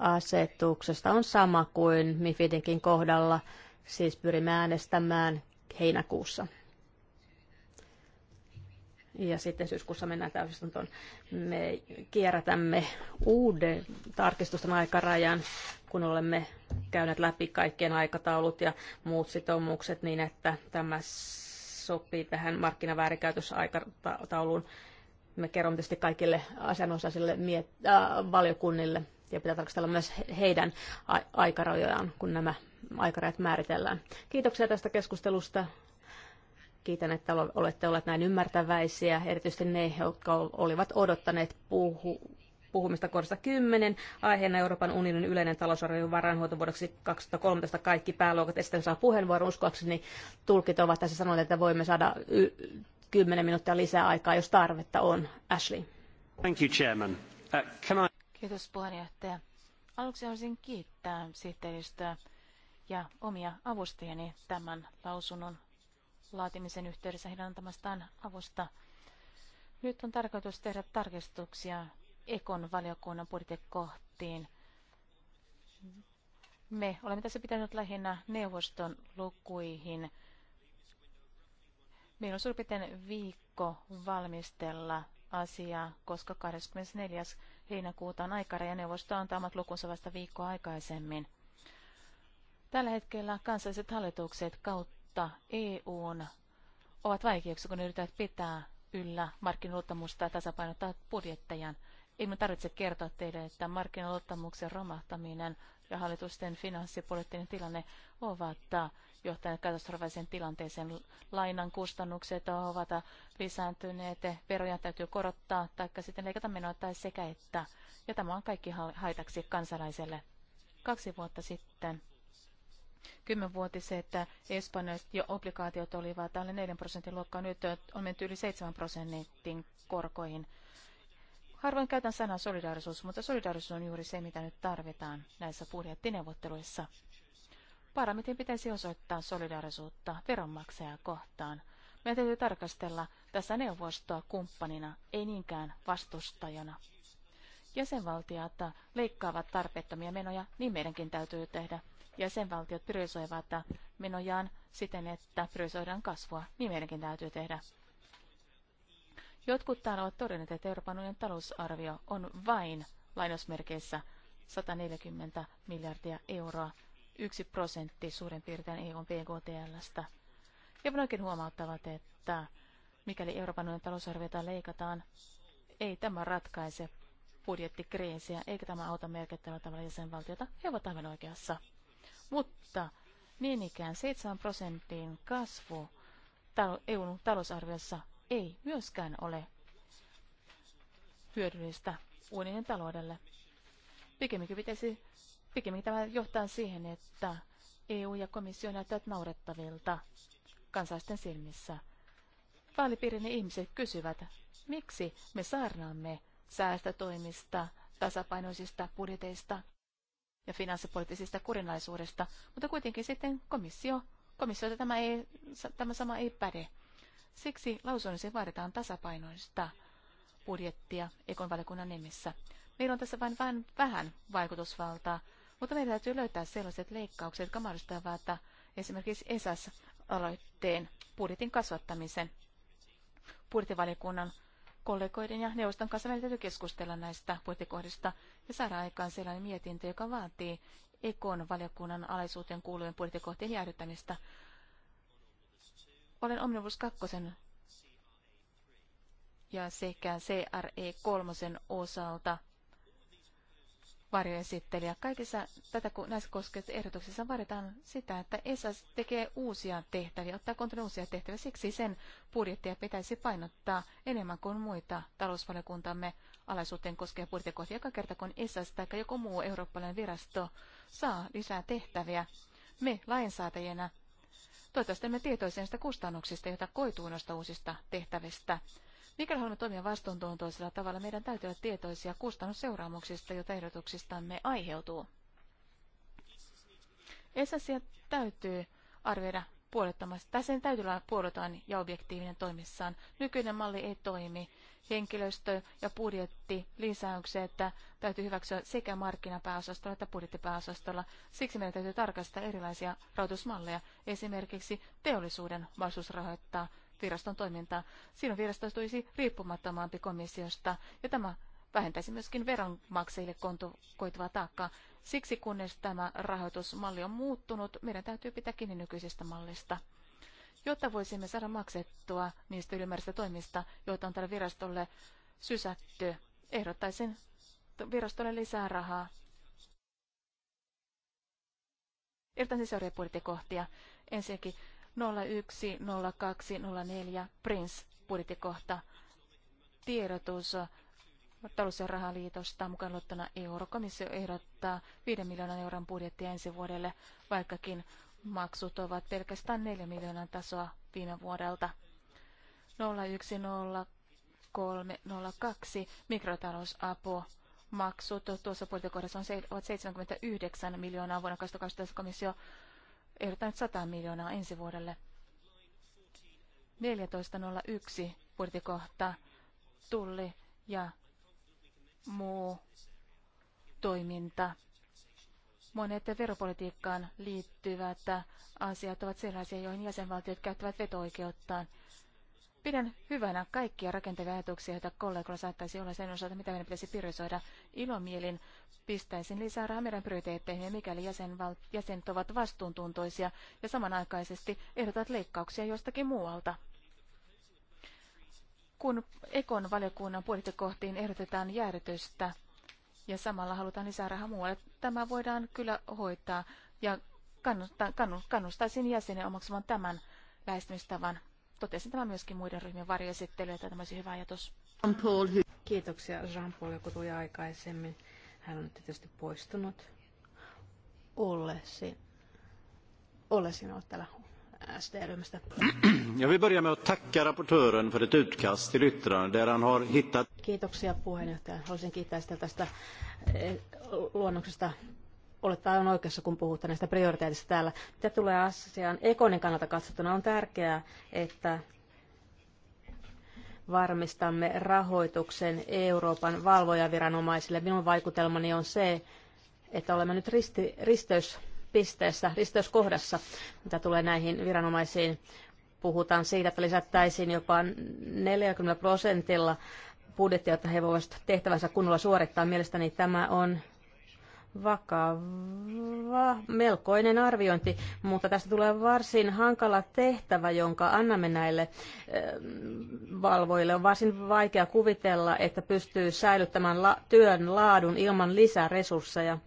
asetuksesta on sama kuin Mifidinkin kohdalla, siis pyrimme äänestämään heinäkuussa. Ja sitten syyskuussa mennään täysistuntoon. Me kierrätämme uuden tarkistusten aikarajan, kun olemme käyneet läpi kaikkien aikataulut ja muut sitoumukset niin, että tämä sopii tähän markkinaväärinkäytösaikatauluun. Me kerromme tietysti kaikille asianosaisille miet- äh, valiokunnille ja pitää tarkastella myös heidän aikarajojaan, kun nämä aikarajat määritellään. Kiitoksia tästä keskustelusta. Kiitän, että olette olleet näin ymmärtäväisiä, erityisesti ne, jotka olivat odottaneet puhu, puhumista kohdasta 10, aiheena Euroopan unionin yleinen talousarvio vuodeksi 2013 kaikki pääluokat. Ja sitten saa puheenvuoron uskoakseni tulkit ovat tässä sanoneet, että voimme saada y- 10 minuuttia lisää aikaa, jos tarvetta on. Ashley. Thank you, Chairman. Uh, can I... Kiitos puheenjohtaja. Aluksi haluaisin kiittää sihteeristöä ja omia avustajani tämän lausunnon laatimisen yhteydessä heidän antamastaan avusta. Nyt on tarkoitus tehdä tarkistuksia Ekon valiokunnan budjettikohtiin. Me olemme tässä pitäneet lähinnä neuvoston lukuihin. Meillä on suurin piirtein viikko valmistella asiaa, koska 24 heinäkuuta on aikarajaneuvosto antamat lukunsa vasta viikkoa aikaisemmin. Tällä hetkellä kansalliset hallitukset kautta EUn ovat vaikeuksia, kun ne yrittävät pitää yllä markkinoittamusta ja tasapainottaa budjettejaan. Ei minun tarvitse kertoa teille, että markkinaluottamuksen romahtaminen ja hallitusten finanssipoliittinen tilanne ovat johtaneet katastrofaaliseen tilanteeseen. Lainan kustannukset ovat lisääntyneet, veroja täytyy korottaa tai sitten leikata menoa tai sekä että. Ja tämä on kaikki haitaksi kansalaiselle. Kaksi vuotta sitten kymmenvuotiset espanjalaiset jo obligaatiot olivat alle 4 prosentin luokkaa, nyt on menty yli 7 prosentin korkoihin. Harvoin käytän sanaa solidaarisuus, mutta solidaarisuus on juuri se, mitä nyt tarvitaan näissä budjettineuvotteluissa. Parlamentin pitäisi osoittaa solidaarisuutta veronmaksajaa kohtaan. Meidän täytyy tarkastella tässä neuvostoa kumppanina, ei niinkään vastustajana. Jäsenvaltiot leikkaavat tarpeettomia menoja, niin meidänkin täytyy tehdä. Jäsenvaltiot priorisoivat menojaan siten, että priorisoidaan kasvua, niin meidänkin täytyy tehdä. Jotkut täällä ovat todenneet, että Euroopan unionin talousarvio on vain lainausmerkeissä 140 miljardia euroa, yksi prosentti suurin piirtein EUn BKTLstä. Ja oikein huomauttavat, että mikäli Euroopan unionin talousarviota leikataan, ei tämä ratkaise budjettikriisiä, eikä tämä auta merkittävällä tavalla jäsenvaltiota. He ovat aivan oikeassa. Mutta niin ikään 7 prosentin kasvu EUn talousarviossa ei myöskään ole hyödyllistä unionin taloudelle. Pikemminkin, pitäisi, pikemminkin tämä johtaa siihen, että EU ja komissio näyttävät naurettavilta kansalaisten silmissä. Vaalipiirin ihmiset kysyvät, miksi me saarnaamme säästötoimista, tasapainoisista budjeteista ja finanssipoliittisista kurinaisuudesta, mutta kuitenkin sitten komissio, komissiota tämä, ei, tämä sama ei päde. Siksi lausunnossa vaaditaan tasapainoista budjettia Ekon valiokunnan nimissä. Meillä on tässä vain, vain vähän vaikutusvaltaa, mutta meidän täytyy löytää sellaiset leikkaukset, jotka mahdollistavat esimerkiksi ESAS-aloitteen budjetin kasvattamisen. Budjettivaliokunnan kollegoiden ja neuvoston kanssa meidän täytyy keskustella näistä budjettikohdista ja saada aikaan sellainen mietintö, joka vaatii Ekon valiokunnan alaisuuteen kuuluvien budjettikohtien jäädyttämistä. Olen Omnibus 2 ja sekä CRE 3 osalta varjoesittelijä. Kaikissa tätä, näissä koskevissa ehdotuksissa vaaditaan sitä, että ESAS tekee uusia tehtäviä, ottaa kontrollin uusia tehtäviä. Siksi sen budjettia pitäisi painottaa enemmän kuin muita talousvaliokuntamme alaisuuteen koskevia budjettikohtia. Joka kerta kun ESAS tai joku muu eurooppalainen virasto saa lisää tehtäviä, me lainsäätäjänä Toivottavasti me tietoisia sitä kustannuksista, joita koituu noista uusista tehtävistä. Mikäli haluamme toimia vastuuntuntoisella tavalla, meidän täytyy olla tietoisia kustannusseuraamuksista, joita ehdotuksistamme aiheutuu. Esasia täytyy arvioida puolettomasti, Tässä täytyy olla puoleton ja objektiivinen toimissaan. Nykyinen malli ei toimi henkilöstö- ja että täytyy hyväksyä sekä markkinapääosastolla että budjettipääosastolla. Siksi meidän täytyy tarkastaa erilaisia rahoitusmalleja, esimerkiksi teollisuuden mahdollisuus rahoittaa viraston toimintaa. Silloin virasto tulisi riippumattomampi komissiosta, ja tämä vähentäisi myöskin veronmaksajille koituvaa taakkaa. Siksi kunnes tämä rahoitusmalli on muuttunut, meidän täytyy pitää kiinni nykyisestä mallista jotta voisimme saada maksettua niistä ylimääräisistä toimista, joita on tälle virastolle sysätty. Ehdottaisin virastolle lisää rahaa. Ehdotan seuraavia budjettikohtia. Ensinnäkin 01, 02, 04, Prince budjettikohta. Tiedotus talous- ja rahaliitosta mukaan luottuna eurokomissio ehdottaa 5 miljoonan euron budjettia ensi vuodelle, vaikkakin maksut ovat pelkästään 4 miljoonan tasoa viime vuodelta. 010302 mikrotalousapu maksut tuossa budjettikohdassa on, ovat 79 miljoonaa vuonna 2012 komissio ehdottaa 100 miljoonaa ensi vuodelle. 14.01 budjettikohta tulli ja muu toiminta Monet veropolitiikkaan liittyvät asiat ovat sellaisia, joihin jäsenvaltiot käyttävät veto-oikeuttaan. Pidän hyvänä kaikkia rakentavia ajatuksia, joita kollegoilla saattaisi olla sen osalta, mitä meidän pitäisi priorisoida. Ilomielin pistäisin lisää rahaa meidän prioriteetteihin, mikäli jäsenval- jäsenet ovat vastuuntuntoisia ja samanaikaisesti ehdotat leikkauksia jostakin muualta. Kun Ekon valiokunnan budjettikohtiin ehdotetaan jäädytystä, ja samalla halutaan lisää rahaa muualle. Tämä voidaan kyllä hoitaa ja kannustan, kannustaisin jäsenen omaksumaan tämän lähestymistavan. Totesin tämä myöskin muiden ryhmien varjoesittelyä, että tämä olisi hyvä ajatus. Kiitoksia Jean-Paul, joka tuli aikaisemmin. Hän on tietysti poistunut. ole si- sinä olet täällä SD-ryhmästä. Jag vill börja med att tacka rapportören för ett utkast till yttrande där han har hittat... Kiitoksia puheenjohtaja. Haluaisin kiittää sitä tästä eh, luonnoksesta. Olette aivan oikeassa, kun puhutte näistä prioriteetista täällä. Mitä tulee asiaan ekonin kannalta katsottuna, on tärkeää, että varmistamme rahoituksen Euroopan valvojaviranomaisille. Minun vaikutelmani on se, että olemme nyt risti, risteys pisteessä, risteyskohdassa, mitä tulee näihin viranomaisiin. Puhutaan siitä, että lisättäisiin jopa 40 prosentilla budjettia, että he voivat tehtävänsä kunnolla suorittaa. Mielestäni tämä on vakava, melkoinen arviointi, mutta tästä tulee varsin hankala tehtävä, jonka annamme näille eh, valvoille. On varsin vaikea kuvitella, että pystyy säilyttämään työn laadun ilman lisäresursseja.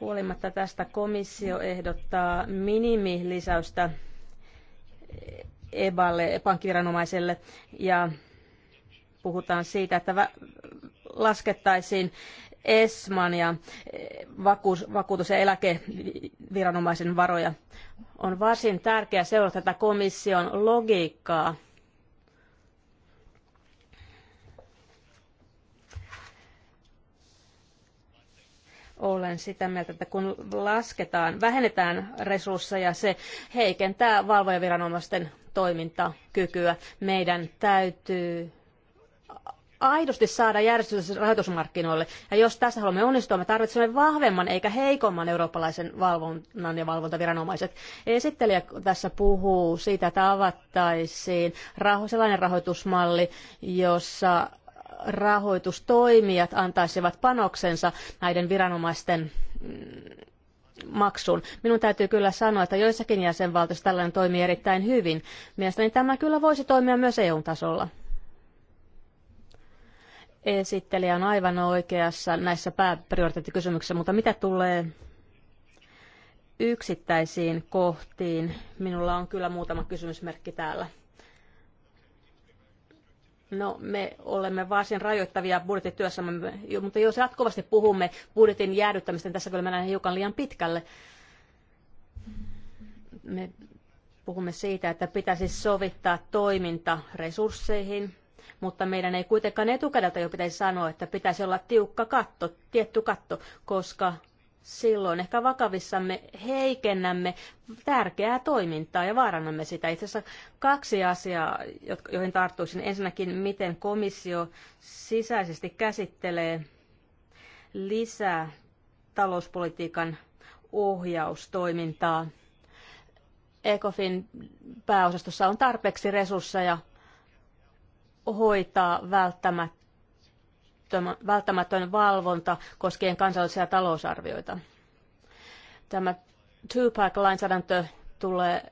Huolimatta tästä komissio ehdottaa minimilisäystä EBAlle, pankkiviranomaiselle, ja puhutaan siitä, että laskettaisiin ESMAN ja eh, vakuus, vakuutus- ja eläkeviranomaisen varoja. On varsin tärkeää seurata tätä komission logiikkaa Olen sitä mieltä, että kun lasketaan, vähennetään resursseja, se heikentää valvojaviranomaisten toimintakykyä. Meidän täytyy aidosti saada järjestys rahoitusmarkkinoille. Ja jos tässä haluamme onnistua, me tarvitsemme vahvemman eikä heikomman eurooppalaisen valvonnan ja valvontaviranomaiset. Esittelijä tässä puhuu siitä, että avattaisiin sellainen rahoitusmalli, jossa rahoitustoimijat antaisivat panoksensa näiden viranomaisten mm, maksun. Minun täytyy kyllä sanoa, että joissakin jäsenvaltioissa tällainen toimii erittäin hyvin. Mielestäni tämä kyllä voisi toimia myös EU-tasolla. Esittelijä on aivan oikeassa näissä pääprioriteettikysymyksissä, mutta mitä tulee yksittäisiin kohtiin, minulla on kyllä muutama kysymysmerkki täällä. No, me olemme varsin rajoittavia budjettityössämme, mutta jos jatkuvasti puhumme budjetin jäädyttämistä, niin tässä kyllä mennään hiukan liian pitkälle. Me puhumme siitä, että pitäisi sovittaa toiminta resursseihin, mutta meidän ei kuitenkaan etukädeltä jo pitäisi sanoa, että pitäisi olla tiukka katto, tietty katto, koska silloin ehkä vakavissamme heikennämme tärkeää toimintaa ja vaarannamme sitä. Itse asiassa kaksi asiaa, joihin tarttuisin. Ensinnäkin, miten komissio sisäisesti käsittelee lisää talouspolitiikan ohjaustoimintaa. ECOFIN pääosastossa on tarpeeksi resursseja hoitaa välttämättä välttämätön valvonta koskien kansallisia talousarvioita. Tämä Tupac-lainsäädäntö tulee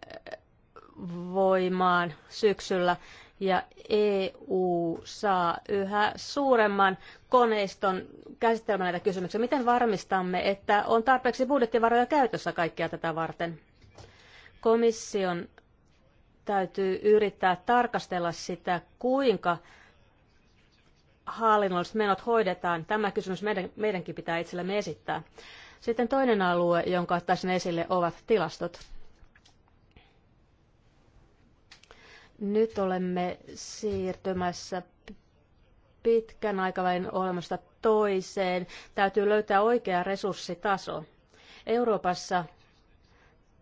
voimaan syksyllä ja EU saa yhä suuremman koneiston käsittelemään näitä kysymyksiä. Miten varmistamme, että on tarpeeksi budjettivaroja käytössä kaikkia tätä varten? Komission täytyy yrittää tarkastella sitä, kuinka hallinnolliset menot hoidetaan. Tämä kysymys meidän, meidänkin pitää itsellemme esittää. Sitten toinen alue, jonka ottaisin esille, ovat tilastot. Nyt olemme siirtymässä pitkän aikavälin olemasta toiseen. Täytyy löytää oikea resurssitaso. Euroopassa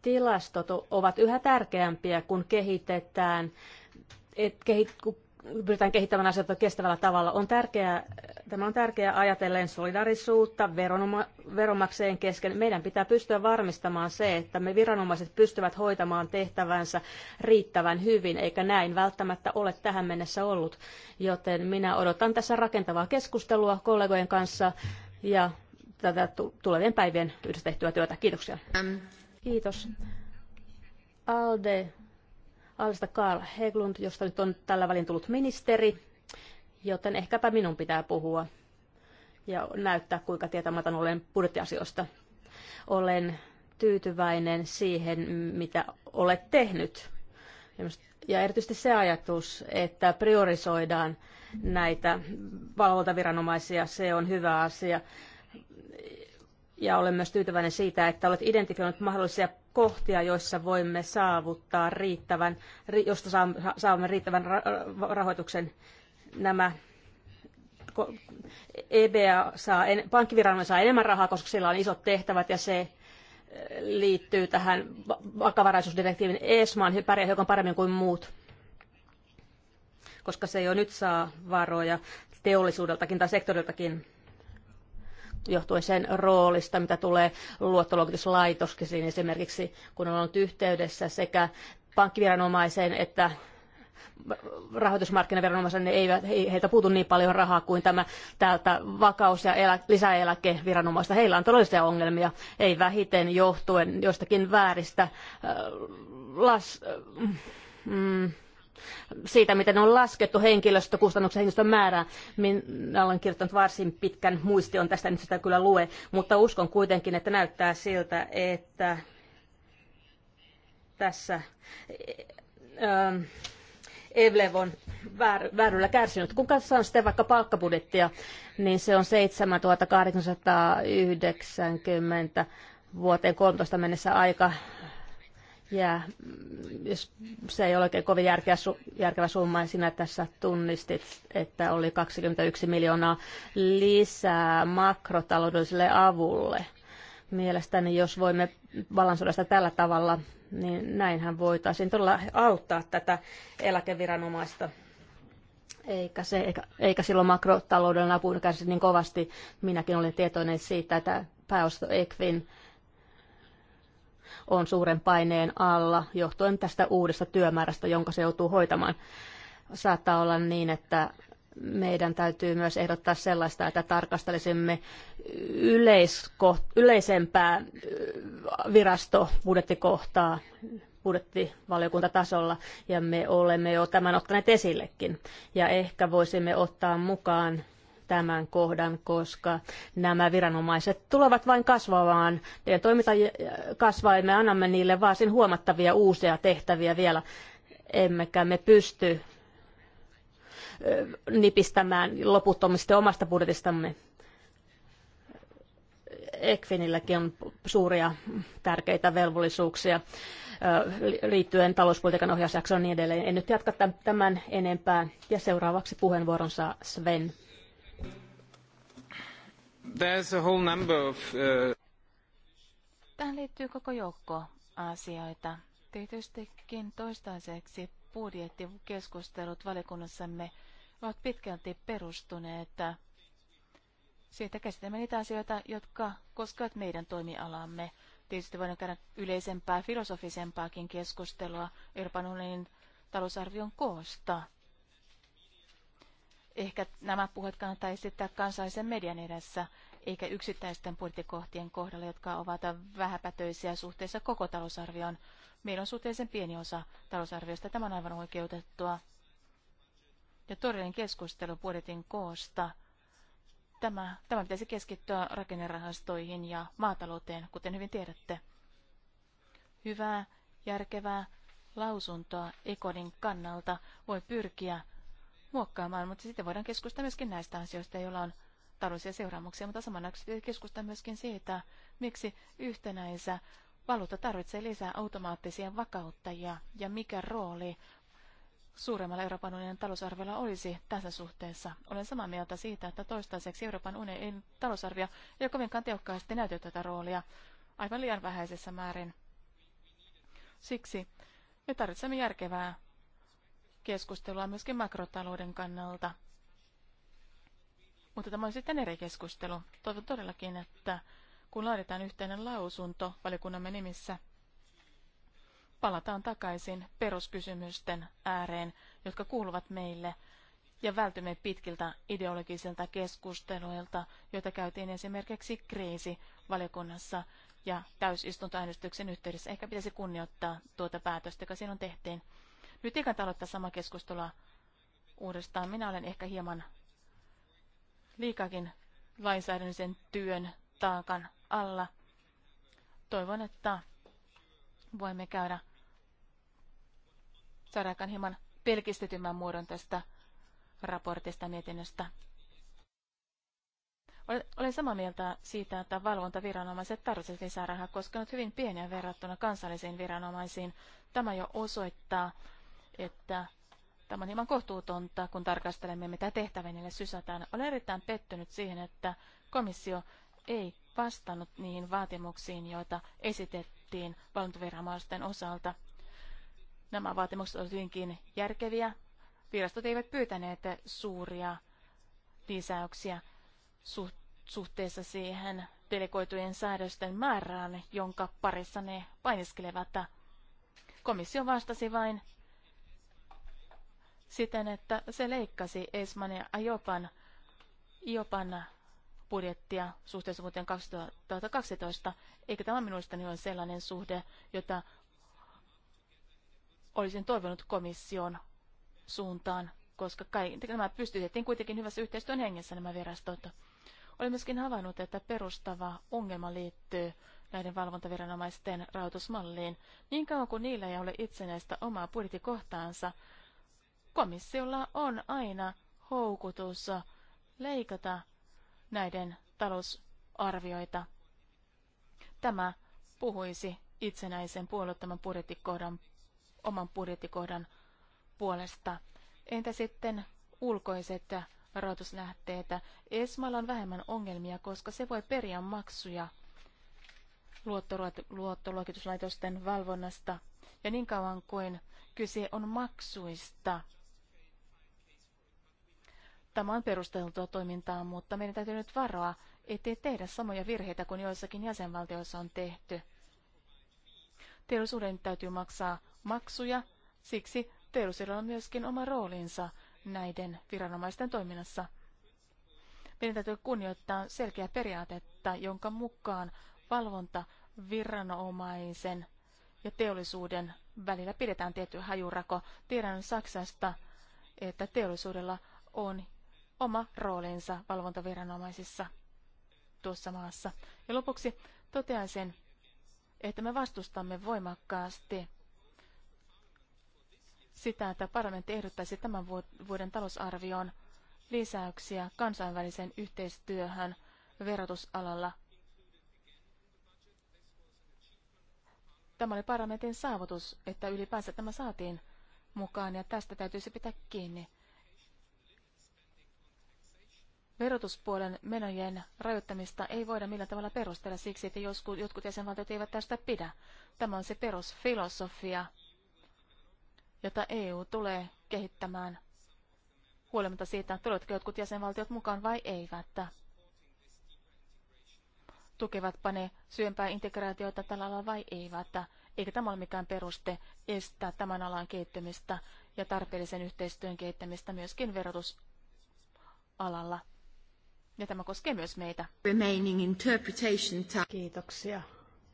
tilastot ovat yhä tärkeämpiä, kun kehitetään, et, kehit, kun pyritään kehittämään asioita kestävällä tavalla. On tärkeää, tämä on tärkeää ajatellen solidarisuutta veronoma, veronmaksajien kesken. Meidän pitää pystyä varmistamaan se, että me viranomaiset pystyvät hoitamaan tehtävänsä riittävän hyvin, eikä näin välttämättä ole tähän mennessä ollut. Joten minä odotan tässä rakentavaa keskustelua kollegojen kanssa ja tätä tulevien päivien yhdessä tehtyä työtä. Kiitoksia. Kiitos. Alde Alsta Karl Heglund, josta nyt on tällä välin tullut ministeri, joten ehkäpä minun pitää puhua ja näyttää, kuinka tietämätön olen budjettiasioista. Olen tyytyväinen siihen, mitä olet tehnyt. Ja erityisesti se ajatus, että priorisoidaan näitä valvontaviranomaisia, se on hyvä asia. Ja olen myös tyytyväinen siitä, että olet identifioinut mahdollisia kohtia, joissa voimme saavuttaa riittävän, josta saamme riittävän rahoituksen nämä EBA saa, pankkiviranomainen saa enemmän rahaa, koska sillä on isot tehtävät ja se eh, liittyy tähän vakavaraisuusdirektiivin ESMAan pärjää hiukan paremmin kuin muut, koska se jo nyt saa varoja teollisuudeltakin tai sektoriltakin johtuen sen roolista, mitä tulee luottoluokituslaitoskesiin esimerkiksi, kun on ollut yhteydessä sekä pankkiviranomaiseen että rahoitusmarkkinaviranomaisen niin eivät, heiltä puutu niin paljon rahaa kuin tämä täältä vakaus- ja elä, lisäeläkeviranomaista. Heillä on todellisia ongelmia, ei vähiten johtuen jostakin vääristä äh, las, äh, mm, siitä, miten on laskettu henkilöstökustannuksen henkilöstön määrää. Minä olen kirjoittanut varsin pitkän muistion tästä, nyt sitä kyllä lue, mutta uskon kuitenkin, että näyttää siltä, että tässä ähm, Evlev on väär, kärsinyt. Kun katsotaan sitten vaikka palkkabudjettia, niin se on 7890 vuoteen 13 mennessä aika jää, mm, jos se ei ole oikein kovin järkeä, järkevä summa, niin sinä tässä tunnistit, että oli 21 miljoonaa lisää makrotaloudelliselle avulle. Mielestäni jos voimme balansoida sitä tällä tavalla, niin näinhän voitaisiin todella auttaa tätä eläkeviranomaista. Eikä, se, eikä, eikä silloin makrotalouden apuun kärsi niin kovasti. Minäkin olen tietoinen siitä, että pääosto Ekvin on suuren paineen alla johtuen tästä uudesta työmäärästä, jonka se joutuu hoitamaan. Saattaa olla niin, että meidän täytyy myös ehdottaa sellaista, että tarkastelisimme yleisko, yleisempää virastobudjettikohtaa budjettivaliokuntatasolla, ja me olemme jo tämän ottaneet esillekin. Ja ehkä voisimme ottaa mukaan tämän kohdan, koska nämä viranomaiset tulevat vain kasvamaan. Teidän toiminta kasvaa ja me annamme niille varsin huomattavia uusia tehtäviä vielä, emmekä me pysty nipistämään loputtomasti omasta budjetistamme. Ekfinilläkin on suuria tärkeitä velvollisuuksia liittyen talouspolitiikan ohjausjaksoon ja niin edelleen. En nyt jatka tämän enempää. Ja seuraavaksi puheenvuoron saa Sven. There's a whole number of, uh... Tähän liittyy koko joukko asioita. Tietystikin toistaiseksi budjettikeskustelut valikunnassamme ovat pitkälti perustuneet siitä käsitämme niitä asioita, jotka koskevat meidän toimialamme. Tietysti voidaan käydä yleisempää, filosofisempaakin keskustelua Euroopan unionin talousarvion koosta. Ehkä nämä puhet kannattaa esittää kansallisen median edessä, eikä yksittäisten budjettikohtien kohdalla, jotka ovat vähäpätöisiä suhteessa koko talousarvioon. Meillä on suhteellisen pieni osa talousarviosta. Tämä on aivan oikeutettua. Ja todellinen keskustelu budjetin koosta. Tämä, tämä pitäisi keskittyä rakennerahastoihin ja maatalouteen, kuten hyvin tiedätte. Hyvää, järkevää lausuntoa Ekonin kannalta voi pyrkiä muokkaamaan, mutta sitten voidaan keskustella myöskin näistä asioista, joilla on taloudellisia seuraamuksia, mutta samanaikaisesti keskustella myöskin siitä, miksi yhtenäisä valuutta tarvitsee lisää automaattisia vakauttajia ja mikä rooli suuremmalla Euroopan unionin talousarviolla olisi tässä suhteessa. Olen samaa mieltä siitä, että toistaiseksi Euroopan unionin talousarvio ei kovinkaan tehokkaasti näytä tätä roolia aivan liian vähäisessä määrin. Siksi me tarvitsemme järkevää keskustelua myöskin makrotalouden kannalta. Mutta tämä on sitten eri keskustelu. Toivon todellakin, että kun laaditaan yhteinen lausunto valiokunnamme nimissä, palataan takaisin peruskysymysten ääreen, jotka kuuluvat meille, ja vältymme pitkiltä ideologisilta keskusteluilta, joita käytiin esimerkiksi valiokunnassa ja täysistuntoäänestyksen yhteydessä. Ehkä pitäisi kunnioittaa tuota päätöstä, joka silloin tehtiin. Nyt ei kannata aloittaa sama keskustelua uudestaan. Minä olen ehkä hieman liikakin lainsäädännöllisen työn taakan alla. Toivon, että voimme käydä saadaan hieman pelkistetymän muodon tästä raportista mietinnöstä. Olen samaa mieltä siitä, että valvontaviranomaiset tarvitsevat lisää rahaa, koska ne ovat hyvin pieniä verrattuna kansallisiin viranomaisiin. Tämä jo osoittaa, että tämä on hieman kohtuutonta, kun tarkastelemme, mitä tehtävänille sysätään. Olen erittäin pettynyt siihen, että komissio ei vastannut niihin vaatimuksiin, joita esitettiin valvontaviranomaisten osalta. Nämä vaatimukset olivat hyvinkin järkeviä. Virastot eivät pyytäneet suuria lisäyksiä suhteessa siihen delegoitujen säädösten määrään, jonka parissa ne painiskelevat. Komissio vastasi vain siten, että se leikkasi Esman ja Ajopan, Iopan budjettia suhteessa vuoteen 2012, eikä tämä minusta niin ole sellainen suhde, jota olisin toivonut komission suuntaan, koska kaikki, nämä pystytettiin kuitenkin hyvässä yhteistyön hengessä nämä virastot. Olen myöskin havainnut, että perustava ongelma liittyy näiden valvontaviranomaisten rahoitusmalliin. Niin kauan kuin niillä ei ole itsenäistä omaa budjettikohtaansa, komissiolla on aina houkutus leikata näiden talousarvioita. Tämä puhuisi itsenäisen puolueettoman budjettikohdan, oman budjettikohdan puolesta. Entä sitten ulkoiset rahoituslähteet? Esmailla on vähemmän ongelmia, koska se voi periä maksuja luottoluokituslaitosten valvonnasta. Ja niin kauan kuin kyse on maksuista, Tämä on perusteltua toimintaa, mutta meidän täytyy nyt varoa, ettei tehdä samoja virheitä kuin joissakin jäsenvaltioissa on tehty. Teollisuuden täytyy maksaa maksuja, siksi teollisuudella on myöskin oma roolinsa näiden viranomaisten toiminnassa. Meidän täytyy kunnioittaa selkeää periaatetta, jonka mukaan valvonta viranomaisen ja teollisuuden välillä pidetään tietty hajurako. Tiedän Saksasta, että teollisuudella on oma roolinsa valvontaviranomaisissa tuossa maassa. Ja lopuksi sen, että me vastustamme voimakkaasti sitä, että parlamentti ehdottaisi tämän vuoden talousarvioon lisäyksiä kansainväliseen yhteistyöhön verotusalalla. Tämä oli parlamentin saavutus, että ylipäänsä tämä saatiin mukaan ja tästä täytyisi pitää kiinni. Verotuspuolen menojen rajoittamista ei voida millään tavalla perustella siksi, että joskus, jotkut jäsenvaltiot eivät tästä pidä. Tämä on se perusfilosofia, jota EU tulee kehittämään huolimatta siitä, tulevatko jotkut jäsenvaltiot mukaan vai eivät. Tukevatpa ne syömpää integraatiota tällä alalla vai eivät. Eikä tämä ole mikään peruste estää tämän alan kehittymistä ja tarpeellisen yhteistyön kehittämistä myöskin verotusalalla. Ja tämä koskee myös meitä. Remaining interpretation time. Kiitoksia.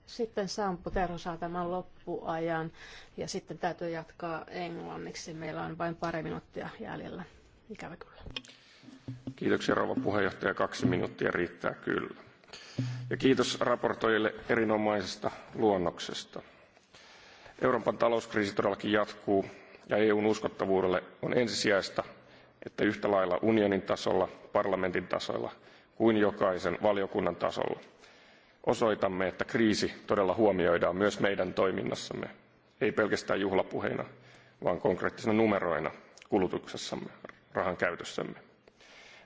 Sitten Sampo Tero saa tämän loppuajan ja sitten täytyy jatkaa englanniksi. Meillä on vain pari minuuttia jäljellä. Ikävä kyllä. Kiitoksia rouva puheenjohtaja. Kaksi minuuttia riittää kyllä. Ja kiitos raportoijille erinomaisesta luonnoksesta. Euroopan talouskriisi todellakin jatkuu ja EUn uskottavuudelle on ensisijaista, että yhtä lailla unionin tasolla parlamentin tasolla kuin jokaisen valiokunnan tasolla osoitamme, että kriisi todella huomioidaan myös meidän toiminnassamme, ei pelkästään juhlapuheina, vaan konkreettisina numeroina kulutuksessamme, rahan käytössämme.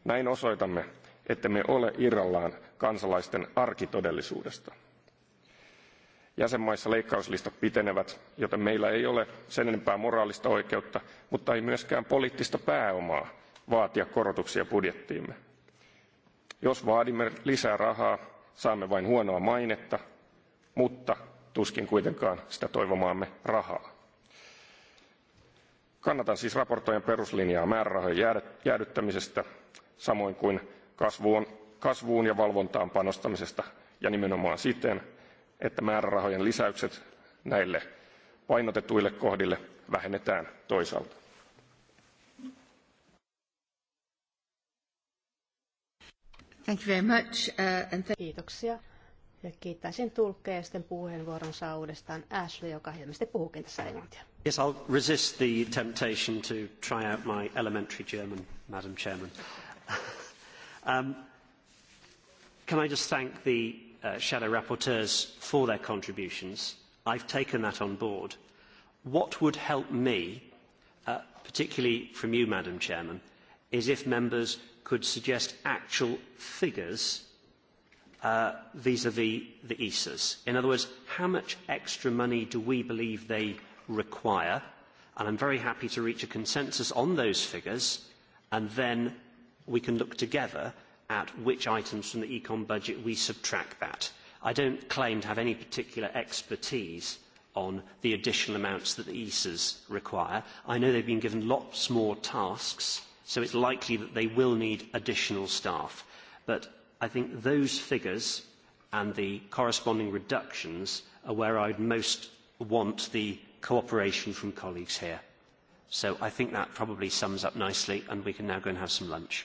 Näin osoitamme, että me ole irrallaan kansalaisten arkitodellisuudesta. Jäsenmaissa leikkauslistat pitenevät, joten meillä ei ole sen enempää moraalista oikeutta, mutta ei myöskään poliittista pääomaa vaatia korotuksia budjettiimme. Jos vaadimme lisää rahaa, saamme vain huonoa mainetta, mutta tuskin kuitenkaan sitä toivomaamme rahaa. Kannatan siis raportoijan peruslinjaa määrärahojen jäädyttämisestä, samoin kuin kasvuun, kasvuun ja valvontaan panostamisesta ja nimenomaan siten, että määrärahojen lisäykset näille painotetuille kohdille vähennetään toisaalta. Thank you very much. Uh, and Kiitoksia. Ja kiittäisin tulkkeja sitten puheenvuoronsa uudestaan Ashley, joka ilmeisesti puhukin tässä englantia. Yes, I'll resist the temptation to try out my elementary German, Madam Chairman. um, can I just thank the uh, shadow rapporteurs for their contributions? I've taken that on board. What would help me, uh, particularly from you, Madam Chairman, is if members could suggest actual figures vis-à-vis uh, -vis the ESAs. In other words, how much extra money do we believe they require? And I'm very happy to reach a consensus on those figures, and then we can look together at which items from the econ budget we subtract that. I don't claim to have any particular expertise on the additional amounts that the ESAs require. I know they've been given lots more tasks so it's likely that they will need additional staff. But I think those figures and the corresponding reductions are where I'd most want the cooperation from colleagues here. So I think that probably sums up nicely, and we can now go and have some lunch.